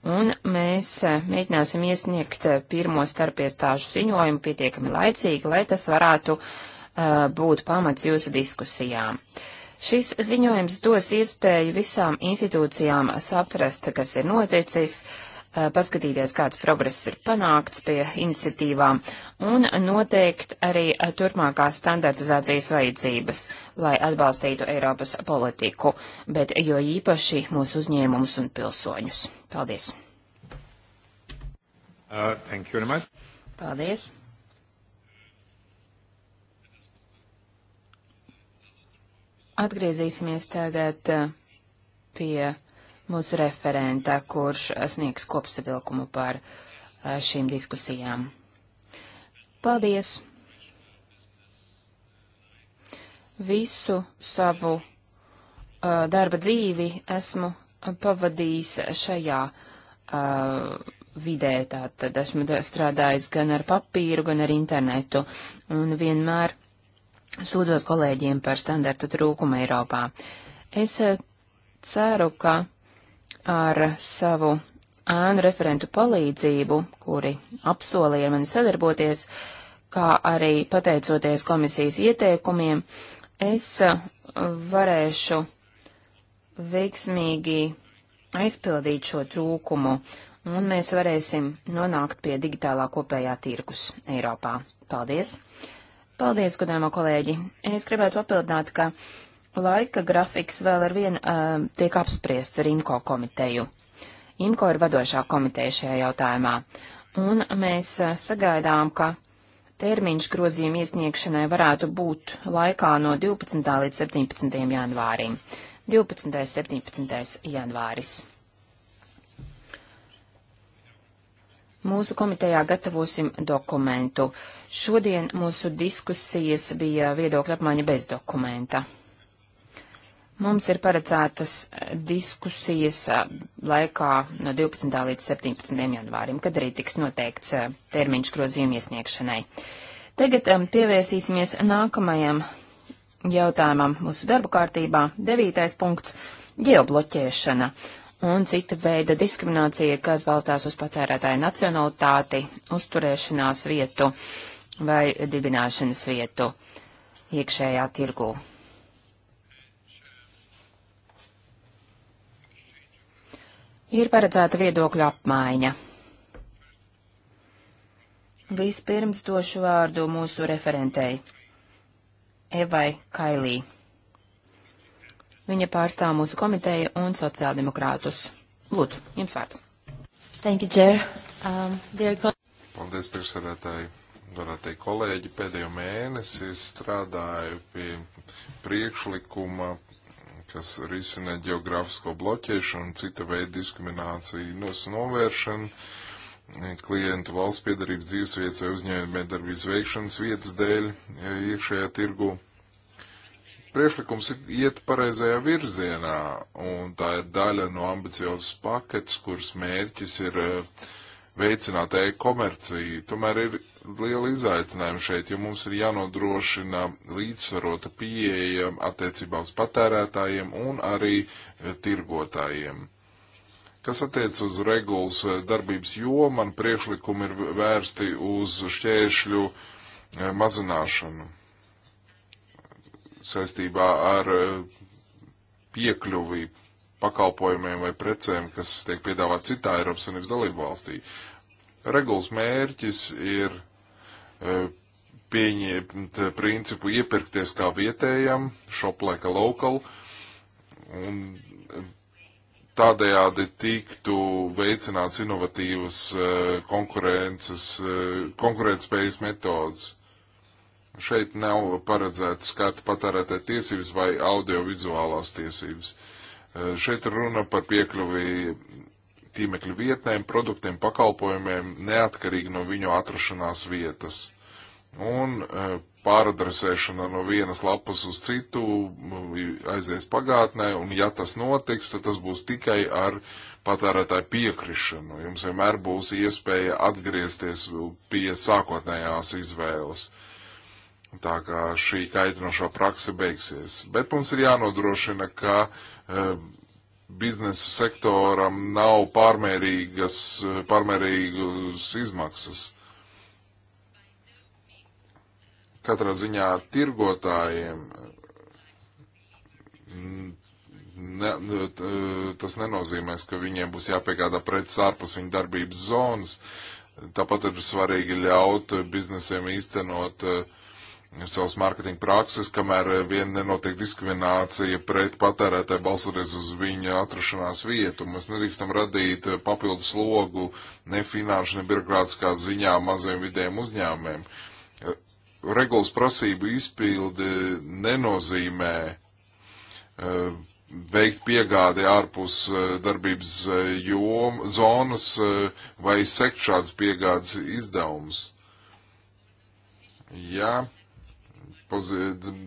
un mēs mēģināsim iesniegt pirmo starpiestāžu ziņojumu pietiekami laicīgi, lai tas varētu uh, būt pamats jūsu diskusijām. Šis ziņojums dos iespēju visām institūcijām saprast, kas ir noticis, uh, Eh, paskatīties, kāds progress ir panākts pie iniciatīvām un noteikt arī eh, turpmākās standartizācijas vajadzības, lai atbalstītu Eiropas politiku, bet jo īpaši mūsu uzņēmumus un pilsoņus. Paldies! Uh, thank you very much. Paldies! Atgriezīsimies tagad eh, pie mūsu referenta, kurš sniegs kopsavilkumu par šīm diskusijām. Paldies! Visu savu uh, darba dzīvi esmu pavadījis šajā uh, vidē, tātad esmu strādājis gan ar papīru, gan ar internetu, un vienmēr sūdzos kolēģiem par standartu trūkumu Eiropā. Es uh, ceru, ka ar savu ēnu referentu palīdzību, kuri apsolīja mani sadarboties, kā arī pateicoties komisijas ieteikumiem, es varēšu veiksmīgi aizpildīt šo trūkumu, un mēs varēsim nonākt pie digitālā kopējā tirkus Eiropā. Paldies! Paldies, godāmo kolēģi! Es gribētu papildināt, ka Laika grafiks vēl ar vienu uh, tiek apspriests ar IMCO komiteju. IMCO ir vadošā komiteja šajā jautājumā, un mēs uh, sagaidām, ka termiņš grozījuma iesniegšanai varētu būt laikā no 12. līdz 17. janvārim. 12. 17. janvāris. Mūsu komitejā gatavosim dokumentu. Šodien mūsu diskusijas bija viedokļa apmaiņa bez dokumenta. Mums ir paredzētas eh, diskusijas eh, laikā no 12. līdz 17. janvārim, kad arī tiks noteikts eh, termiņš grozījuma iesniegšanai. Tagad um, pievērsīsimies nākamajam jautājumam mūsu darba kārtībā. Devītais punkts - ģeobloķēšana un cita veida diskriminācija, kas balstās uz patērētāju nacionalitāti, uzturēšanās vietu vai dibināšanas vietu iekšējā tirgū. ir paredzēta viedokļa apmaiņa. Vispirms došu vārdu mūsu referentei, Evai Kailī. Viņa pārstāv mūsu komiteju un sociāldemokrātus. Lūdzu, jums vārds. Thank you, Jer. Um, dear... Paldies, priekšsēdētāji, godātie kolēģi. Pēdējo mēnesi strādāju pie priekšlikuma kas risina geogrāfisko bloķēšanu, cita veida diskrimināciju nos novēršanu, klientu valsts piedarības dzīvesvietas vai uzņēmē darbības veikšanas vietas dēļ iekšējā tirgu. Priekšlikums iet pareizajā virzienā, un tā ir daļa no ambiciozas paketes, kuras mērķis ir eh, veicināt e-komerciju. Tomēr ir liela izaicinājuma šeit, jo mums ir jānodrošina līdzsvarota pieeja attiecībā uz patērētājiem un arī e, tirgotājiem. Kas attiec uz regulas e, darbības jomu, man priekšlikumi ir vērsti uz šķēršļu e, mazināšanu saistībā ar piekļuvi pakalpojumiem vai precēm, kas tiek piedāvāt citā Eiropas Savienības dalību valstī. Regulas mērķis ir pieņemt principu iepirkties kā vietējam, shop like a local, un tādējādi tiktu veicināts inovatīvas e, konkurences, e, konkurētspējas metodas. Šeit nav paredzēta skatu patērētē tiesības vai audiovizuālās tiesības. E, šeit runa par piekļuvi tīmekļa vietnēm, produktiem, pakalpojumiem, neatkarīgi no viņu atrašanās vietas. Un e, pāradresēšana no vienas lapas uz citu aizies pagātnē, un ja tas notiks, tad tas būs tikai ar patērētāju piekrišanu. Jums vienmēr būs iespēja atgriezties pie sākotnējās izvēles. Tā kā šī kaitinošā praksa beigsies. Bet mums ir jānodrošina, ka uh, biznesa sektoram nav pārmērīgas, pārmērīgas izmaksas. Katrā ziņā tirgotājiem ne, tas nenozīmēs, ka viņiem būs jāpiegādā preces ārpus viņu darbības zonas. Tāpat ir svarīgi ļaut biznesiem īstenot uh, savas mārketinga prakses, kamēr eh, vien nenotiek diskriminācija pret patērētāju balsoties uz viņa atrašanās vietu. Mēs nedrīkstam radīt eh, papildus slogu ne finanšu, ne birokrātiskā ziņā maziem vidējiem uzņēmēm. Eh, regulas prasību izpildi nenozīmē veikt piegādi ārpus darbības jom, zonas vai sekt šādas piegādes izdevumus. Ja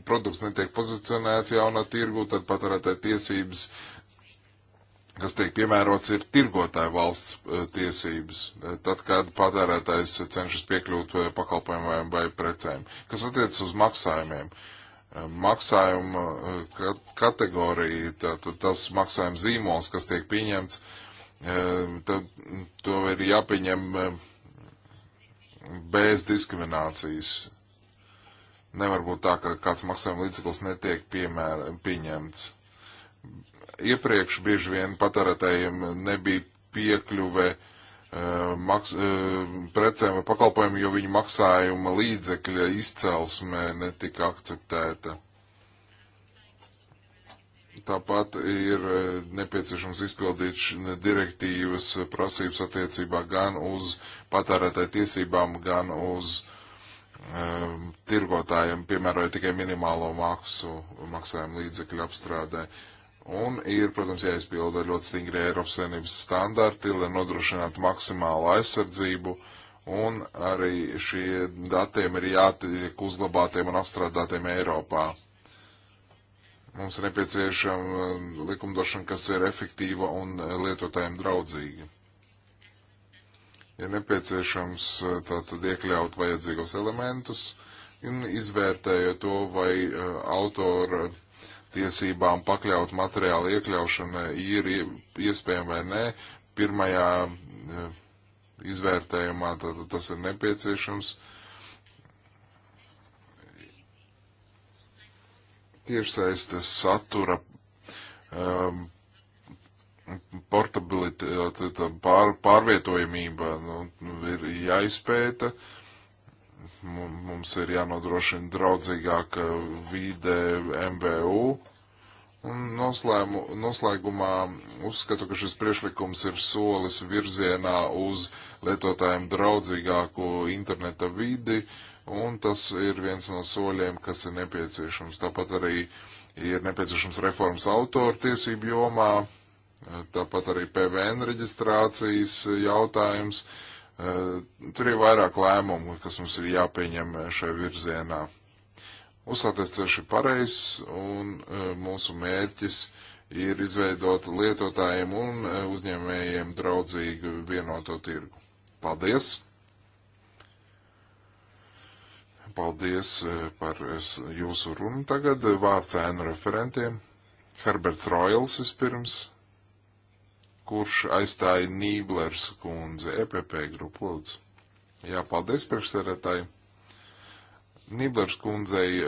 produkts netiek pozicionēts jaunā tirgu, tad patērētāja tiesības, kas tiek piemērots, ir tirgotāja valsts eh, tiesības, eh, tad, kad patērētājs cenšas piekļūt eh, pakalpojumiem vai precēm. Kas attiecas uz maksājumiem? Maksājuma kategorija, tātad tas maksājuma zīmols, kas tiek pieņemts, tad to ir jāpieņem bez diskriminācijas Nevar būt tā, ka kāds maksājuma līdzeklis netiek piemēra, pieņemts. Iepriekš bieži vien patērētējiem nebija piekļuve uh, maks, uh, precēm vai pakalpojumiem, jo viņu maksājuma līdzekļa izcelsme netika akceptēta. Tāpat ir eh, nepieciešams izpildīt direktīvas prasības attiecībā gan uz patērētāju tiesībām, gan uz um, tirgotājiem piemēroja tikai minimālo maksu maksājumu līdzekļu apstrādē. Un ir, protams, jāizpilda ļoti stingri Eiropas Savienības standarti, lai nodrošinātu maksimālu aizsardzību, un arī šie datiem ir jātiek uzglabātiem un apstrādātiem Eiropā. Mums ir nepieciešama ehm, likumdošana, kas ir efektīva un lietotājiem draudzīga ir nepieciešams eh, tātad iekļaut vajadzīgos elementus un izvērtējot to, vai eh, autora tiesībām pakļaut materiālu iekļaušana ir iespējama vai nē. Pirmajā eh, izvērtējumā tātad tas ir nepieciešams. Tiešsaistes satura um, portabilitāte, pār, pārvietojamība nu, ir jāizpēta. Mums ir jānodrošina draudzīgāka vide MVU. Un noslēmu, noslēgumā uzskatu, ka šis priešlikums ir solis virzienā uz lietotājiem draudzīgāku interneta vidi, un tas ir viens no soļiem, kas ir nepieciešams. Tāpat arī ir nepieciešams reformas autortiesību jomā Tāpat arī PVN reģistrācijas jautājums. Eh, tur ir vairāk lēmumu, kas mums ir jāpieņem šai virzienā. Uzsākties ceļš ir pareizs un eh, mūsu mērķis ir izveidot lietotājiem un eh, uzņēmējiem draudzīgu vienoto tirgu. Paldies! Paldies par jūsu runu tagad. Vārds ēnu referentiem. Herberts Royals vispirms kurš aizstāja Nīblers kundze, EPP grupu lūdzu. Jā, paldies priekšsēdētāji. Nīblers kundzei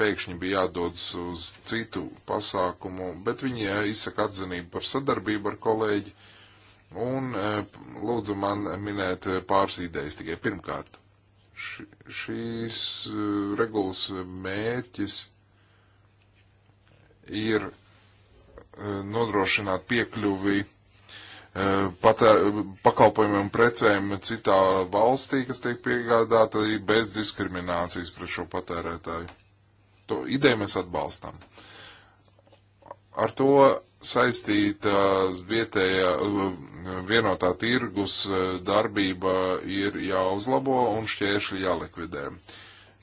pēkšņi bija jādodas uz citu pasākumu, bet viņa izsaka atzinību par sadarbību ar kolēģi un e, lūdzu man minēt pāris idejas tikai pirmkārt. Š šīs e, regulas mērķis ir E, nodrošināt piekļuvi e, patē, pakalpojumiem un precēm citā valstī, kas tiek piegādāta bez diskriminācijas pret šo patērētāju. To ideju mēs atbalstam. Ar to saistīta e, vietējā vienotā tirgus darbība ir jāuzlabo un šķēršļi jālikvidē.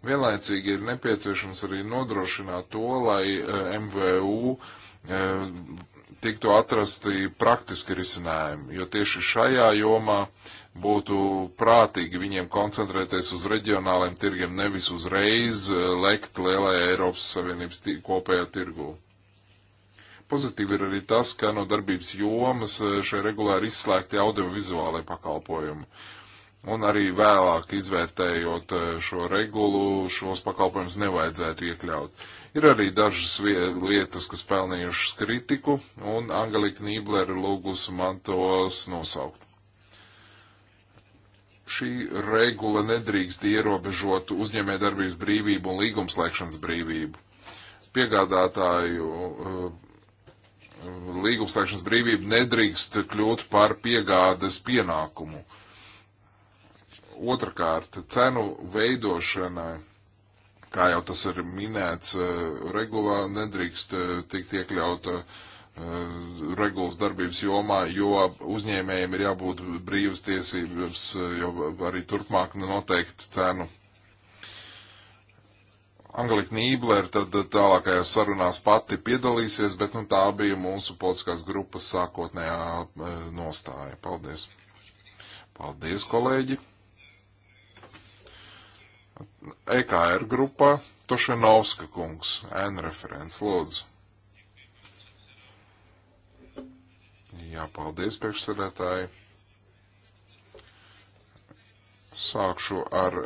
Vienlaicīgi ir nepieciešams arī nodrošināt to, lai MVU uh, Ehm, tiktu atrasti praktiski risinājumi, jo tieši šajā jomā būtu prātīgi viņiem koncentrēties uz reģionāliem tirgiem, nevis uzreiz eh, lekt lielajā Eiropas Savienības kopējā tirgū. Pozitīvi ir arī tas, ka no darbības jomas eh, šai regulāri izslēgti audiovizuālai pakalpojumi. Un arī vēlāk izvērtējot eh, šo regulu, šos pakalpojumus nevajadzētu iekļaut. Uh, Ir arī dažas lietas, kas pelnījušas kritiku, un Angelika Nīblera lūgusi man tos nosaukt. Šī regula nedrīkst ierobežot uzņēmē darbības brīvību un līgumslēgšanas brīvību. Piegādātāju uh, līgumslēgšanas brīvība nedrīkst kļūt par piegādes pienākumu. Otrakārt, cenu veidošanai kā jau tas ir minēts, eh, regulā nedrīkst eh, tikt iekļauta eh, regulas darbības jomā, jo uzņēmējiem ir jābūt brīvas tiesības, jo arī turpmāk noteikt cenu. Angelika Nībler tad tālākajās sarunās pati piedalīsies, bet nu, tā bija mūsu politiskās grupas sākotnējā nostāja. Paldies! Paldies, kolēģi! EKR grupā Tošenovska kungs, N referents, lūdzu. Jā, paldies priekšsēdētāji. Sākšu ar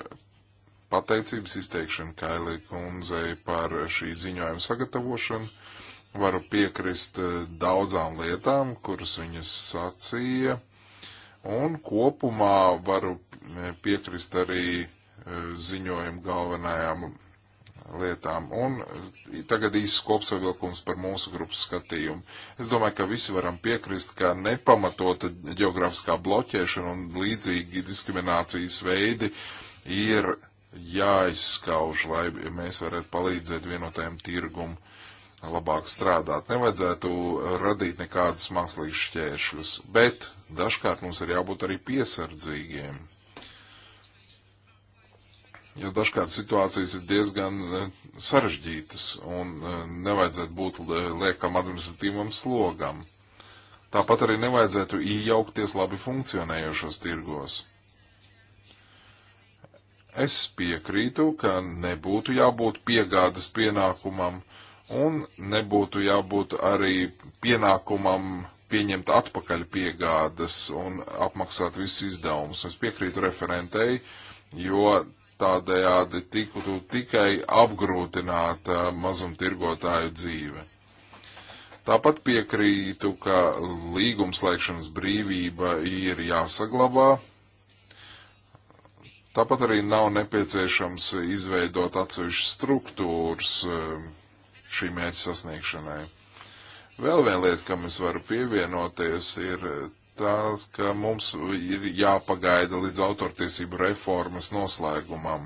pateicības izteikšanu Kailī kundzei par šī ziņojuma sagatavošanu. Varu piekrist eh, daudzām lietām, kuras viņas sacīja, un kopumā varu eh, piekrist arī uh, E, ziņojumu galvenajām lietām. Un e, tagad īsts kopsavilkums par mūsu grupas skatījumu. Es domāju, ka visi varam piekrist, ka nepamatota geogrāfiskā bloķēšana un līdzīgi diskriminācijas veidi ir jāizskauž, lai mēs varētu palīdzēt vienotajam tirgumam labāk strādāt. Nevajadzētu radīt nekādus mākslīgus šķēršļus, bet dažkārt mums ir jābūt arī piesardzīgiem jo dažkārt situācijas ir diezgan e, sarežģītas un e, nevajadzētu būt e, liekam administratīvam slogam. Tāpat arī nevajadzētu iejaukties labi funkcionējošos tirgos. Es piekrītu, ka nebūtu jābūt piegādas pienākumam un nebūtu jābūt arī pienākumam pieņemt atpakaļ piegādas un apmaksāt visus izdevumus. Es piekrītu referentei, jo tādējādi tiktu tikai apgrūtināta mazumtirgotāju dzīve. Tāpat piekrītu, ka līgumslēgšanas brīvība ir jāsaglabā. Tāpat arī nav nepieciešams izveidot atsevišķas struktūras eh, šī mērķa sasniegšanai. Vēl viena lieta, kam es varu pievienoties, ir tās, ka mums ir jāpagaida līdz autortiesību reformas noslēgumam.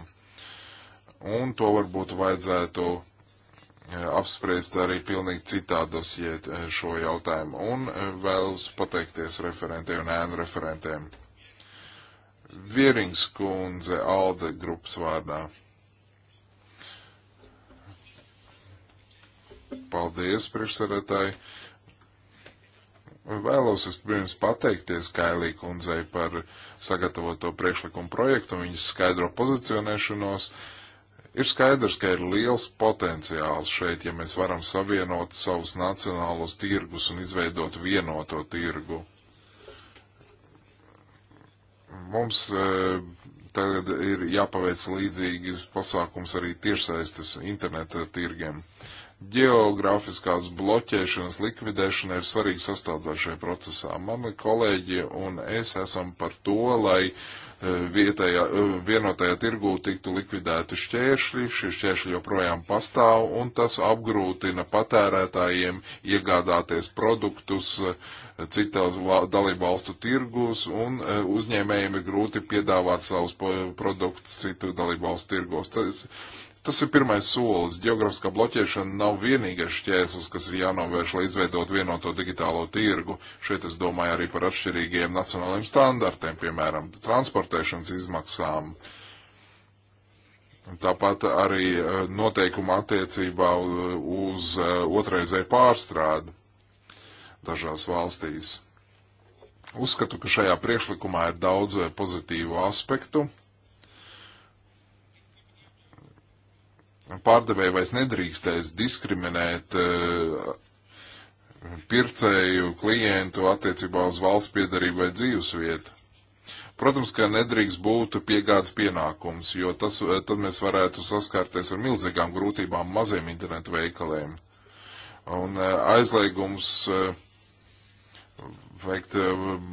Un to varbūt vajadzētu eh, apspriest arī pilnīgi citādos eh, šo jautājumu. Un eh, vēlos pateikties referentiem un ēnu referentiem. Vierings kundze Alde grupas vārdā. Paldies, priekšsēdētāji. Vēlos es pirms pateikties Kailī kundzei par sagatavoto priekšlikumu projektu un viņas skaidro pozicionēšanos. Ir skaidrs, ka ir liels potenciāls šeit, ja mēs varam savienot savus nacionālos tirgus un izveidot vienoto tirgu. Mums e, tagad ir jāpaveic līdzīgas pasākums arī tiešsaistes interneta tirgiem. Geogrāfiskās bloķēšanas likvidēšana ir svarīga sastāvdaļa šajā procesā. Mani kolēģi un es esam par to, lai e, vietējā, e, vienotajā tirgū tiktu likvidēti šķēršļi, šie šķēršļi joprojām pastāv, un tas apgrūtina patērētājiem iegādāties produktus e, citā dalību valstu tirgūs, un uzņēmējiem ir grūti piedāvāt savus produktus citu dalību valstu tirgos. Tas, Tas ir pirmais solis. Geogrāfiskā bloķēšana nav vienīgais šķērslis, kas ir jānovērš, lai izveidot vienoto digitālo tirgu. Šeit es domāju arī par atšķirīgiem nacionāliem standartiem, piemēram, transportēšanas izmaksām. Tāpat arī e, noteikuma attiecībā e, uz e, otraizēju pārstrādi dažās valstīs. Uzskatu, ka šajā priekšlikumā ir daudz pozitīvu aspektu pārdevēja vairs nedrīkstēs diskriminēt eh, pircēju, klientu attiecībā uz valsts piedarību vai dzīvesvietu. Protams, ka nedrīkst būt piegādes pienākums, jo tas, eh, tad mēs varētu saskarties ar milzīgām grūtībām maziem internetu veikaliem. Un eh, aizliegums veikt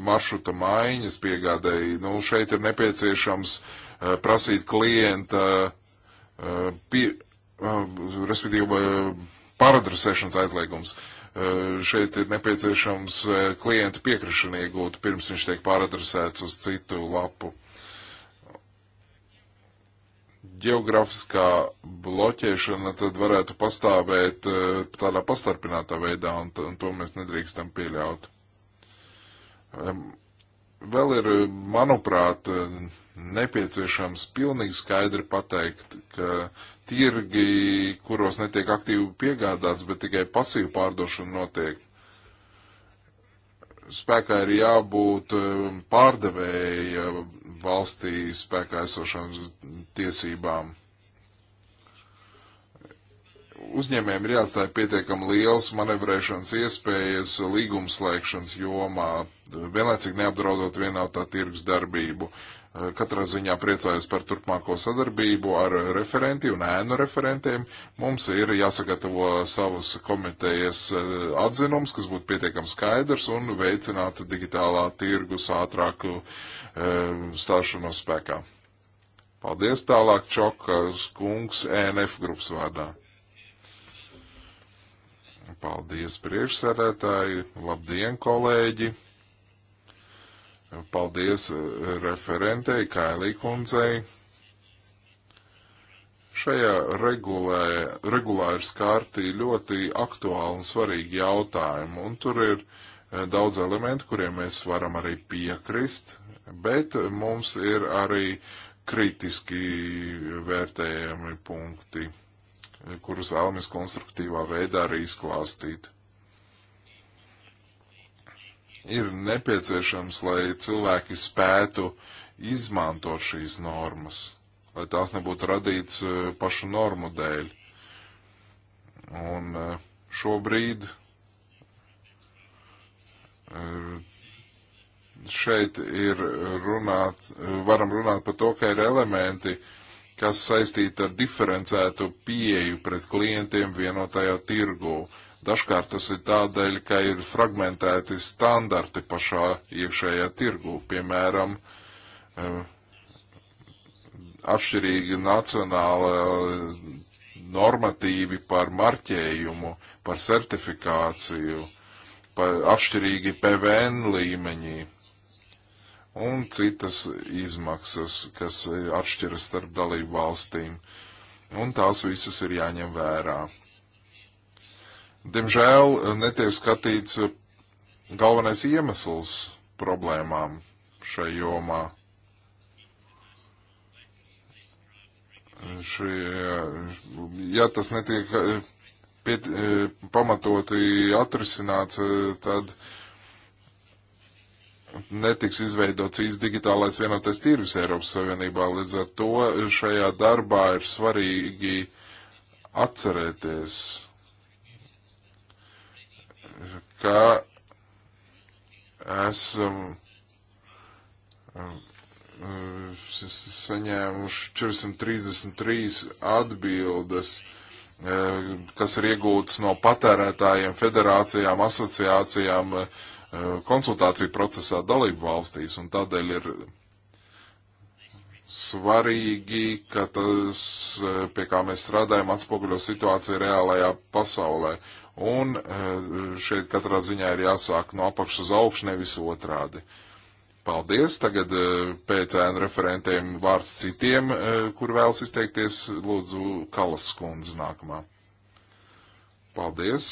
maršruta maiņas piegādēji, nu, šeit ir nepieciešams prasīt klienta uh, Uh, pie, uh, respektīvi uh, paradresēšanas aizliegums. Šeit ir nepieciešams klienta piekrišana iegūt, pirms viņš tiek paradresēts uz citu lapu. Geogrāfiskā bloķēšana tad varētu pastāvēt tādā pastarpinātā veidā, un, un to mēs nedrīkstam pieļaut. Um, vēl ir, manuprāt, nepieciešams pilnīgi skaidri pateikt, ka tirgi, kuros netiek aktīvi piegādāts, bet tikai pasīvu pārdošana notiek, spēkā ir jābūt um, pārdevēja valstī spēkā esošām tiesībām. Uzņēmējiem ir jāatstāja pietiekami liels manevrēšanas iespējas līgumslēgšanas jomā, vienlaicīgi neapdraudot vienautā tirgus darbību. Uh, Eh, katrā ziņā priecājos par turpmāko sadarbību ar referenti un ēnu referentiem. Mums ir jāsagatavo savas komitejas eh, atzinums, kas būtu pietiekams skaidrs un veicinātu digitālā tirgus ātrāku eh, stāšanos spēkā. Paldies tālāk Čokas kungs ENF grupas vārdā. Paldies priekšsēdētāji, labdien kolēģi! Paldies eh, referentei Kailī kundzei. Šajā regulē, regulāri skārtī ļoti aktuāli un svarīgi jautājumi, un tur ir eh, daudz elementu, kuriem mēs varam arī piekrist, bet mums ir arī kritiski vērtējami punkti, eh, kurus vēlamies konstruktīvā veidā arī izklāstīt ir nepieciešams, lai cilvēki spētu izmantot šīs normas, lai tās nebūtu radīts e, pašu normu dēļ. Un e, šobrīd e, šeit ir runāt, varam runāt par to, ka ir elementi, kas saistīti ar diferencētu pieeju pret klientiem vienotajā tirgū. No Dažkārt tas ir tādēļ, ka ir fragmentēti standarti pašā iekšējā tirgū, piemēram, eh, atšķirīgi nacionāli normatīvi par marķējumu, par certifikāciju, par atšķirīgi PVN līmeņi un citas izmaksas, kas atšķiras starp dalību valstīm. Un tās visas ir jāņem vērā. Diemžēl eh, netiek skatīts eh, galvenais iemesls problēmām šai jomā. Šie, eh, ja tas netiek piet, pamatoti atrisināts, tad netiks izveidots īsts digitālais vienotais tirgus Eiropas Savienībā. Līdz ar to šajā darbā ir svarīgi atcerēties ka esam eh, saņēmuši 433 atbildes, eh, kas ir iegūtas no patērētājiem, federācijām, asociācijām, eh, konsultāciju procesā dalību valstīs, un tādēļ ir svarīgi, ka tas, pie kā mēs strādājam, atspoguļo situāciju reālajā pasaulē. Un eh, šeit katrā ziņā ir jāsāk no apakšas uz augšu, nevis otrādi. Paldies. Tagad eh, pēc ēnu referentiem vārds citiem, eh, kur vēlas izteikties. Lūdzu, Kalas skundze nākamā. Paldies.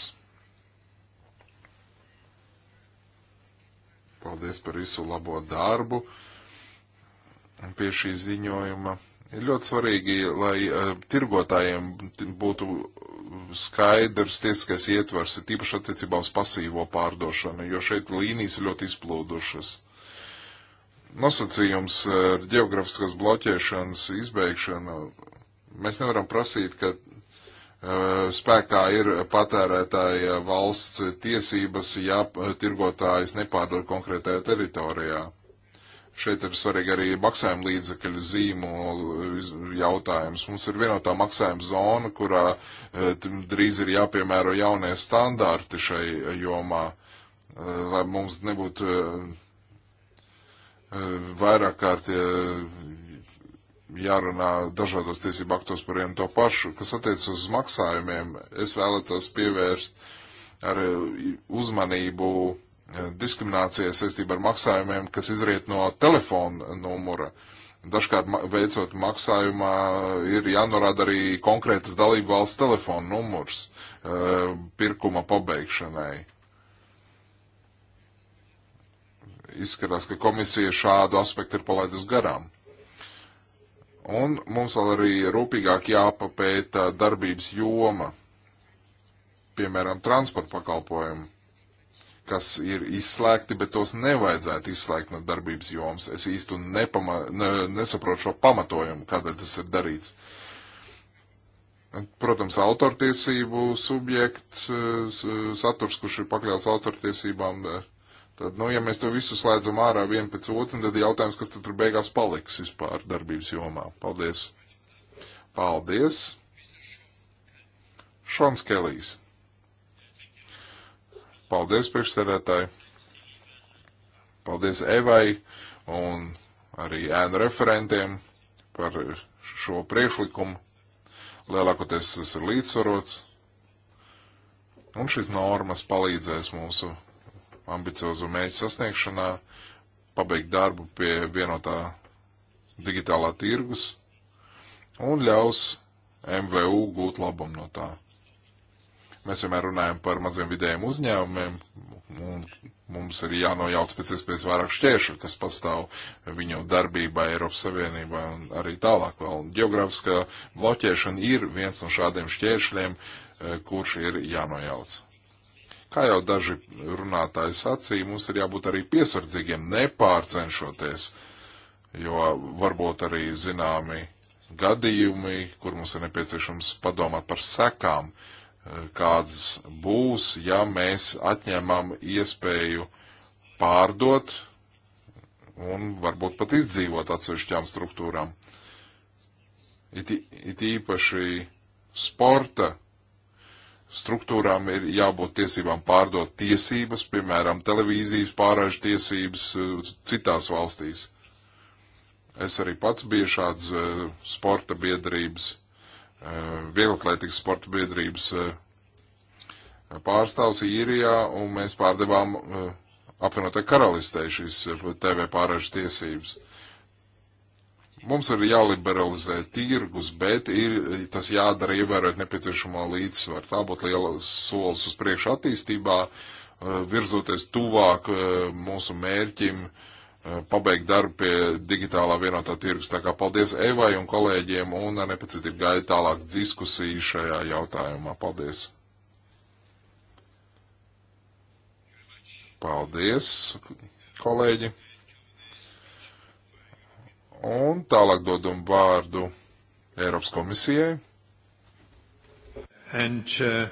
Paldies par visu labo darbu pie šī ziņojuma. Ir ļoti svarīgi, lai uh, tirgotājiem būtu skaidrs tiesiskais ietvers, ir tīpaši attiecībā uz pasīvo pārdošanu, jo šeit līnijas ir ļoti izplūdušas. Nosacījums eh, geogrāfiskās bloķēšanas izbeigšana. Mēs nevaram prasīt, ka eh, spēkā ir patērētāja valsts tiesības, ja eh, tirgotājs nepārdod konkrētajā teritorijā. Šeit ir svarīgi arī maksājuma līdzekļu zīmolu jautājums. Mums ir vienotā maksājuma zona, kurā e, drīz ir jāpiemēro jaunie standarti šai jomā, e, lai mums nebūtu e, vairāk kārt jārunā dažādos tiesību aktos par vienu to pašu. Kas attiecas uz maksājumiem, es vēlētos pievērst ar uzmanību uh, Eh, diskriminācija saistībā ar maksājumiem, kas izriet no telefona numura. Dažkārt veicot maksājumā ir jānorāda arī konkrētas dalību valsts telefona numurs eh, pirkuma pabeigšanai. Izskatās, ka komisija šādu aspektu ir palaidusi garām. Un mums vēl arī rūpīgāk jāpapēta darbības joma, piemēram, transporta pakalpojumu kas ir izslēgti, bet tos nevajadzētu izslēgt no darbības jomas. Es īstu nepama, ne, nesaprotu šo pamatojumu, kādēļ tas ir darīts. Protams, autortiesību subjekts, saturs, kurš ir pakļauts autortiesībām, tad, nu, ja mēs to visu slēdzam ārā vien pēc otru, tad jautājums, kas tad tur beigās paliks vispār darbības jomā. Paldies! Paldies! Šons Kelijs. Paldies, priekšsēdētāji. Paldies Evai un arī ēnu referentiem par šo priekšlikumu. Lielākoties tas ir līdzsvarots. Un šīs normas palīdzēs mūsu ambiciozu mērķu sasniegšanā, pabeigt darbu pie vienotā digitālā tirgus un ļaus MVU gūt labumu no tā. Mēs vienmēr runājam par maziem vidējiem uzņēmumiem, un mums ir jānojauc pēc iespējas vairāk šķēršļu, kas pastāv viņu darbībā Eiropas Savienībā un arī tālāk vēl. Geogrāfiskā bloķēšana ir viens no šādiem šķēršļiem, eh, kurš ir jānojauc. Kā jau daži runātāji sacīja, mums ir jābūt arī piesardzīgiem, nepārcenšoties, jo varbūt arī zināmi gadījumi, kur mums ir nepieciešams padomāt par sekām, uh, kādas būs, ja mēs atņemam iespēju pārdot un varbūt pat izdzīvot atsevišķām struktūrām. It, it īpaši sporta struktūrām ir jābūt tiesībām pārdot tiesības, piemēram, televīzijas pārāžu tiesības uh, citās valstīs. Es arī pats biju šāds uh, sporta biedrības Eh, vieglatlētikas sporta biedrības eh, pārstāvs īrijā, un mēs pārdevām eh, apvienotā karalistē šīs TV pārēžu tiesības. Mums ir jāliberalizē tirgus, bet ir, tas jādara ievērot nepieciešamā līdzsvaru. Tā būtu liels solis uz priekšu attīstībā, virzoties tuvāk mūsu mērķim, uh, Eh, pabeigt darbu pie digitālā vienotā tirgus. Tā kā paldies Evai un kolēģiem un ar nepacietību gaidu tālāk diskusiju šajā jautājumā. Paldies! Paldies, kolēģi! Un tālāk dodam vārdu Eiropas komisijai. And, uh,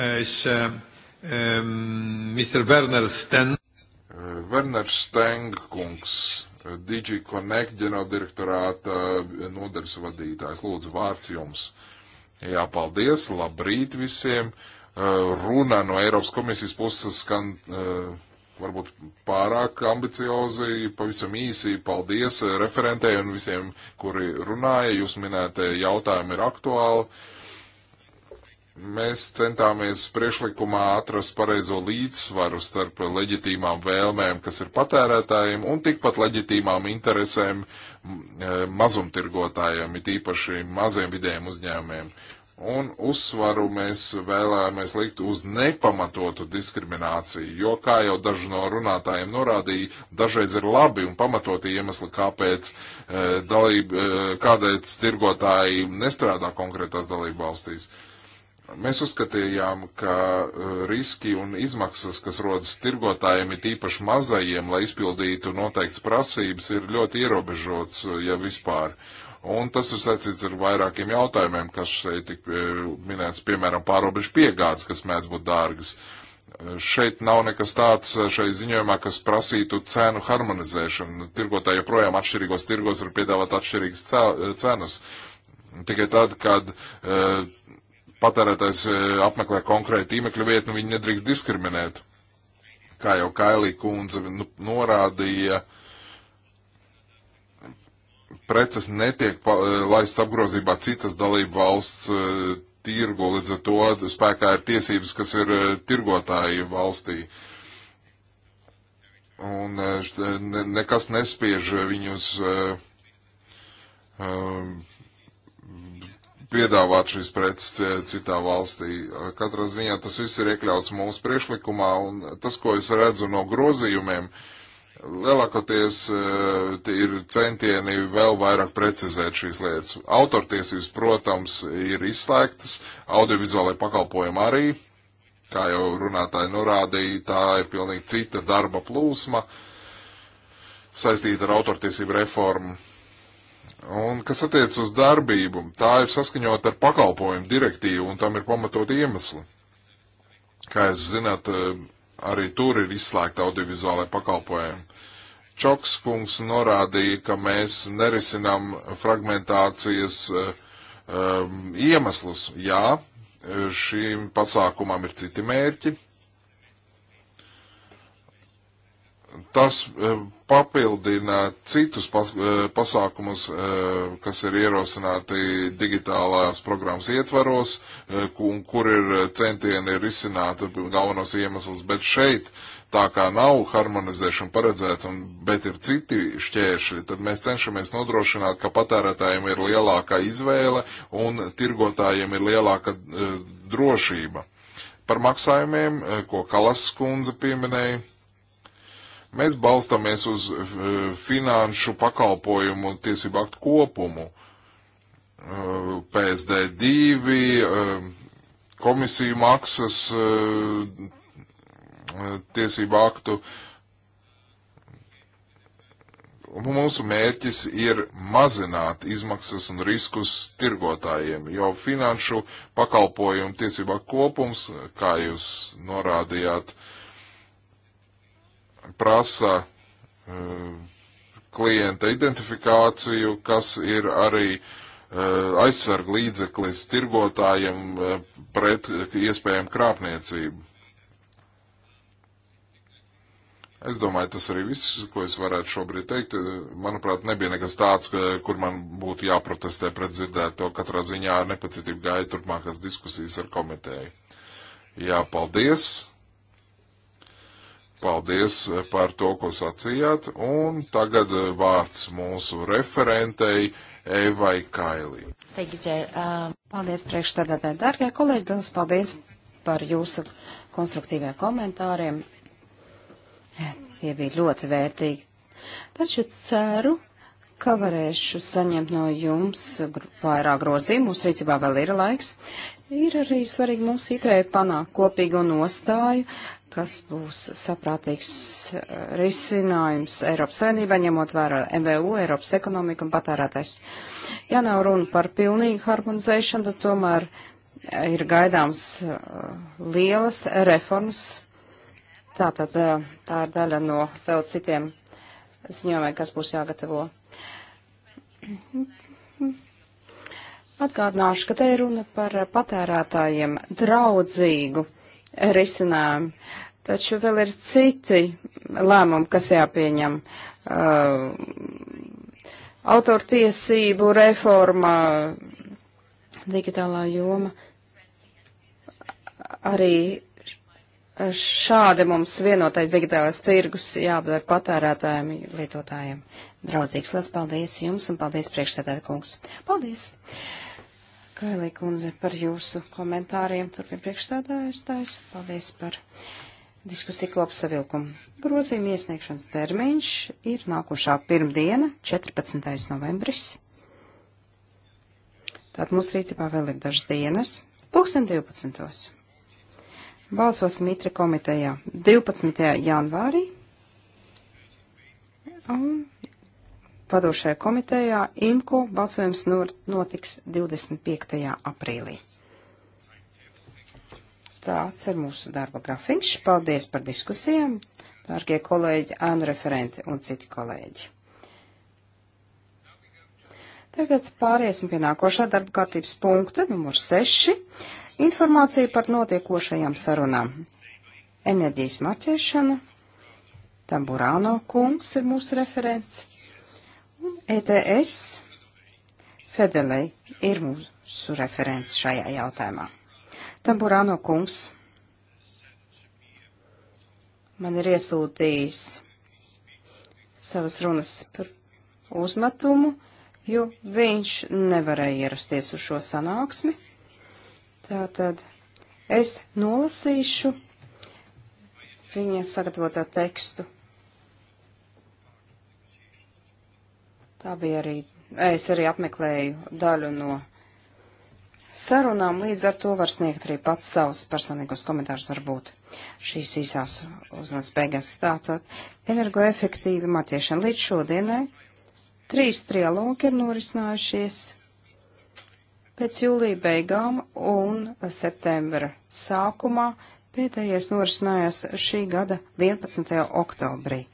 as, uh, um, Um, Mr. Werner Steng. Werner Steng kungs, DG Connect ģenerāldirektorāta nodaļas vadītājs. Lūdzu, vārds jums. Jā, paldies, labrīt visiem. Runa no Eiropas komisijas puses skan varbūt pārāk ambiciozi, pavisam īsi paldies referentē un visiem, kuri runāja. Jūs minētie jautājumi ir aktuāli. Mēs centāmies priekšlikumā atrast pareizo līdzsvaru starp leģitīmām vēlmēm, kas ir patērētājiem, un tikpat leģitīmām interesēm e, mazumtirgotājiem, it īpaši maziem vidējiem uzņēmējiem. Un uzsvaru mēs vēlējāmies likt uz nepamatotu diskrimināciju, jo, kā jau daži no runātājiem norādīja, dažreiz ir labi un pamatoti iemesli, kāpēc e, dalība, e, kādēļ tirgotāji nestrādā konkrētās dalību valstīs. E, Mēs uzskatījām, ka e, riski un izmaksas, kas rodas tirgotājiem, ir tīpaši mazajiem, lai izpildītu noteikts prasības, ir ļoti ierobežots, e, ja vispār. Un tas ir saistīts ar vairākiem jautājumiem, kas šeit tik e, minēts, piemēram, pārobežu piegādes, kas mēdz būt dārgas. Šeit nav nekas tāds šai ziņojumā, kas prasītu cenu harmonizēšanu. Nu, tirgotāji joprojām atšķirīgos tirgos var piedāvāt atšķirīgas cenas. Tikai tad, kad uh, patērētājs e, apmeklē konkrētu tīmekļa vietu, nu viņi nedrīkst diskriminēt. Kā jau Kailī kundze nu, norādīja, preces netiek e, laists apgrozībā citas dalību valsts e, tirgu, līdz ar to spēkā ir tiesības, kas ir tirgotāju valstī. Un ne, nekas nespiež viņus uh, uh, piedāvāt šīs preces e, citā valstī. Katrā ziņā tas viss ir iekļauts mūsu priekšlikumā, un tas, ko es redzu no grozījumiem, lielākoties e, ir centieni vēl vairāk precizēt šīs lietas. Autortiesības, protams, ir izslēgtas, audiovizuālai pakalpojumi arī, kā jau runātāji norādīja, tā ir pilnīgi cita darba plūsma saistīta ar autortiesību reformu Un kas attiec uz darbību, tā ir saskaņot ar pakalpojumu direktīvu, un tam ir pamatot iemesli. Kā jūs zināt, eh, arī tur ir izslēgta audiovizuālai pakalpojumi. Čoks kungs norādīja, ka mēs nerisinām fragmentācijas um, iemeslus. Jā, šīm pasākumam ir citi mērķi, tas e, papildina citus pas, e, pasākumus, e, kas ir ierosināti digitālās programmas ietvaros, un kur ir centieni risināt galvenos iemeslus, bet šeit tā kā nav harmonizēšana paredzēta, un, bet ir citi šķēršļi, tad mēs cenšamies nodrošināt, ka patērētājiem ir lielākā izvēle un tirgotājiem ir lielāka e, drošība. Par maksājumiem, ko Kalas skundze pieminēja, Mēs balstamies uz eh, finanšu pakalpojumu un tiesību aktu kopumu. Eh, PSD2, eh, komisiju maksas tiesību aktu. Mūsu mērķis ir mazināt izmaksas un riskus tirgotājiem, jo finanšu pakalpojumu tiesībā kopums, kā jūs norādījāt, uh, prasa eh, klienta identifikāciju, kas ir arī eh, aizsarga līdzeklis tirgotājiem eh, pret iespējām krāpniecību. Es domāju, tas arī viss, ko es varētu šobrīd teikt. Manuprāt, nebija nekas tāds, ka, kur man būtu jāprotestē pret dzirdēto. Katrā ziņā ar nepacietību gāja turpmākās diskusijas ar komiteju. Jā, paldies! Paldies eh, par to, ko sacījāt, un tagad eh, vārds mūsu referentei Evai Kailī. Um, paldies priekšstādātāji, dārgie kolēģi, liels paldies par jūsu konstruktīviem komentāriem. Tie bija ļoti vērtīgi. Taču ceru, ka varēšu saņemt no jums vairāk grozījumu. Mūsu rīcībā vēl ir laiks. Ir arī svarīgi mums itrēji panākt kopīgu nostāju kas būs saprātīgs eh, risinājums Eiropas saimnībā, ņemot vērā MVU, Eiropas ekonomiku un patērētājs. Ja nav runa par pilnīgu harmonizēšanu, tad tomēr eh, ir gaidāms eh, lielas reformas. Tātad tā ir daļa no vēl citiem ziņojumiem, kas būs jāgatavo. Atgādināšu, ka te ir runa par patērētājiem draudzīgu risinājumi. Taču vēl ir citi lēmumi, kas jāpieņem. Uh, autortiesību reforma, digitālā joma. Arī šādi mums vienotais digitālais tirgus jāapdara patērētājiem, lietotājiem. Draudzīgs, liels paldies jums un paldies priekšsēdētāju kungs. Paldies! Uh, Kailī kundze par jūsu komentāriem. Turpin priekšstādājastājs. Paldies par diskusiju kopsavilkumu. Grozījuma iesniegšanas termiņš ir nākošā pirmdiena, 14. novembris. Tātad mūsu rīcībā vēl ir dažas dienas. 2012. Balsosim Mitra komitejā 12. janvārī un vadošajā komitejā IMKU balsojums notiks 25. aprīlī. Tāds ir mūsu darba grafiks. Paldies par diskusijām, dārgie kolēģi, ānu referenti un citi kolēģi. Tagad pāriesim pie nākošā darba kārtības punkta, numur 6. Informācija par notiekošajām sarunām. Enerģijas marķēšana. Tamburāno kungs ir mūsu referents. ETS Fedelei ir mūsu referents šajā jautājumā. Tamburāno kungs man ir iesūtījis savas runas par uzmetumu, jo viņš nevarēja ierasties uz šo sanāksmi. Tātad es nolasīšu viņa sagatavotā tekstu Tā bija arī, es arī apmeklēju daļu no sarunām, līdz ar to var sniegt arī pats savus personīgos komentārus varbūt šīs īsās uzrunas beigās. Tātad energoefektīvi matiešana līdz šodienai. Trīs trialogi ir norisinājušies pēc jūlija beigām un septembra sākumā pēdējais norisinājās šī gada 11. oktobrī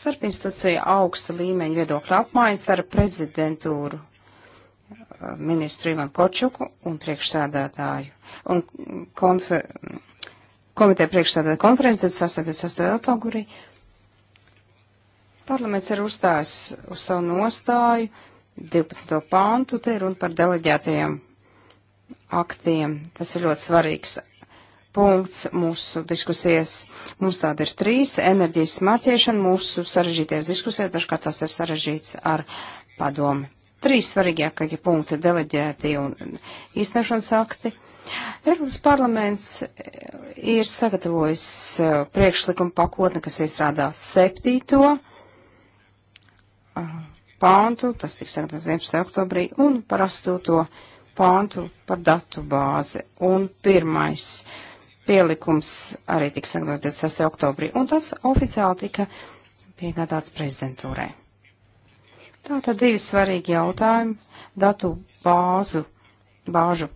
starp institūcija augsta līmeņa viedokļa apmaiņas ar prezidentūru uh, ministru Ivanu Kočuku un priekšsēdētāju. Un konfer... komiteja priekšsēdētāja konferences 28. oktobrī parlaments ir uzstājis uz savu nostāju 12. pāntu, te ir runa par deleģētajiem aktiem. Tas ir ļoti svarīgs punkts mūsu diskusijas. Mums tāda ir trīs - enerģijas smārķiešana mūsu sarežģītajās diskusijās, dažkārt tās ir sarežģīts ar padomi. Trīs svarīgākie punkti - deleģēti un īstenošanas akti. Eiropas parlaments eh, ir sagatavojis eh, priekšlikumu pakotni, kas iestrādā septīto eh, pāntu, tas tiks sagatavots 11. oktobrī, un par astoto pāntu par datu bāzi. Un pirmais pielikums arī tika sagatavots 26. oktobrī, un tas oficiāli tika piegādāts prezidentūrai. Tātad divi svarīgi jautājumi - datu bāzu, bāžu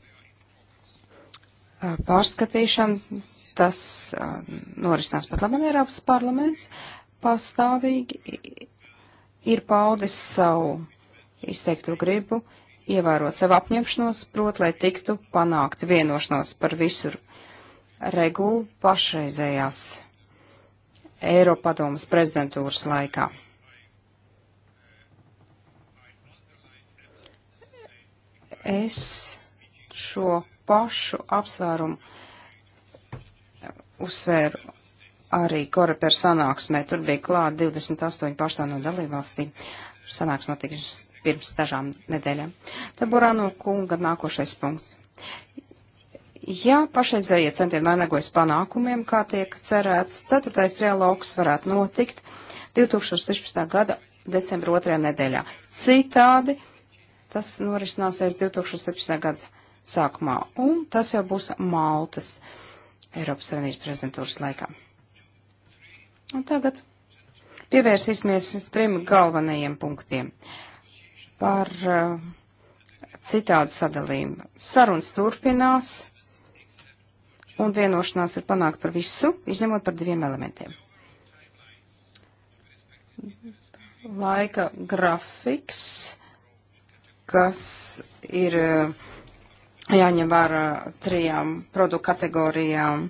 pārskatīšana, tas norisinās pat labam Eiropas parlaments, pastāvīgi ir paudis savu izteiktu gribu ievērot savu apņemšanos, prot, lai tiktu panākt vienošanos par visur regulu pašreizējās Eiropadomas prezidentūras laikā. Es šo pašu apsvērumu uzsvēru arī Koreper sanāksmē. Tur bija klāt 28 pārstāvju no dalībvalstīm. Sanāks notiks pirms dažām nedēļām. Taburāno kunga nākošais punkts. Ja pašreizējie centieni vainagojas panākumiem, kā tiek cerēts, ceturtais trialogs varētu notikt 2016. gada decembra otrajā nedēļā. Citādi tas norisināsies 2017. gada sākumā, un tas jau būs Maltas Eiropas Savienības prezidentūras laikā. Un tagad pievērsīsimies trim galvenajiem punktiem par uh, eh, citādu sadalījumu. Sarunas turpinās un vienošanās ir panākt par visu, izņemot par diviem elementiem. Laika grafiks, kas ir eh, jāņem vērā trijām produktu kategorijām,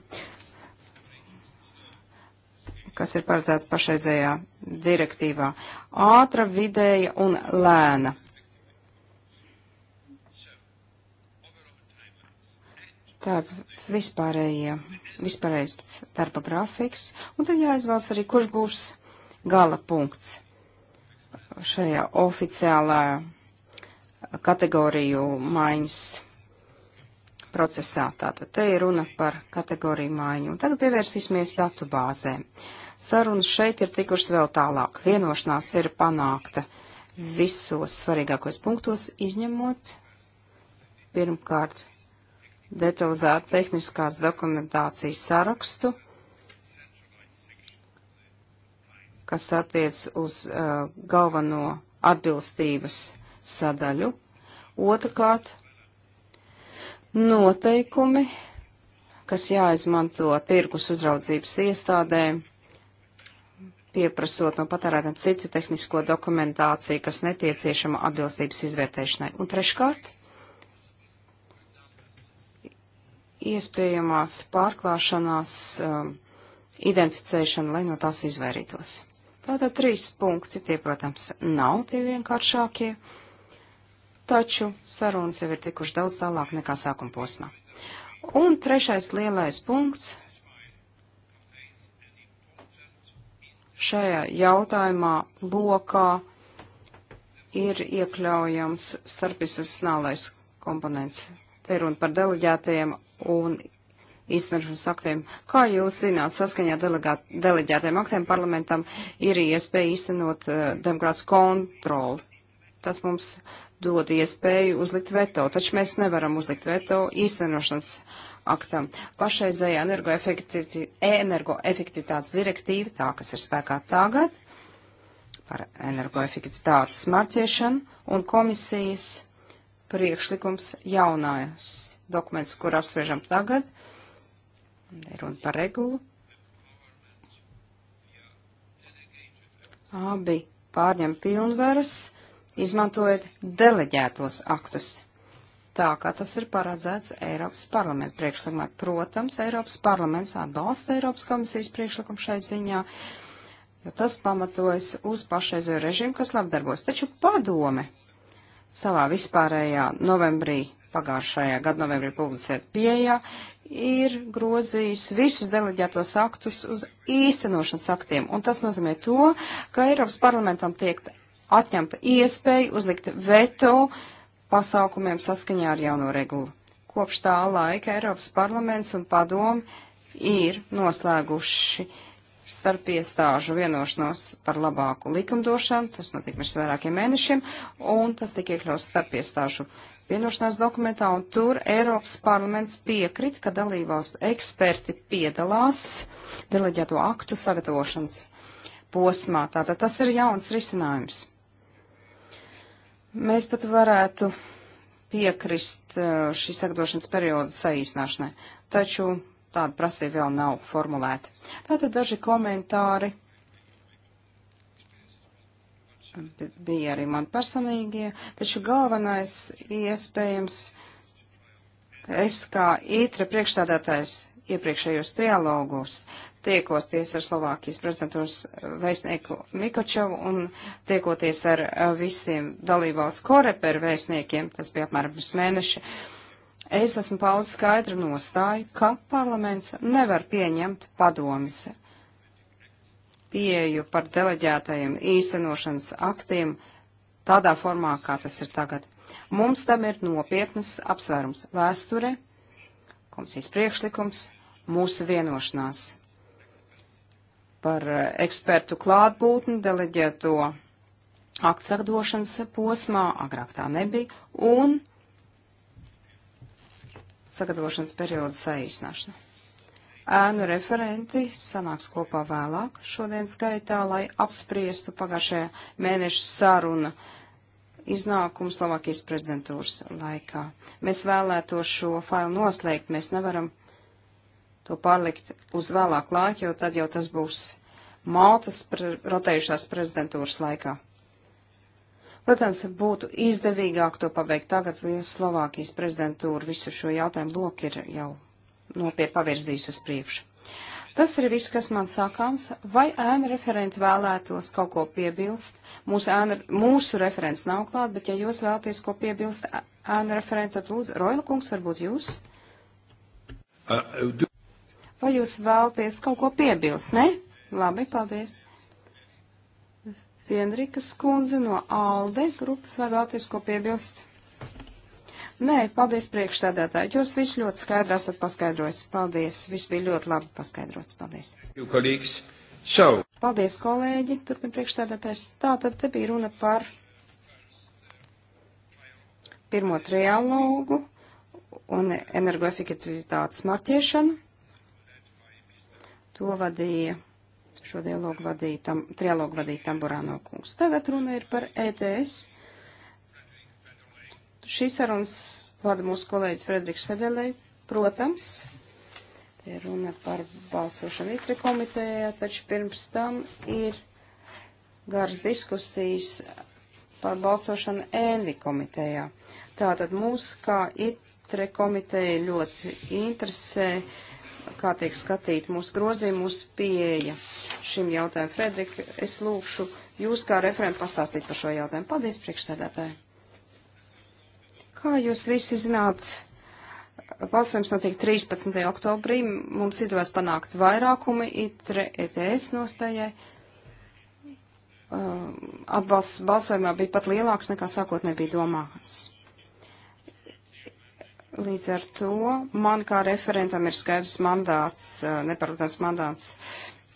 kas ir paredzēts pašreizējā direktīvā - ātra, vidēja un lēna Tā vispārējie, vispārējais darba grafiks, un tad jāizvēlas arī, kurš būs gala punkts šajā oficiālā kategoriju maiņas procesā. Tātad te ir runa par kategoriju maiņu. Un tagad pievērsīsimies datu bāzēm. Sarunas šeit ir tikušas vēl tālāk. Vienošanās ir panākta visos svarīgākos punktos, izņemot pirmkārt detalizētu tehniskās dokumentācijas sarakstu, kas attiec uz uh, galveno atbilstības sadaļu. Otrakārt, noteikumi, kas jāizmanto tirgus uzraudzības iestādēm, pieprasot no patērētiem citu tehnisko dokumentāciju, kas nepieciešama atbilstības izvērtēšanai. Un treškārt, iespējamās pārklāšanās um, identificēšanu, lai no tās izvairītos. Tātad trīs punkti, tie, protams, nav tie vienkāršākie, taču sarunas jau ir tikuši daudz tālāk nekā sākuma posmā. Un trešais lielais punkts šajā jautājumā lokā ir iekļaujams starpinstitucionālais komponents Te runa par deleģētajiem un īstenošanas aktiem. Kā jūs zināt, saskaņā delegāt, deleģētajiem aktiem parlamentam ir iespēja īstenot uh, eh, demokrātas kontroli. Tas mums dod iespēju uzlikt veto, taču mēs nevaram uzlikt veto īstenošanas aktam. Pašreizējā energoefektivitātes e direktīva, tā kas ir spēkā tagad, par energoefektivitātes marķiešanu un komisijas priekšlikums jaunājas dokuments, kur apspriežam tagad. Runa par regulu. Abi pārņem pilnvaras, izmantojot deleģētos aktus. Tā kā tas ir paredzēts Eiropas parlamenta priekšlikumā. Protams, Eiropas parlaments atbalsta Eiropas komisijas priekšlikumu šai ziņā, jo tas pamatojas uz pašreizējo režīmu, kas labdarbos. Taču padome savā vispārējā novembrī pagājušajā gada novembrī publicēt pieejā, ir grozījis visus deleģētos aktus uz īstenošanas aktiem. Un tas nozīmē to, ka Eiropas parlamentam tiek atņemta iespēja uzlikt veto pasākumiem saskaņā ar jauno regulu. Kopš tā laika Eiropas parlaments un padomi ir noslēguši uh, starp iestāžu vienošanos par labāku likumdošanu, tas notika pirms vairākiem mēnešiem, un tas tika iekļauts starp iestāžu vienošanās dokumentā, un tur Eiropas parlaments piekrit, ka dalībvalstu eksperti piedalās deleģēto aktu sagatavošanas posmā. Tātad tas ir jauns risinājums. Mēs pat varētu piekrist uh, šī sagatavošanas perioda saīsnāšanai. Taču tāda prasība vēl nav formulēta. Tātad daži komentāri bija arī man personīgie, taču galvenais iespējams, ka es kā ītra priekšstādātājs iepriekšējos trialogos tiekoties ar Slovākijas prezidentūras vēstnieku Mikočovu un tiekoties ar visiem dalībvalsts koreperu vēstniekiem, tas bija apmēram pirms mēneša, uh, Es esmu paudz skaidru nostāju, ka parlaments nevar pieņemt padomis pieeju par deleģētajiem īstenošanas aktiem tādā formā, kā tas ir tagad. Mums tam ir nopietnas apsvērums - vēsture, komisijas priekšlikums, mūsu vienošanās par eh, ekspertu klātbūtni deleģēto aktu sagatavošanas posmā, agrāk tā nebija, un sagatavošanas perioda saīsināšana. Ēnu referenti sanāks kopā vēlāk šodienas gaitā, lai apspriestu pagājušajā mēneša saruna iznākumu Slovākijas prezidentūras laikā. Mēs vēlētos šo failu noslēgt, mēs nevaram to pārlikt uz vēlāku laiku, jo tad jau tas būs Maltas pre rotējušās prezidentūras laikā. Protams, būtu izdevīgāk to pabeigt tagad, jo Slovākijas prezidentūra visu šo jautājumu loku ir jau nopietni pavirzījis uz priekšu. Tas ir viss, kas man sākāms. Vai ēna referenti vēlētos kaut ko piebilst? Mūsu, ēna, mūsu referents nav klāt, bet ja jūs vēlaties ko piebilst ēna referenti, tad lūdzu, Roila kungs, varbūt jūs? Uh, uh, Vai jūs vēlaties kaut ko piebilst, ne? Labi, paldies. Pienrikas kundze no ALDE grupas vai vēlties ko piebilst? Nē, paldies priekšstādātāji. Jūs viss ļoti skaidri esat paskaidrojis. Paldies. Viss bija ļoti labi paskaidrots. Paldies. Jū, so. Paldies, kolēģi. Turpin priekšstādātājs. Tā tad te bija runa par pirmo trialogu un energoefektivitātes marķēšanu. To vadīja Šo dialogu vadīja, tam, trialogu vadīja Tamburāno kungs. Tagad runa ir par ETS. Šīs sarunas vada mūsu kolēģis Frederiks Fedelei. Protams, te runa par balsošanu itri komitējā, taču pirms tam ir garas diskusijas par balsošanu ēnvi komitējā. Tātad mūs, kā itre komiteja, ļoti interesē, kā tiek skatīt mūsu grozījumi, mūsu pieeja šim jautājumam. Fredrika, es lūkšu jūs kā referentu pastāstīt par šo jautājumu. Paldies, priekšsēdētāji. Kā jūs visi zināt, balsojums notiek 13. oktobrī. Mums izdevās panākt vairākumi ITRE ETS nostājai. Uh, atbalsts balsojumā bija pat lielāks nekā sākotnēji bija domāts. Līdz ar to man kā referentam ir skaidrs mandāts, uh, nepārprotams mandāts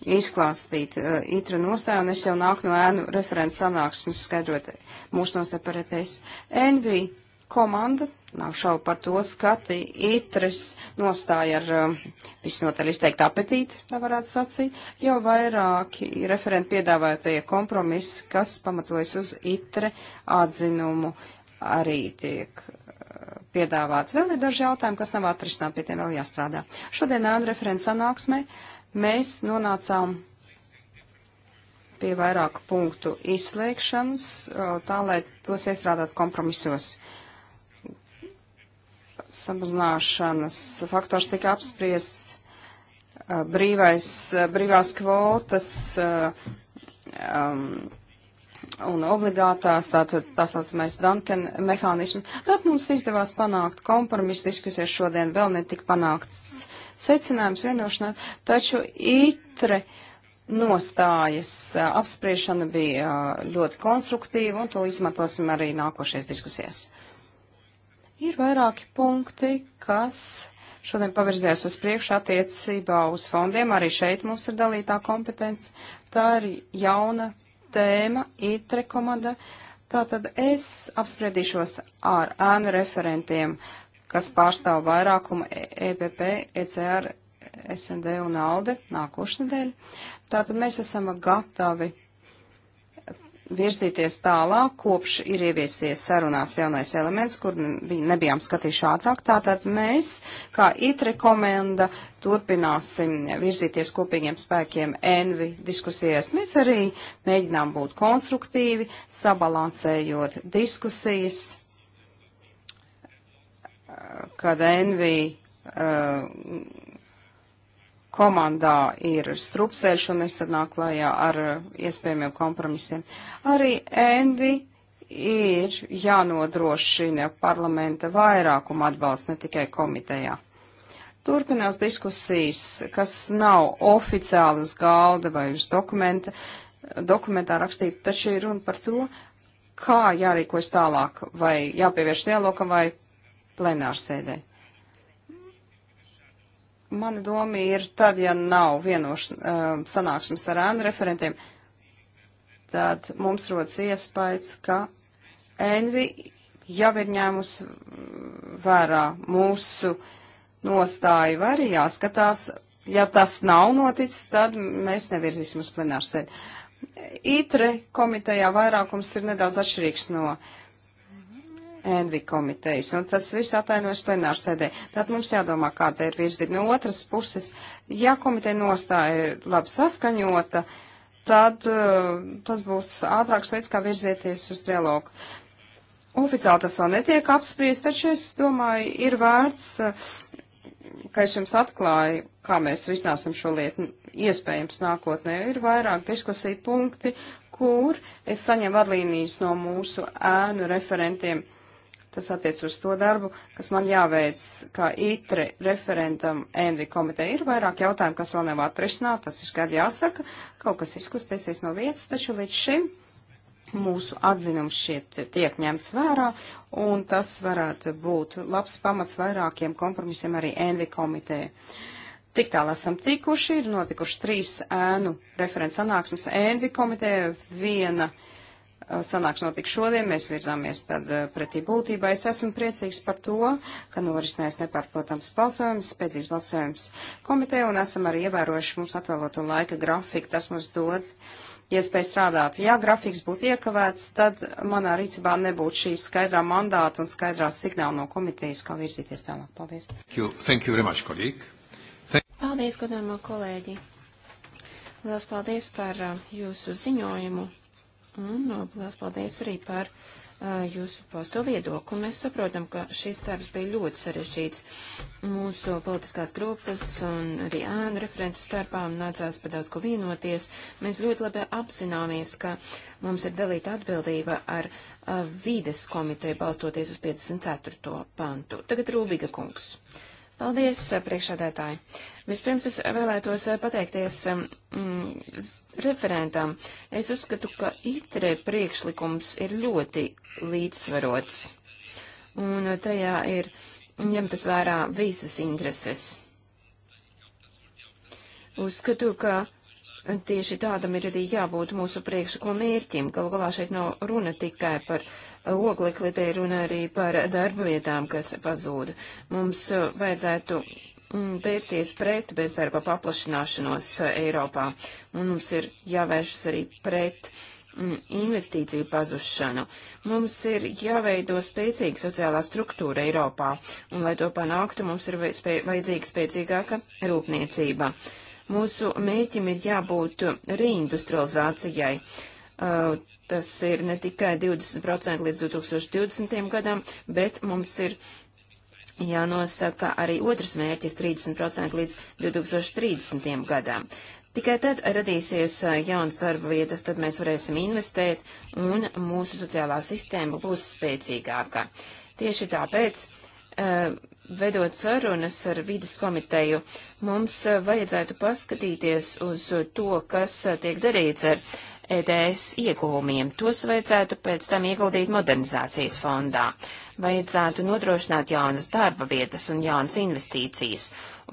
izklāstīt uh, itra nostāju, un es jau nāku no ēnu referents sanāksmes skaidrot mūsu nostāju par ETS. NV komanda, nav šaubu par to, skati itras nostāja ar uh, visnotaļ izteikt apetīti, tā varētu sacīt, jau vairāki referenti piedāvātie kompromisi, kas pamatojas uz itre atzinumu, arī tiek eh, piedāvāt. Vēl ir daži jautājumi, kas nav atrisināt, pie tiem vēl jāstrādā. Šodien ēnu referents sanāksmē. Uh, mēs nonācām pie vairāku punktu izslēgšanas, tā lai tos iestrādāt kompromisos. Samazināšanas faktors tika apspriests, brīvais, brīvās kvotas um, un obligātās, tātad tā saucamais Duncan mehānismi. Tad mums izdevās panākt kompromisu diskusijas šodien, vēl netika panākts secinājums vienošanās, taču itre nostājas apspriešana bija ļoti konstruktīva, un to izmantosim arī nākošais diskusijās. Ir vairāki punkti, kas šodien pavirzījās uz priekšu attiecībā uz fondiem. Arī šeit mums ir dalītā kompetence. Tā ir jauna tēma, itre komanda. Tātad es apspriedīšos ar ēnu referentiem kas pārstāv vairākumu EPP, e ECR, SND un ALDE nākošnedēļ. Tātad mēs esam gatavi virzīties tālāk, kopš ir ieviesies sarunās jaunais elements, kur nebijām skatījuši ātrāk. Tātad mēs, kā IT rekomenda, turpināsim virzīties kopīgiem spēkiem envi diskusijas. Mēs arī mēģinām būt konstruktīvi, sabalansējot diskusijas kad NV uh, komandā ir strupceļš un es tad nāku klājā ar iespējamiem kompromisiem. Arī NV ir jānodrošina parlamenta vairākuma atbalsts ne tikai komitejā. Turpinās diskusijas, kas nav oficiāli uz galda vai uz dokumenta, dokumentā rakstīta, taču ir runa par to, kā jārīkojas tālāk, vai jāpievērš dialogam, vai plenārsēdē. Mana doma ir tad, ja nav vienošs uh, um, sanāksmes ar ēnu referentiem, tad mums rodas iespējas, ka Envi jau ir ņēmus vērā mūsu nostāju, vai arī jāskatās, ja tas nav noticis, tad mēs nevirzīsim uz plenārsēdi. ITRE komitejā vairākums ir nedaudz atšķirīgs no uh, Envi komitejas, un tas viss atainojas plenāru sēdē. Tad mums jādomā, kāda ir virzība. No otras puses, ja komiteja nostāja ir labi saskaņota, tad uh, tas būs ātrāks veids, kā virzieties uz dialogu. Oficiāli tas vēl netiek apspriest, taču es domāju, ir vērts, uh, ka es jums atklāju, kā mēs risināsim šo lietu iespējams nākotnē. Ir vairāk diskusiju punkti, kur es saņemu vadlīnijas no mūsu ēnu referentiem kas attiec uz to darbu, kas man jāveic kā itre referentam Envi komiteja. Ir vairāk jautājumu, kas vēl nav atrisināt, tas ir skaidri jāsaka, kaut kas izkustēsies no vietas, taču līdz šim mūsu atzinums šeit tiek ņemts vērā, un tas varētu būt labs pamats vairākiem kompromisiem arī Envi komiteja. Tik tālu esam tikuši, ir notikušas trīs ēnu referents sanāksmes Envi komiteja, viena uh, Eh, sanāks notiks šodien, mēs virzāmies tad eh, pretī būtībā. Es esmu priecīgs par to, ka norisinās nepārprotams balsojums, spēcīgs balsojums komiteja un esam arī ievērojuši mums atvēloto laika grafiku. Tas mums dod iespēju ja strādāt. Ja grafiks būtu iekavēts, tad manā rīcībā nebūtu šī skaidrā mandāta un skaidrā signāla no komitejas, kā virzīties tālāk. Paldies. Thank you, thank you very much, kolēģi. Thank... Paldies, godāmā kolēģi. Lielas paldies par uh, jūsu ziņojumu. Un uh, liels paldies arī par uh, jūsu posto viedokli. Mēs saprotam, ka šis darbs bija ļoti sarežģīts. Mūsu politiskās grupas un arī ēnu referentu starpām nācās par daudz ko vienoties. Mēs ļoti labi apzināmies, ka mums ir dalīta atbildība ar uh, vides komiteju balstoties uz 54. pantu. Tagad Rūbiga kungs. Uh, Paldies, eh, priekšsēdētāji. Vispirms es vēlētos eh, pateikties eh, mm, referentam. Es uzskatu, ka itre priekšlikums ir ļoti līdzsvarots. Un tajā ir ņemtas vērā visas intereses. Uzskatu, ka tieši tādam ir arī jābūt mūsu priekšlikuma mērķim. Galu galā šeit nav runa tikai par oglekli, te ir runa arī par darba vietām, kas pazūd. Mums uh, vajadzētu mm, vērsties pret bezdarba paplašināšanos uh, Eiropā, un mums ir jāvēršas arī pret mm, investīciju pazušanu. Mums ir jāveido spēcīga sociālā struktūra Eiropā, un, lai to panāktu, mums ir spē vajadzīga spēcīgāka rūpniecība. Mūsu mēķim ir jābūt reindustrializācijai. Uh, Tas ir ne tikai 20% līdz 2020. gadam, bet mums ir jānosaka arī otrs mērķis 30% līdz 2030. gadam. Tikai tad radīsies jauns darba vietas, tad mēs varēsim investēt un mūsu sociālā sistēma būs spēcīgāka. Tieši tāpēc, vedot sarunas ar vidas komiteju, mums vajadzētu paskatīties uz to, kas tiek darīts ar ETS ieguvumiem. Tos vajadzētu pēc tam ieguldīt modernizācijas fondā. Vajadzētu nodrošināt jaunas darba vietas un jaunas investīcijas.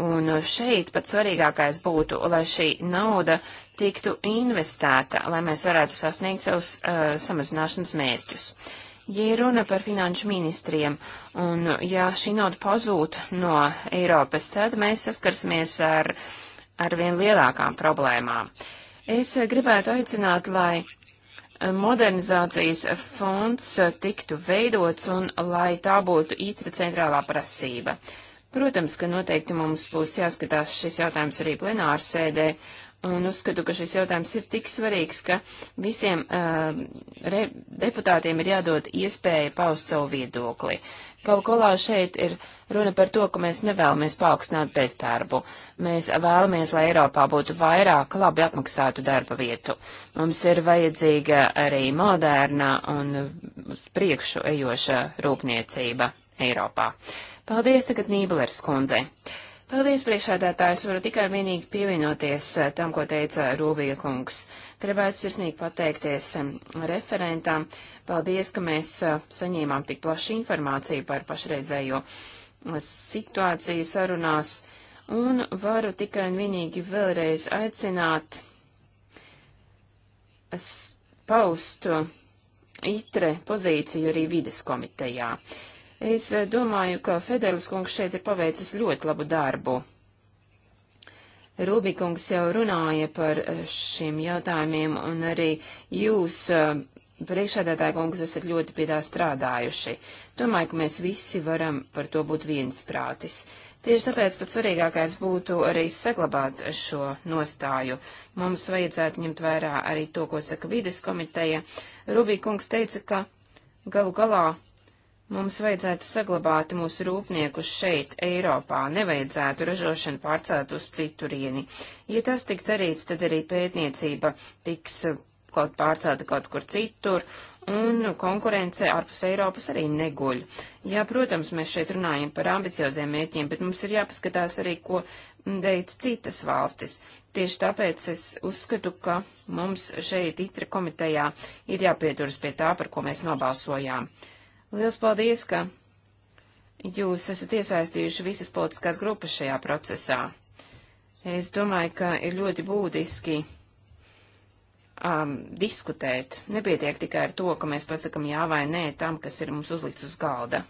Un šeit pat svarīgākais būtu, lai šī nauda tiktu investēta, lai mēs varētu sasniegt savus uh, samazināšanas mērķus. Ja runa par finanšu ministriem, un ja šī nauda pazūd no Eiropas, tad mēs saskarsimies ar, ar vien lielākām problēmām. Uh, Es gribētu aicināt, lai eh, modernizācijas fonds eh, tiktu veidots un lai tā būtu ītra centrālā prasība. Protams, ka noteikti mums būs jāskatās šis jautājums arī plenārsēdē, ar un uzskatu, ka šis jautājums ir tik svarīgs, ka visiem uh, re, deputātiem ir jādod iespēja paust savu viedokli. Kaut kolā šeit ir runa par to, ka mēs nevēlamies paaugstināt bezdarbu. Mēs vēlamies, lai Eiropā būtu vairāk labi apmaksātu darba vietu. Mums ir vajadzīga arī modernā un priekšu ejoša rūpniecība Eiropā. Paldies tagad Nībelers kundzei. Uh, Paldies, priekšādātājs, varu tikai vienīgi pievienoties eh, tam, ko teica Rūbīga kungs. Gribētu sirsnīgi pateikties eh, referentām. Paldies, ka mēs eh, saņēmām tik plašu informāciju par pašreizējo situāciju sarunās. Un varu tikai un vienīgi vēlreiz aicināt paustu itre pozīciju arī vides komitejā. Es eh, domāju, ka Federas kungs šeit ir paveicis ļoti labu darbu. Rubikungs jau runāja par eh, šiem jautājumiem, un arī jūs, eh, priekšādātāja kungs, esat ļoti pie tā strādājuši. Domāju, ka mēs visi varam par to būt viensprātis. Tieši tāpēc pats svarīgākais būtu arī saglabāt šo nostāju. Mums vajadzētu ņemt vērā arī to, ko saka vides komiteja. Rubīkungs teica, ka galu galā Mums vajadzētu saglabāt mūsu rūpniekus šeit, Eiropā, nevajadzētu ražošanu pārcelt uz citurieni. Ja tas tiks darīts, tad arī pētniecība tiks kaut pārcelta kaut kur citur, un konkurence ārpus Eiropas arī neguļ. Jā, protams, mēs šeit runājam par ambicioziem mērķiem, bet mums ir jāpaskatās arī, ko veic citas valstis. Tieši tāpēc es uzskatu, ka mums šeit itra komitejā ir jāpieturas pie tā, par ko mēs nobalsojām. Liels paldies, ka jūs esat iesaistījuši visas politiskās grupas šajā procesā. Es domāju, ka ir ļoti būtiski um, diskutēt. Nepietiek tikai ar to, ka mēs pasakam jā vai nē tam, kas ir mums uzlikts uz galda.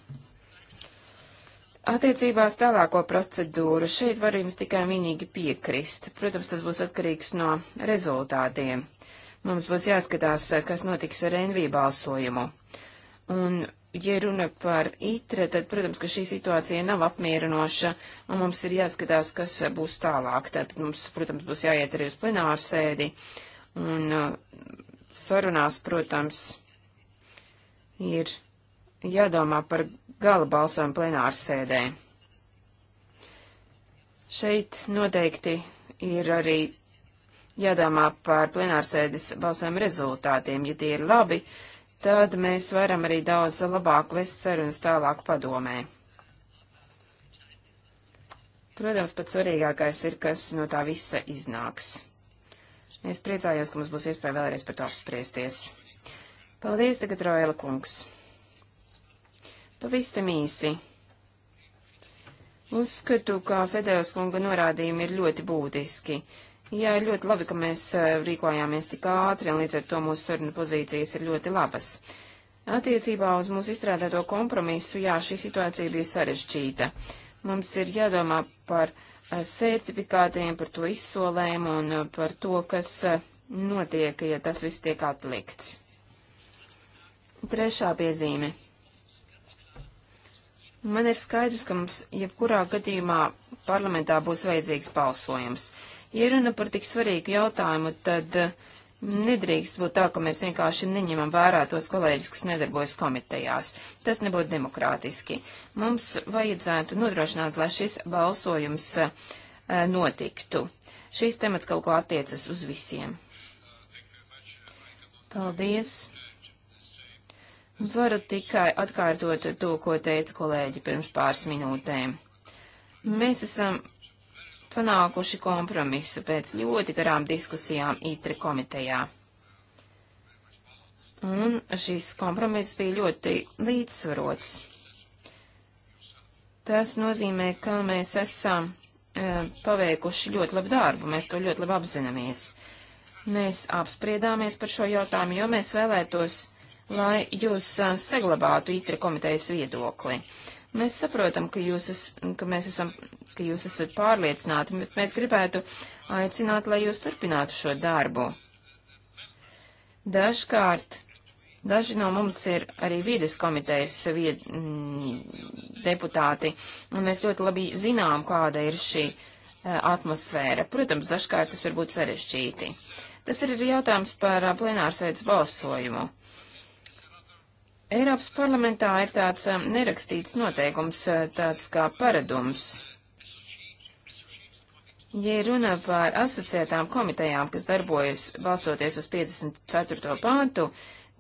Attiecībā uz tālāko procedūru šeit varu jums tikai vienīgi piekrist. Protams, tas būs atkarīgs no rezultātiem. Mums būs jāskatās, kas notiks ar NV balsojumu. Un ja runa par itre, tad, protams, ka šī situācija nav apmierinoša, un mums ir jāskatās, kas būs tālāk. Tātad mums, protams, būs jāiet arī uz plenāru sēdi, un uh, sarunās, protams, ir jādomā par gala balsojumu plenāru sēdē. Šeit noteikti ir arī jādomā par plenārsēdes balsojumu rezultātiem, ja tie ir labi, uh, tad mēs varam arī daudz labāk vest sarunas tālāk padomē. Protams, pats svarīgākais ir, kas no tā visa iznāks. Es priecājos, ka mums būs iespēja vēlreiz par to apspriesties. Paldies, tagad Roela kungs. Pavisam īsi. Uzskatu, ka Fedevas kunga norādījumi ir ļoti būtiski. Jā, ir ļoti labi, ka mēs eh, rīkojāmies tik ātri, un līdz ar to mūsu saruna pozīcijas ir ļoti labas. Attiecībā uz mūsu izstrādāto kompromisu, jā, šī situācija bija sarežģīta. Mums ir jādomā par eh, certifikātiem, par to izsolēm un eh, par to, kas notiek, ja tas viss tiek atlikts. Trešā piezīme. Man ir skaidrs, ka mums jebkurā gadījumā parlamentā būs vajadzīgs balsojums. Uh, Ja runa par tik svarīgu jautājumu, tad mm, nedrīkst būt tā, ka mēs vienkārši neņemam vērā tos kolēģis, kas nedarbojas komitejās. Tas nebūtu demokrātiski. Mums vajadzētu nodrošināt, lai šis balsojums eh, notiktu. Šīs temats kaut ko attiecas uz visiem. Paldies! Varu tikai atkārtot to, ko teica kolēģi pirms pāris minūtēm. Mēs esam panākuši kompromisu pēc ļoti garām diskusijām ITRI komitejā. Un šīs kompromiss bija ļoti līdzsvarots. Tas nozīmē, ka mēs esam e, paveikuši ļoti labu darbu, mēs to ļoti labi apzināmies. Mēs apspriedāmies par šo jautājumu, jo mēs vēlētos, lai jūs a, e, saglabātu ITRI komitejas viedokli. Mēs saprotam, ka, jūs es, ka mēs esam ka jūs esat pārliecināti, bet mēs gribētu aicināt, lai jūs turpinātu šo darbu. Dažkārt daži no mums ir arī vides komitejas vied, m, mm, deputāti, un mēs ļoti labi zinām, kāda ir šī e, atmosfēra. Protams, dažkārt tas var būt sarežģīti. Tas ir arī jautājums par e, plenārsēdes balsojumu. Eiropas parlamentā ir tāds e, nerakstīts noteikums, tāds kā paradums. Ja runa par asociētām komitejām, kas darbojas balstoties uz 54. pāntu,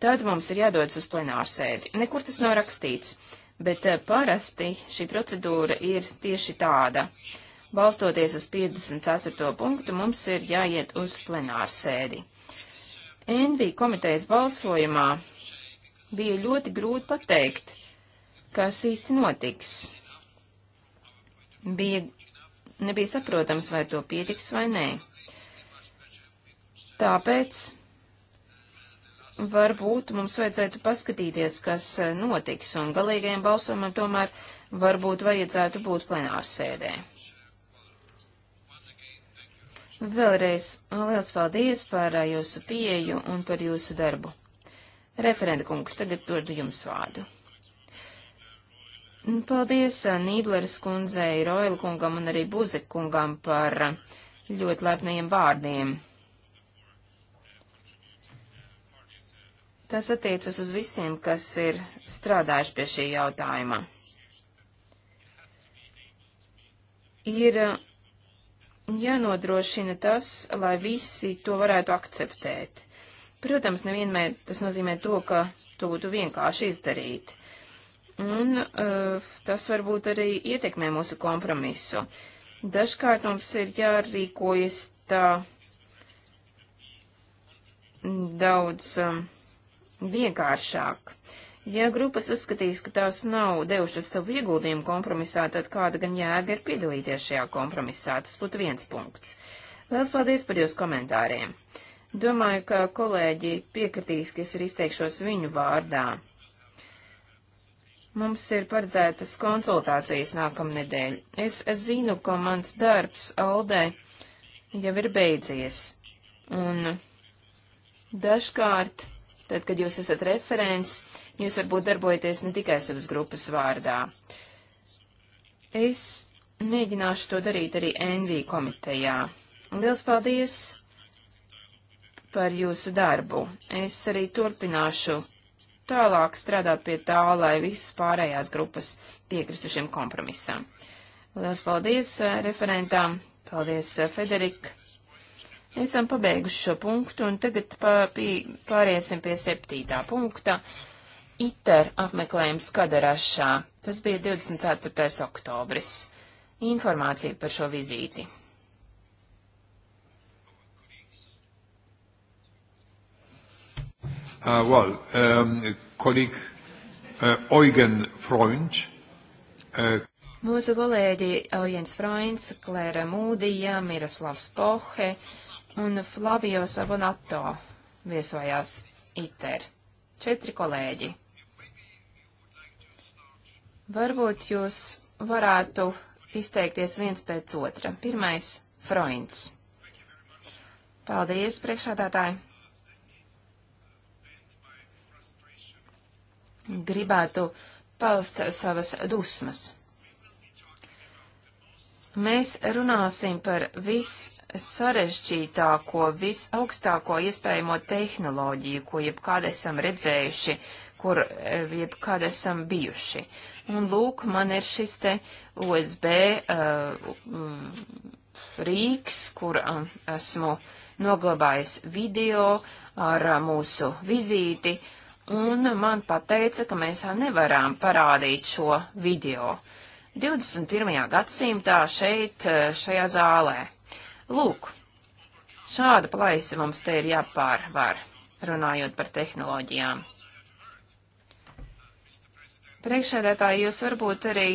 tad mums ir jādodas uz plenārsēdi. Nekur tas nav rakstīts, bet eh, parasti šī procedūra ir tieši tāda. Balstoties uz 54. punktu, mums ir jāiet uz plenārsēdi. NV komitejas balsojumā bija ļoti grūti pateikt, kas īsti notiks. Bija nebija saprotams, vai to pietiks vai nē. Tāpēc varbūt mums vajadzētu paskatīties, kas eh, notiks, un galīgajam balsojumam tomēr varbūt vajadzētu būt plenārsēdē. Vēlreiz liels paldies par eh, jūsu pieeju un par jūsu darbu. Referenta kungs, tagad dodu jums vārdu. Paldies uh, Nībleres kundzei, Roila kungam un arī Buzek kungam par uh, ļoti lepniem vārdiem. Tas attiecas uz visiem, kas ir strādājuši pie šī jautājuma. Ir uh, jānodrošina tas, lai visi to varētu akceptēt. Protams, nevienmēr tas nozīmē to, ka to būtu vienkārši izdarīt un uh, tas varbūt arī ietekmē mūsu kompromisu. Dažkārt mums ir jārīkojas tā daudz um, vienkāršāk. Ja grupas uzskatīs, ka tās nav devušas savu ieguldījumu kompromisā, tad kāda gan jēga ir piedalīties šajā kompromisā? Tas būtu viens punkts. Lielas paldies par jūsu komentāriem. Domāju, ka kolēģi piekritīs, ka es arī izteikšos viņu vārdā. Mums ir paredzētas konsultācijas nākamnedēļ. Es zinu, ka mans darbs Aldē jau ir beidzies. Un dažkārt, tad, kad jūs esat referents, jūs varbūt darbojaties ne tikai savas grupas vārdā. Es mēģināšu to darīt arī NV komitejā. Liels paldies par jūsu darbu. Es arī turpināšu tālāk strādāt pie tā, lai visas pārējās grupas piekristu šim kompromisam. Lielas paldies eh, referentām, paldies eh, Federika. Esam pabeiguši šo punktu un tagad pāriesim pie septītā punkta. ITER apmeklējums Kadarašā. Tas bija 24. oktobris. Informācija par šo vizīti. Uh, well, um, colleague uh, Eugen Freund. Uh, Mūsu kolēģi Eugens Freunds, Klēra Mūdija, Miroslavs Pohe un Flavio Sabonato viesojās ITER. Četri kolēģi. Varbūt jūs varētu izteikties viens pēc otra. Pirmais - Freunds. Paldies, priekšādātāji! gribētu paust savas dusmas. Mēs runāsim par vissarežģītāko, visaugstāko iespējamo tehnoloģiju, ko jebkād esam redzējuši, kur eh, jebkād esam bijuši. Un lūk, man ir šis te USB uh, eh, rīks, kur um, esmu noglabājis video ar uh, mūsu vizīti. Uh, un man pateica, ka mēs nevaram parādīt šo video 21. gadsimtā šeit, šajā zālē. Lūk, šāda plaisa mums te ir jāpārvar, runājot par tehnoloģijām. Priekšēdētāji, jūs varbūt arī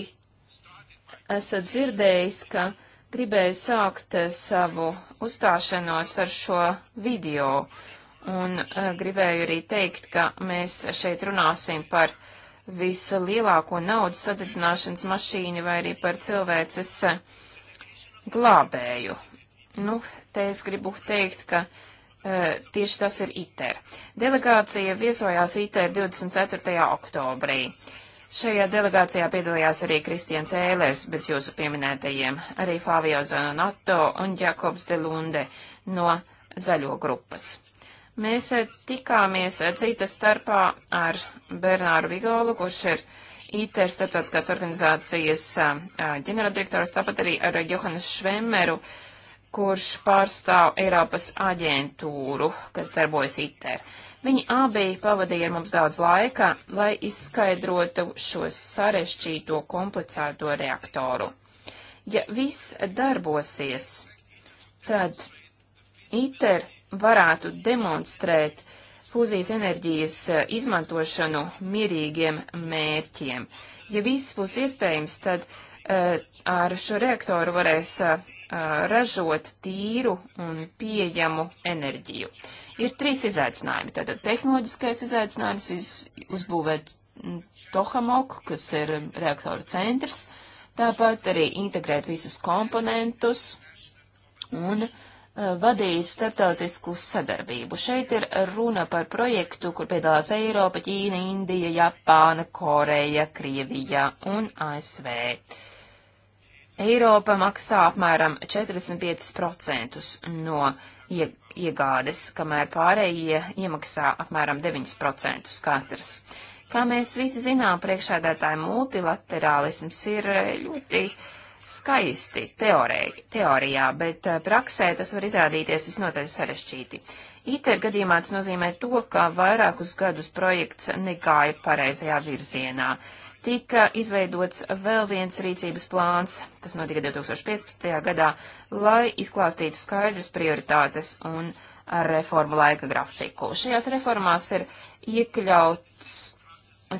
esat dzirdējis, ka gribēju sākt savu uzstāšanos ar šo video, Un uh, gribēju arī teikt, ka mēs šeit runāsim par vislielāko naudas sadedzināšanas mašīnu vai arī par cilvēces eh, glābēju. Nu, te es gribu teikt, ka uh, tieši tas ir ITER. Delegācija viesojās ITER 24. oktobrī. Šajā delegācijā piedalījās arī Kristians Ēlēs, bez jūsu pieminētajiem, arī Fāvio Zanonato un Jakobs de Lunde no Zaļo grupas. Mēs eh, tikāmies eh, citas starpā ar Bernāru Vigolu, kurš ir ITER starptautiskās organizācijas eh, ģenerāldirektors, tāpat arī ar Johanu Švemeru, kurš pārstāv Eiropas aģentūru, kas darbojas ITER. Viņi abi pavadīja ar mums daudz laika, lai izskaidrotu šo sarežģīto, komplicēto reaktoru. Ja viss darbosies, tad ITER varētu demonstrēt fūzijas enerģijas eh, izmantošanu mierīgiem mērķiem. Ja viss būs iespējams, tad uh, ar šo reaktoru varēs uh, ražot tīru un pieejamu enerģiju. Ir trīs izaicinājumi. Tātad tehnoloģiskais izaicinājums iz, uzbūvēt mm, Tohamoku, kas ir reaktoru centrs, tāpat arī integrēt visus komponentus un uh, Eh, vadīt starptautisku sadarbību. Šeit ir runa par projektu, kur piedalās Eiropa, Ķīna, Indija, Japāna, Koreja, Krievija un ASV. Eiropa maksā apmēram 45% no iegādes, kamēr pārējie iemaksā apmēram 9% katrs. Kā mēs visi zinām, priekšādātāji multilaterālisms ir ļoti uh, skaisti teorei, teorijā, bet eh, praksē tas var izrādīties visnotaļ sarešķīti. ITER gadījumā tas nozīmē to, ka vairākus gadus projekts negāja pareizajā virzienā. Tika izveidots vēl viens rīcības plāns, tas notika 2015. gadā, lai izklāstītu skaidras prioritātes un reformu laika grafiku. Šajās reformās ir iekļauts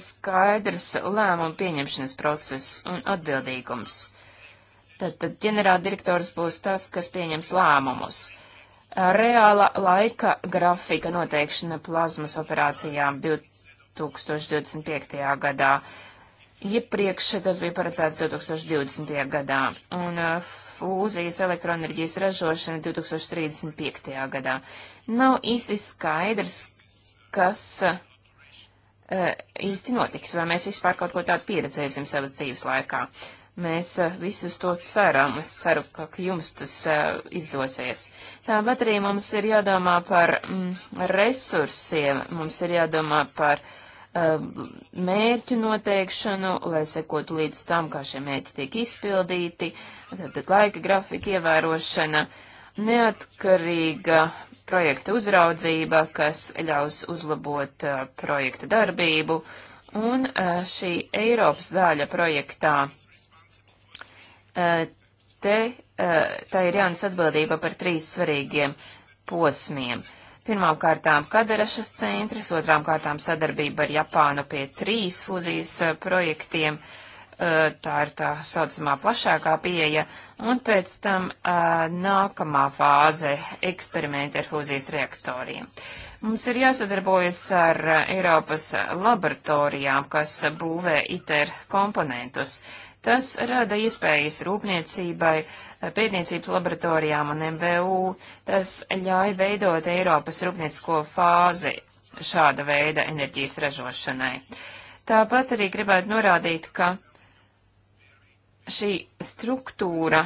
skaidrs lēmumu pieņemšanas process un atbildīgums. Tad, tad ģenerāldirektors būs tas, kas pieņems lēmumus. Reāla laika grafika noteikšana plazmas operācijām 2025. gadā. Iepriekš tas bija paredzēts 2020. gadā, un uh, fūzijas elektroenerģijas ražošana 2035. gadā. Nav īsti skaidrs, kas uh, īsti notiks, vai mēs vispār kaut ko tādu pieredzēsim savas dzīves laikā. Mēs eh, visus to ceram. Es ceru, ka jums tas eh, izdosies. Tāpat arī mums ir jādomā par mm, resursiem, mums ir jādomā par eh, mērķu noteikšanu, lai sekotu līdz tam, kā šie mērķi tiek izpildīti, tad laika grafika ievērošana, neatkarīga projekta uzraudzība, kas ļaus uzlabot uh, projekta darbību, un uh, šī Eiropas daļa projektā Te tā ir jaunas atbildība par trīs svarīgiem posmiem. Pirmām kārtām Kadarašas centrs, otrām kārtām sadarbība ar Japānu pie trīs fuzijas projektiem, tā ir tā saucamā plašākā pieeja, un pēc tam nākamā fāze - eksperimenti ar fuzijas reaktoriem. Mums ir jāsadarbojas ar Eiropas laboratorijām, kas būvē ITER komponentus. Tas rada iespējas rūpniecībai, pētniecības laboratorijām un MVU. Tas ļauj veidot Eiropas rūpniecisko fāzi šāda veida enerģijas ražošanai. Tāpat arī gribētu norādīt, ka šī struktūra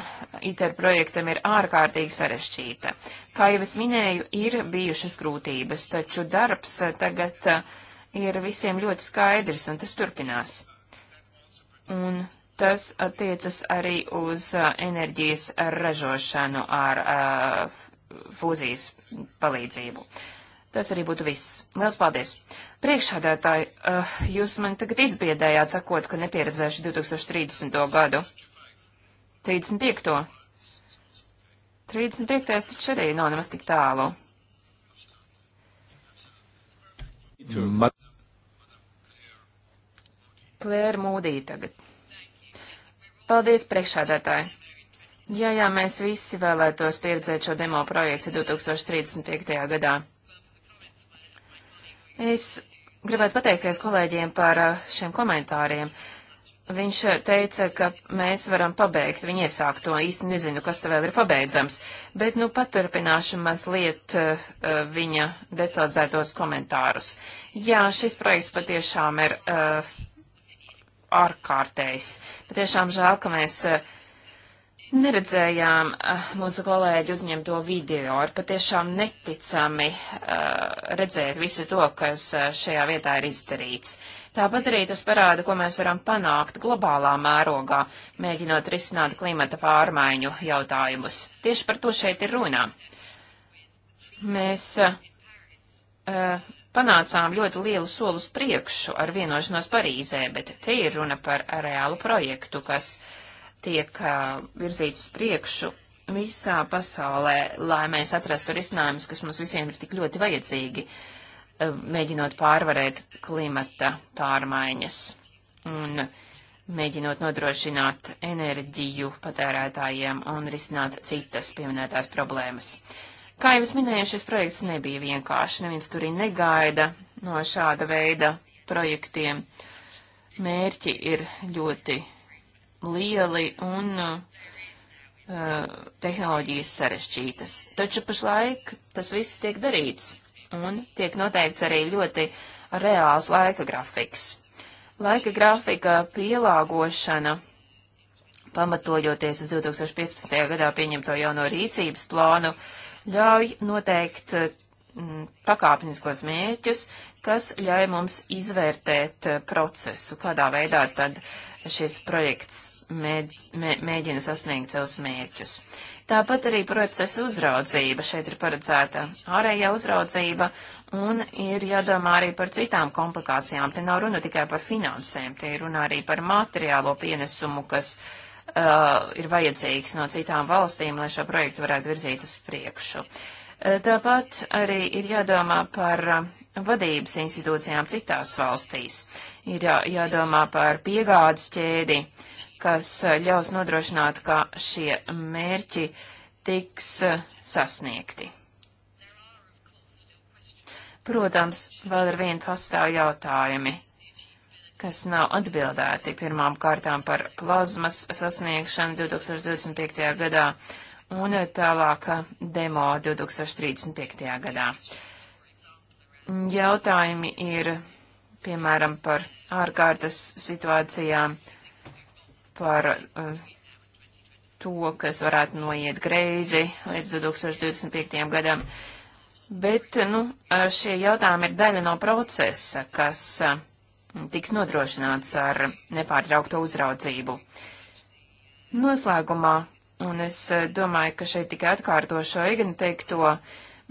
ITER projektam ir ārkārtīgi sarežģīta. Kā jau es minēju, ir bijušas grūtības, taču darbs tagad ir visiem ļoti skaidrs un tas turpinās. Un Tas attiecas arī uz uh, enerģijas ražošanu ar uh, fūzijas palīdzību. Tas arī būtu viss. Lielas paldies! Priekšādātāji, uh, jūs man tagad izbiedējāt, sakot, ka nepieredzēšu 2030. gadu. 35. 35. taču arī nav nemaz tik tālu. Ma Klēra Mūdī tagad. Paldies, priekšādātāji! Jā, jā, mēs visi vēlētos pieredzēt šo demo projektu 2035. gadā. Es gribētu pateikties kolēģiem par šiem komentāriem. Viņš teica, ka mēs varam pabeigt viņa iesākto. Īsti nezinu, kas te vēl ir pabeidzams, bet nu paturpināšu mazliet uh, viņa detalizētos komentārus. Jā, šis projekts patiešām ir uh, ārkārtējs. Patiešām žēl, ka mēs eh, neredzējām eh, mūsu kolēģi uzņemto video. Ir patiešām neticami eh, redzēt visu to, kas šajā vietā ir izdarīts. Tāpat arī tas parāda, ko mēs varam panākt globālā mērogā, mēģinot risināt klimata pārmaiņu jautājumus. Tieši par to šeit ir runā. Mēs uh, panācām ļoti lielu solu uz priekšu ar vienošanos Parīzē, bet te ir runa par reālu projektu, kas tiek uh, virzīts uz priekšu visā pasaulē, lai mēs atrastu risinājumus, kas mums visiem ir tik ļoti vajadzīgi, uh, mēģinot pārvarēt klimata pārmaiņas un mēģinot nodrošināt enerģiju patērētājiem un risināt citas pieminētās problēmas. Uh, Kā jau es minēju, šis projekts nebija vienkārši, neviens tur negaida no šāda veida projektiem. Mērķi ir ļoti lieli un uh, tehnoloģijas sarešķītas. Taču pašlaik tas viss tiek darīts un tiek noteikts arī ļoti reāls laika grafiks. Laika grafika pielāgošana, pamatojoties uz 2015. gadā pieņemto jauno rīcības plānu, uh, ļauj noteikt eh, pakāpeniskos mērķus, kas ļauj mums izvērtēt eh, procesu, kādā veidā tad šis projekts mēģ, mē, mēģina sasniegt savus mērķus. Tāpat arī procesa uzraudzība. Šeit ir paredzēta ārējā uzraudzība un ir jādomā arī par citām komplikācijām. Te nav runa tikai par finansēm, te ir runa arī par materiālo pienesumu, kas uh, uh, ir vajadzīgs no citām valstīm, lai šo projektu varētu virzīt uz priekšu. Uh, tāpat arī ir jādomā par uh, vadības institūcijām citās valstīs. Ir jā, jādomā par piegādes ķēdi, kas uh, ļaus nodrošināt, ka šie mērķi tiks uh, sasniegti. Protams, vēl ar vienu pastāv jautājumi kas nav atbildēti pirmām kārtām par plazmas sasniegšanu 2025. gadā un tālāk demo 2035. gadā. Jautājumi ir, piemēram, par ārkārtas situācijām, par uh, to, kas varētu noiet greizi līdz 2025. gadam. Bet, nu, šie jautājumi ir daļa no procesa, kas uh, tiks nodrošināts ar nepārtraukto uzraudzību. Noslēgumā, un es eh, domāju, ka šeit tikai atkārtošo Ignu teikto,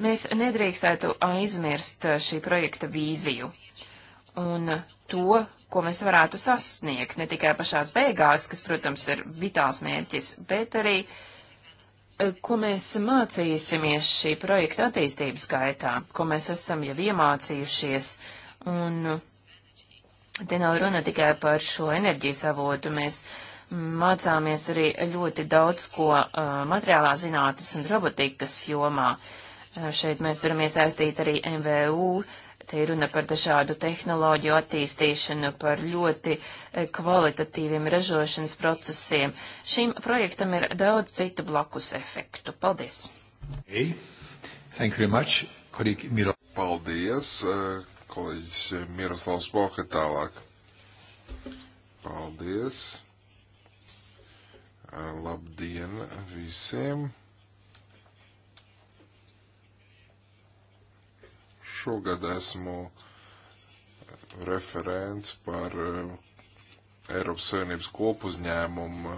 mēs nedrīkstētu aizmirst eh, šī projekta vīziju un to, ko mēs varētu sasniegt, ne tikai pašās beigās, kas, protams, ir vitāls mērķis, bet arī, eh, ko mēs mācīsimies šī projekta attīstības gaitā, ko mēs esam jau iemācījušies, un uh, Te nav runa tikai par šo enerģijas avotu. Mēs mācāmies arī ļoti daudz ko uh, materiālā zinātnes un robotikas jomā. Uh, šeit mēs varam iesaistīt arī MVU. Te ir runa par dažādu tehnoloģiju attīstīšanu, par ļoti uh, kvalitatīviem ražošanas procesiem. Šim projektam ir daudz citu blakus efektu. Paldies! Hey. Thank you very much, kolēģi Miro. Paldies, uh, kolēģis Miroslavs Boka tālāk. Paldies! Labdien visiem! Šogad esmu referents par Eiropas Savienības kopuzņēmumu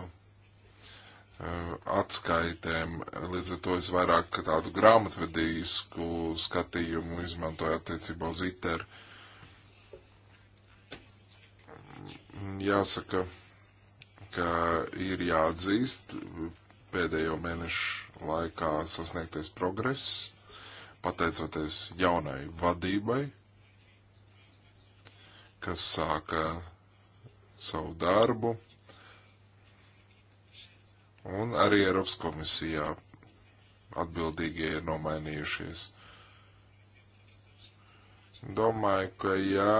Eh, atskaitēm. Līdz ar to es vairāk tādu grāmatvedīsku skatījumu izmantoju attiecībā uz ITER. Jāsaka, ka ir jāatzīst pēdējo mēnešu laikā sasniegtais progress, pateicoties jaunai vadībai, kas sāka savu darbu un arī Eiropas komisijā atbildīgie ir nomainījušies. Domāju, ka ja,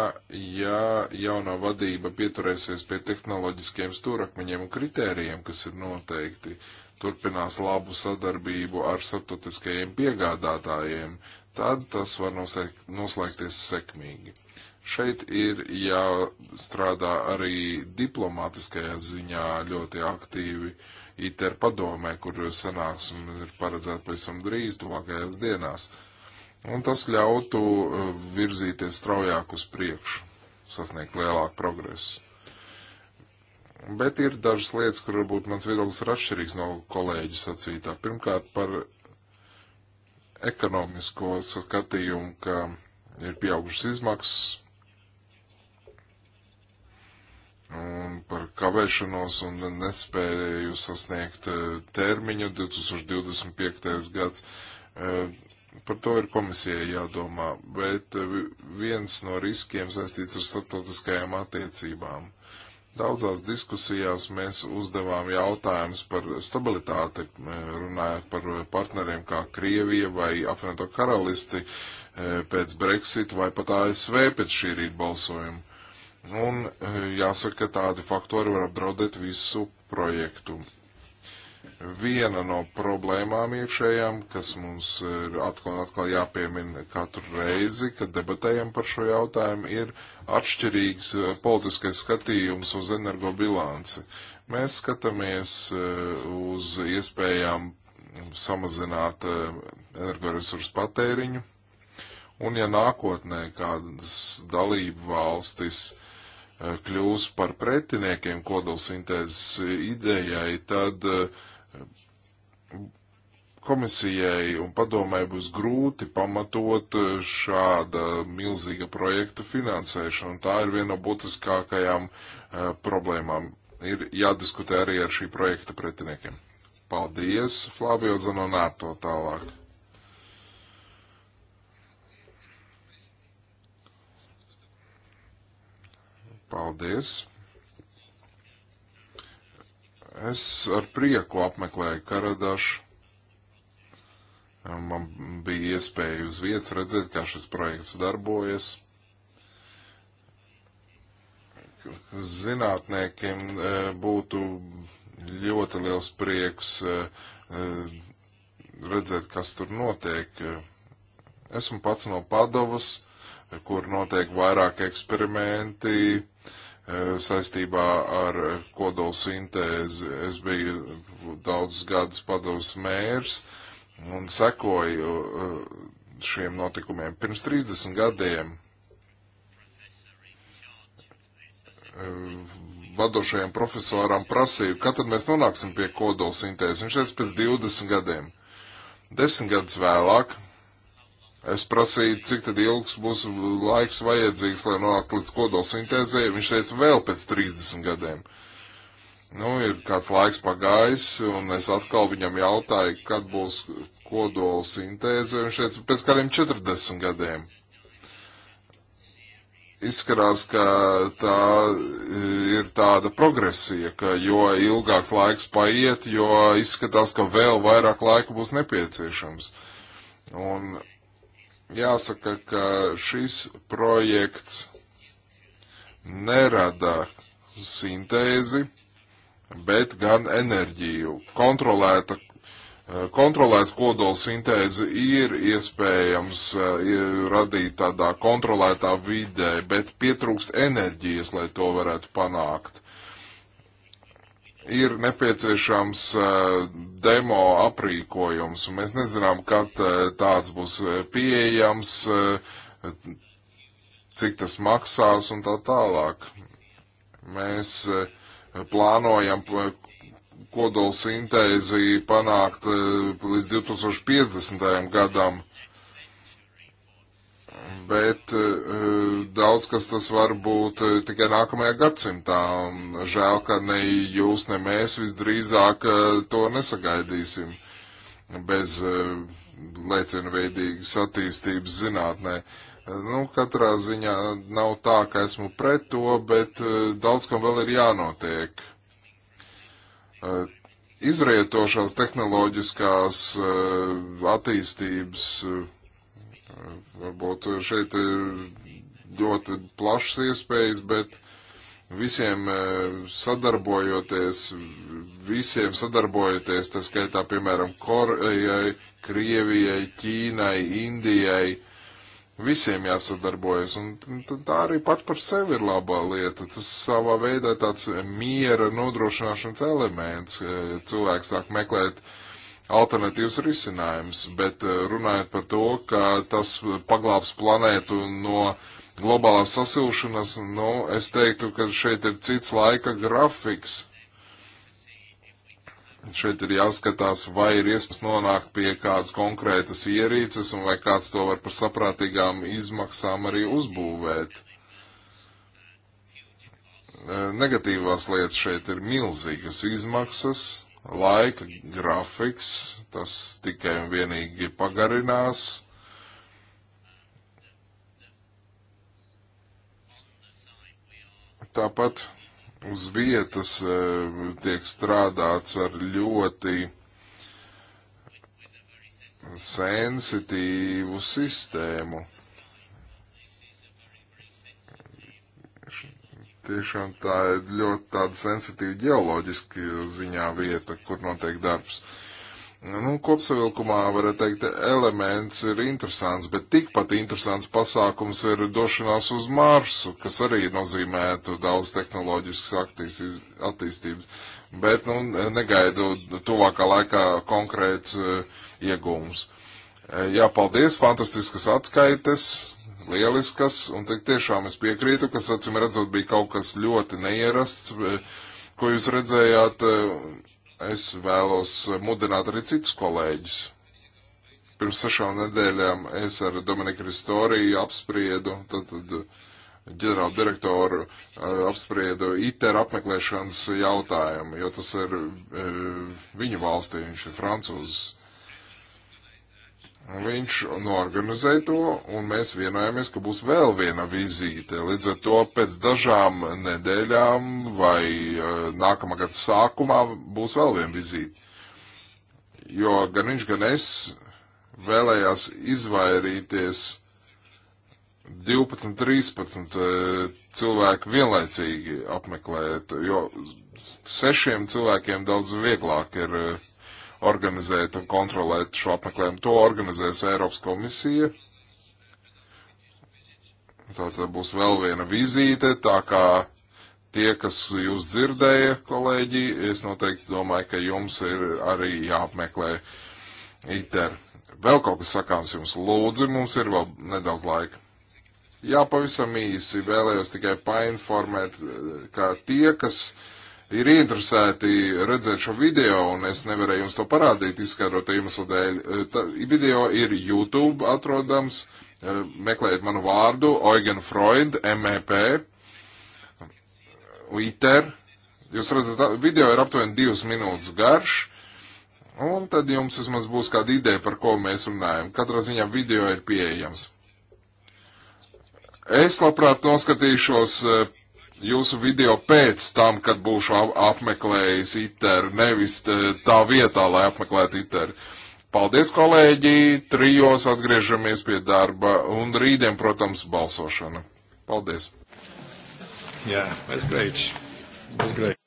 ja jaunā vadība pieturēsies pie tehnoloģiskiem stūrakmeņiem un kritērijiem, kas ir noteikti, turpinās labu sadarbību ar starptautiskajiem piegādātājiem, tad tas var nosek, noslēgties sekmīgi. Šeit ir jāstrādā arī diplomātiskajā ziņā ļoti aktīvi. Uh, ITER padomē, kur sanāksim ir paredzēta pavisam drīz, tuvākajās dienās. Un tas ļautu uh, virzīties straujāk uz priekšu, sasniegt lielāku progresu. Bet ir dažas lietas, kur varbūt mans viedoklis ir atšķirīgs no kolēģa sacītā. Pirmkārt, par ekonomisko skatījumu, ka ir pieaugušas izmaksas, par kavēšanos un nespēju sasniegt eh, termiņu 2025. gads. Eh, par to ir komisijai jādomā, bet eh, viens no riskiem saistīts ar starptautiskajām attiecībām. Daudzās diskusijās mēs uzdevām jautājumus par stabilitāti, runājot par partneriem kā Krievija vai apvienoto karalisti pēc Brexit vai pat ASV pēc šī rīta balsojuma Un e, jāsaka, ka tādi faktori var apdraudēt visu projektu. Viena no problēmām iekšējām, kas mums ir atkal un atkal jāpiemina katru reizi, kad debatējam par šo jautājumu, ir atšķirīgs e, politiskais skatījums uz energobilanci. Mēs skatāmies e, uz iespējām samazināt energoresursu patēriņu, un ja nākotnē kādas dalību valstis uh, kļūs par pretiniekiem kodolsintēzes idejai, tad eh, komisijai un padomai būs grūti pamatot eh, šāda milzīga projekta finansēšanu. Tā ir viena no būtiskākajām uh, problēmām. Ir jādiskutē arī ar šī projekta pretiniekiem. Paldies, Flavio Zanonāto tālāk. Paldies! Es ar prieku apmeklēju Karadašu. Man bija iespēja uz vietas redzēt, kā šis projekts darbojas. Zinātniekiem e, būtu ļoti liels prieks e, e, redzēt, kas tur notiek. Esmu pats no Padovas kur notiek vairāk eksperimenti e, saistībā ar kodolu sintēzi. Es biju daudzus gadus padomus mērs un sekoju e, šiem notikumiem. Pirms 30 gadiem e, vadošajam profesoram prasīju, kad tad mēs nonāksim pie kodola sintēzes. Viņš teica, pēc 20 gadiem. Desmit gadus vēlāk Es prasīju, cik tad ilgs būs laiks vajadzīgs, lai nonāktu līdz kodolsintēzei, un viņš teica, vēl pēc 30 gadiem. Nu, ir kāds laiks pagājis, un es atkal viņam jautāju, kad būs kodolsintēze, un viņš teica, pēc kādiem 40 gadiem. Izskatās, ka tā e, ir tāda progresija, ka jo ilgāks laiks paiet, jo izskatās, ka vēl vairāk laika būs nepieciešams. Un Jāsaka, ka šis projekts nerada sintēzi, bet gan enerģiju. Kontrolēta, kontrolēta kodola sintēze ir iespējams e, radīt tādā kontrolētā vidē, bet pietrūkst enerģijas, lai to varētu panākt ir nepieciešams eh, demo aprīkojums, un mēs nezinām, kad eh, tāds būs eh, pieejams, cik tas maksās un tā tālāk. Mēs plānojam kodolsintēzi panākt līdz 2050. gadam bet eh, daudz kas tas var būt eh, tikai nākamajā gadsimtā. Un žēl, ka ne jūs, ne mēs visdrīzāk eh, to nesagaidīsim bez lēcienveidīgas attīstības zinātnē. Nu, katrā ziņā nav tā, ka esmu pret to, bet daudz kam vēl ir jānotiek. Izrietošās tehnoloģiskās attīstības Varbūt šeit ir ļoti plašas iespējas, bet visiem e, sadarbojoties, visiem sadarbojoties, tas skaitā, piemēram, Korejai, Krievijai, Ķīnai, Indijai, visiem jāsadarbojas, un tā arī pat par sevi ir labā lieta. Tas savā veidā tāds miera nodrošināšanas elements, e, cilvēks sāk meklēt uh, alternatīvs risinājums, bet eh, runājot par to, ka tas paglāps planētu no globālās sasilšanas, nu, es teiktu, ka šeit ir cits laika grafiks. Šeit ir jāskatās, vai ir iespējams nonākt pie kādas konkrētas ierīces un vai kāds to var par saprātīgām izmaksām arī uzbūvēt. Eh, negatīvās lietas šeit ir milzīgas izmaksas, laika grafiks, tas tikai un vienīgi pagarinās. Tāpat uz vietas e, tiek strādāts ar ļoti sensitīvu sistēmu tiešām tā ir ļoti tāda sensitīva ģeoloģiski ziņā vieta, kur notiek darbs. Nu, kopsavilkumā, varētu teikt, elements ir interesants, bet tikpat interesants pasākums ir došanās uz Marsu, kas arī nozīmētu daudz tehnoloģiskas attīstības. Bet, nu, negaidu tuvākā laikā konkrēts uh, iegūms. Eh, jā, paldies, fantastiskas atskaites lieliskas, un tik tiešām es piekrītu, ka, acīm redzot, bija kaut kas ļoti neierasts, e, ko jūs redzējāt. E, es vēlos mudināt arī citus kolēģus. Pirms sešām nedēļām es ar Dominiku Ristoriju apspriedu, tad, tad ģenerālu direktoru e, apspriedu ITER apmeklēšanas jautājumu, jo tas ir viņu valstī, viņš ir francūzs Viņš norganizēja to, un mēs vienojāmies, ka būs vēl viena vizīte. Līdz ar to pēc dažām nedēļām vai eh, nākamā gada sākumā būs vēl viena vizīte. Jo gan viņš, gan es vēlējās izvairīties 12, 13 eh, cilvēku vienlaicīgi apmeklēt, jo sešiem cilvēkiem daudz vieglāk ir eh, organizēt un kontrolēt šo apmeklējumu. To organizēs Eiropas komisija. Tātad būs vēl viena vizīte, tā kā tie, kas jūs dzirdēja, kolēģi, es noteikti domāju, ka jums ir arī jāapmeklē ITER. Vēl kaut kas sakāms jums, lūdzu, mums ir vēl nedaudz laika. Jā, pavisam īsi vēlējos tikai painformēt, ka tie, kas uh, ir interesēti redzēt šo video, un es nevarēju jums to parādīt, izskaidrot iemeslu dēļ. Eh, Tā, video ir YouTube atrodams, eh, meklējiet manu vārdu, Eugen Freund, MEP, ITER. Jūs redzat, video ir aptuveni divas minūtes garš, un tad jums vismaz būs kāda ideja, par ko mēs runājam. Katrā ziņā video ir pieejams. Es labprāt noskatīšos eh, jūsu video pēc tam, kad būšu apmeklējis ITER, nevis eh, tā vietā, lai apmeklētu ITER. Paldies, kolēģi! Trijos atgriežamies pie darba un rītdien, protams, balsošana. Paldies! Yeah, that's great. That's great.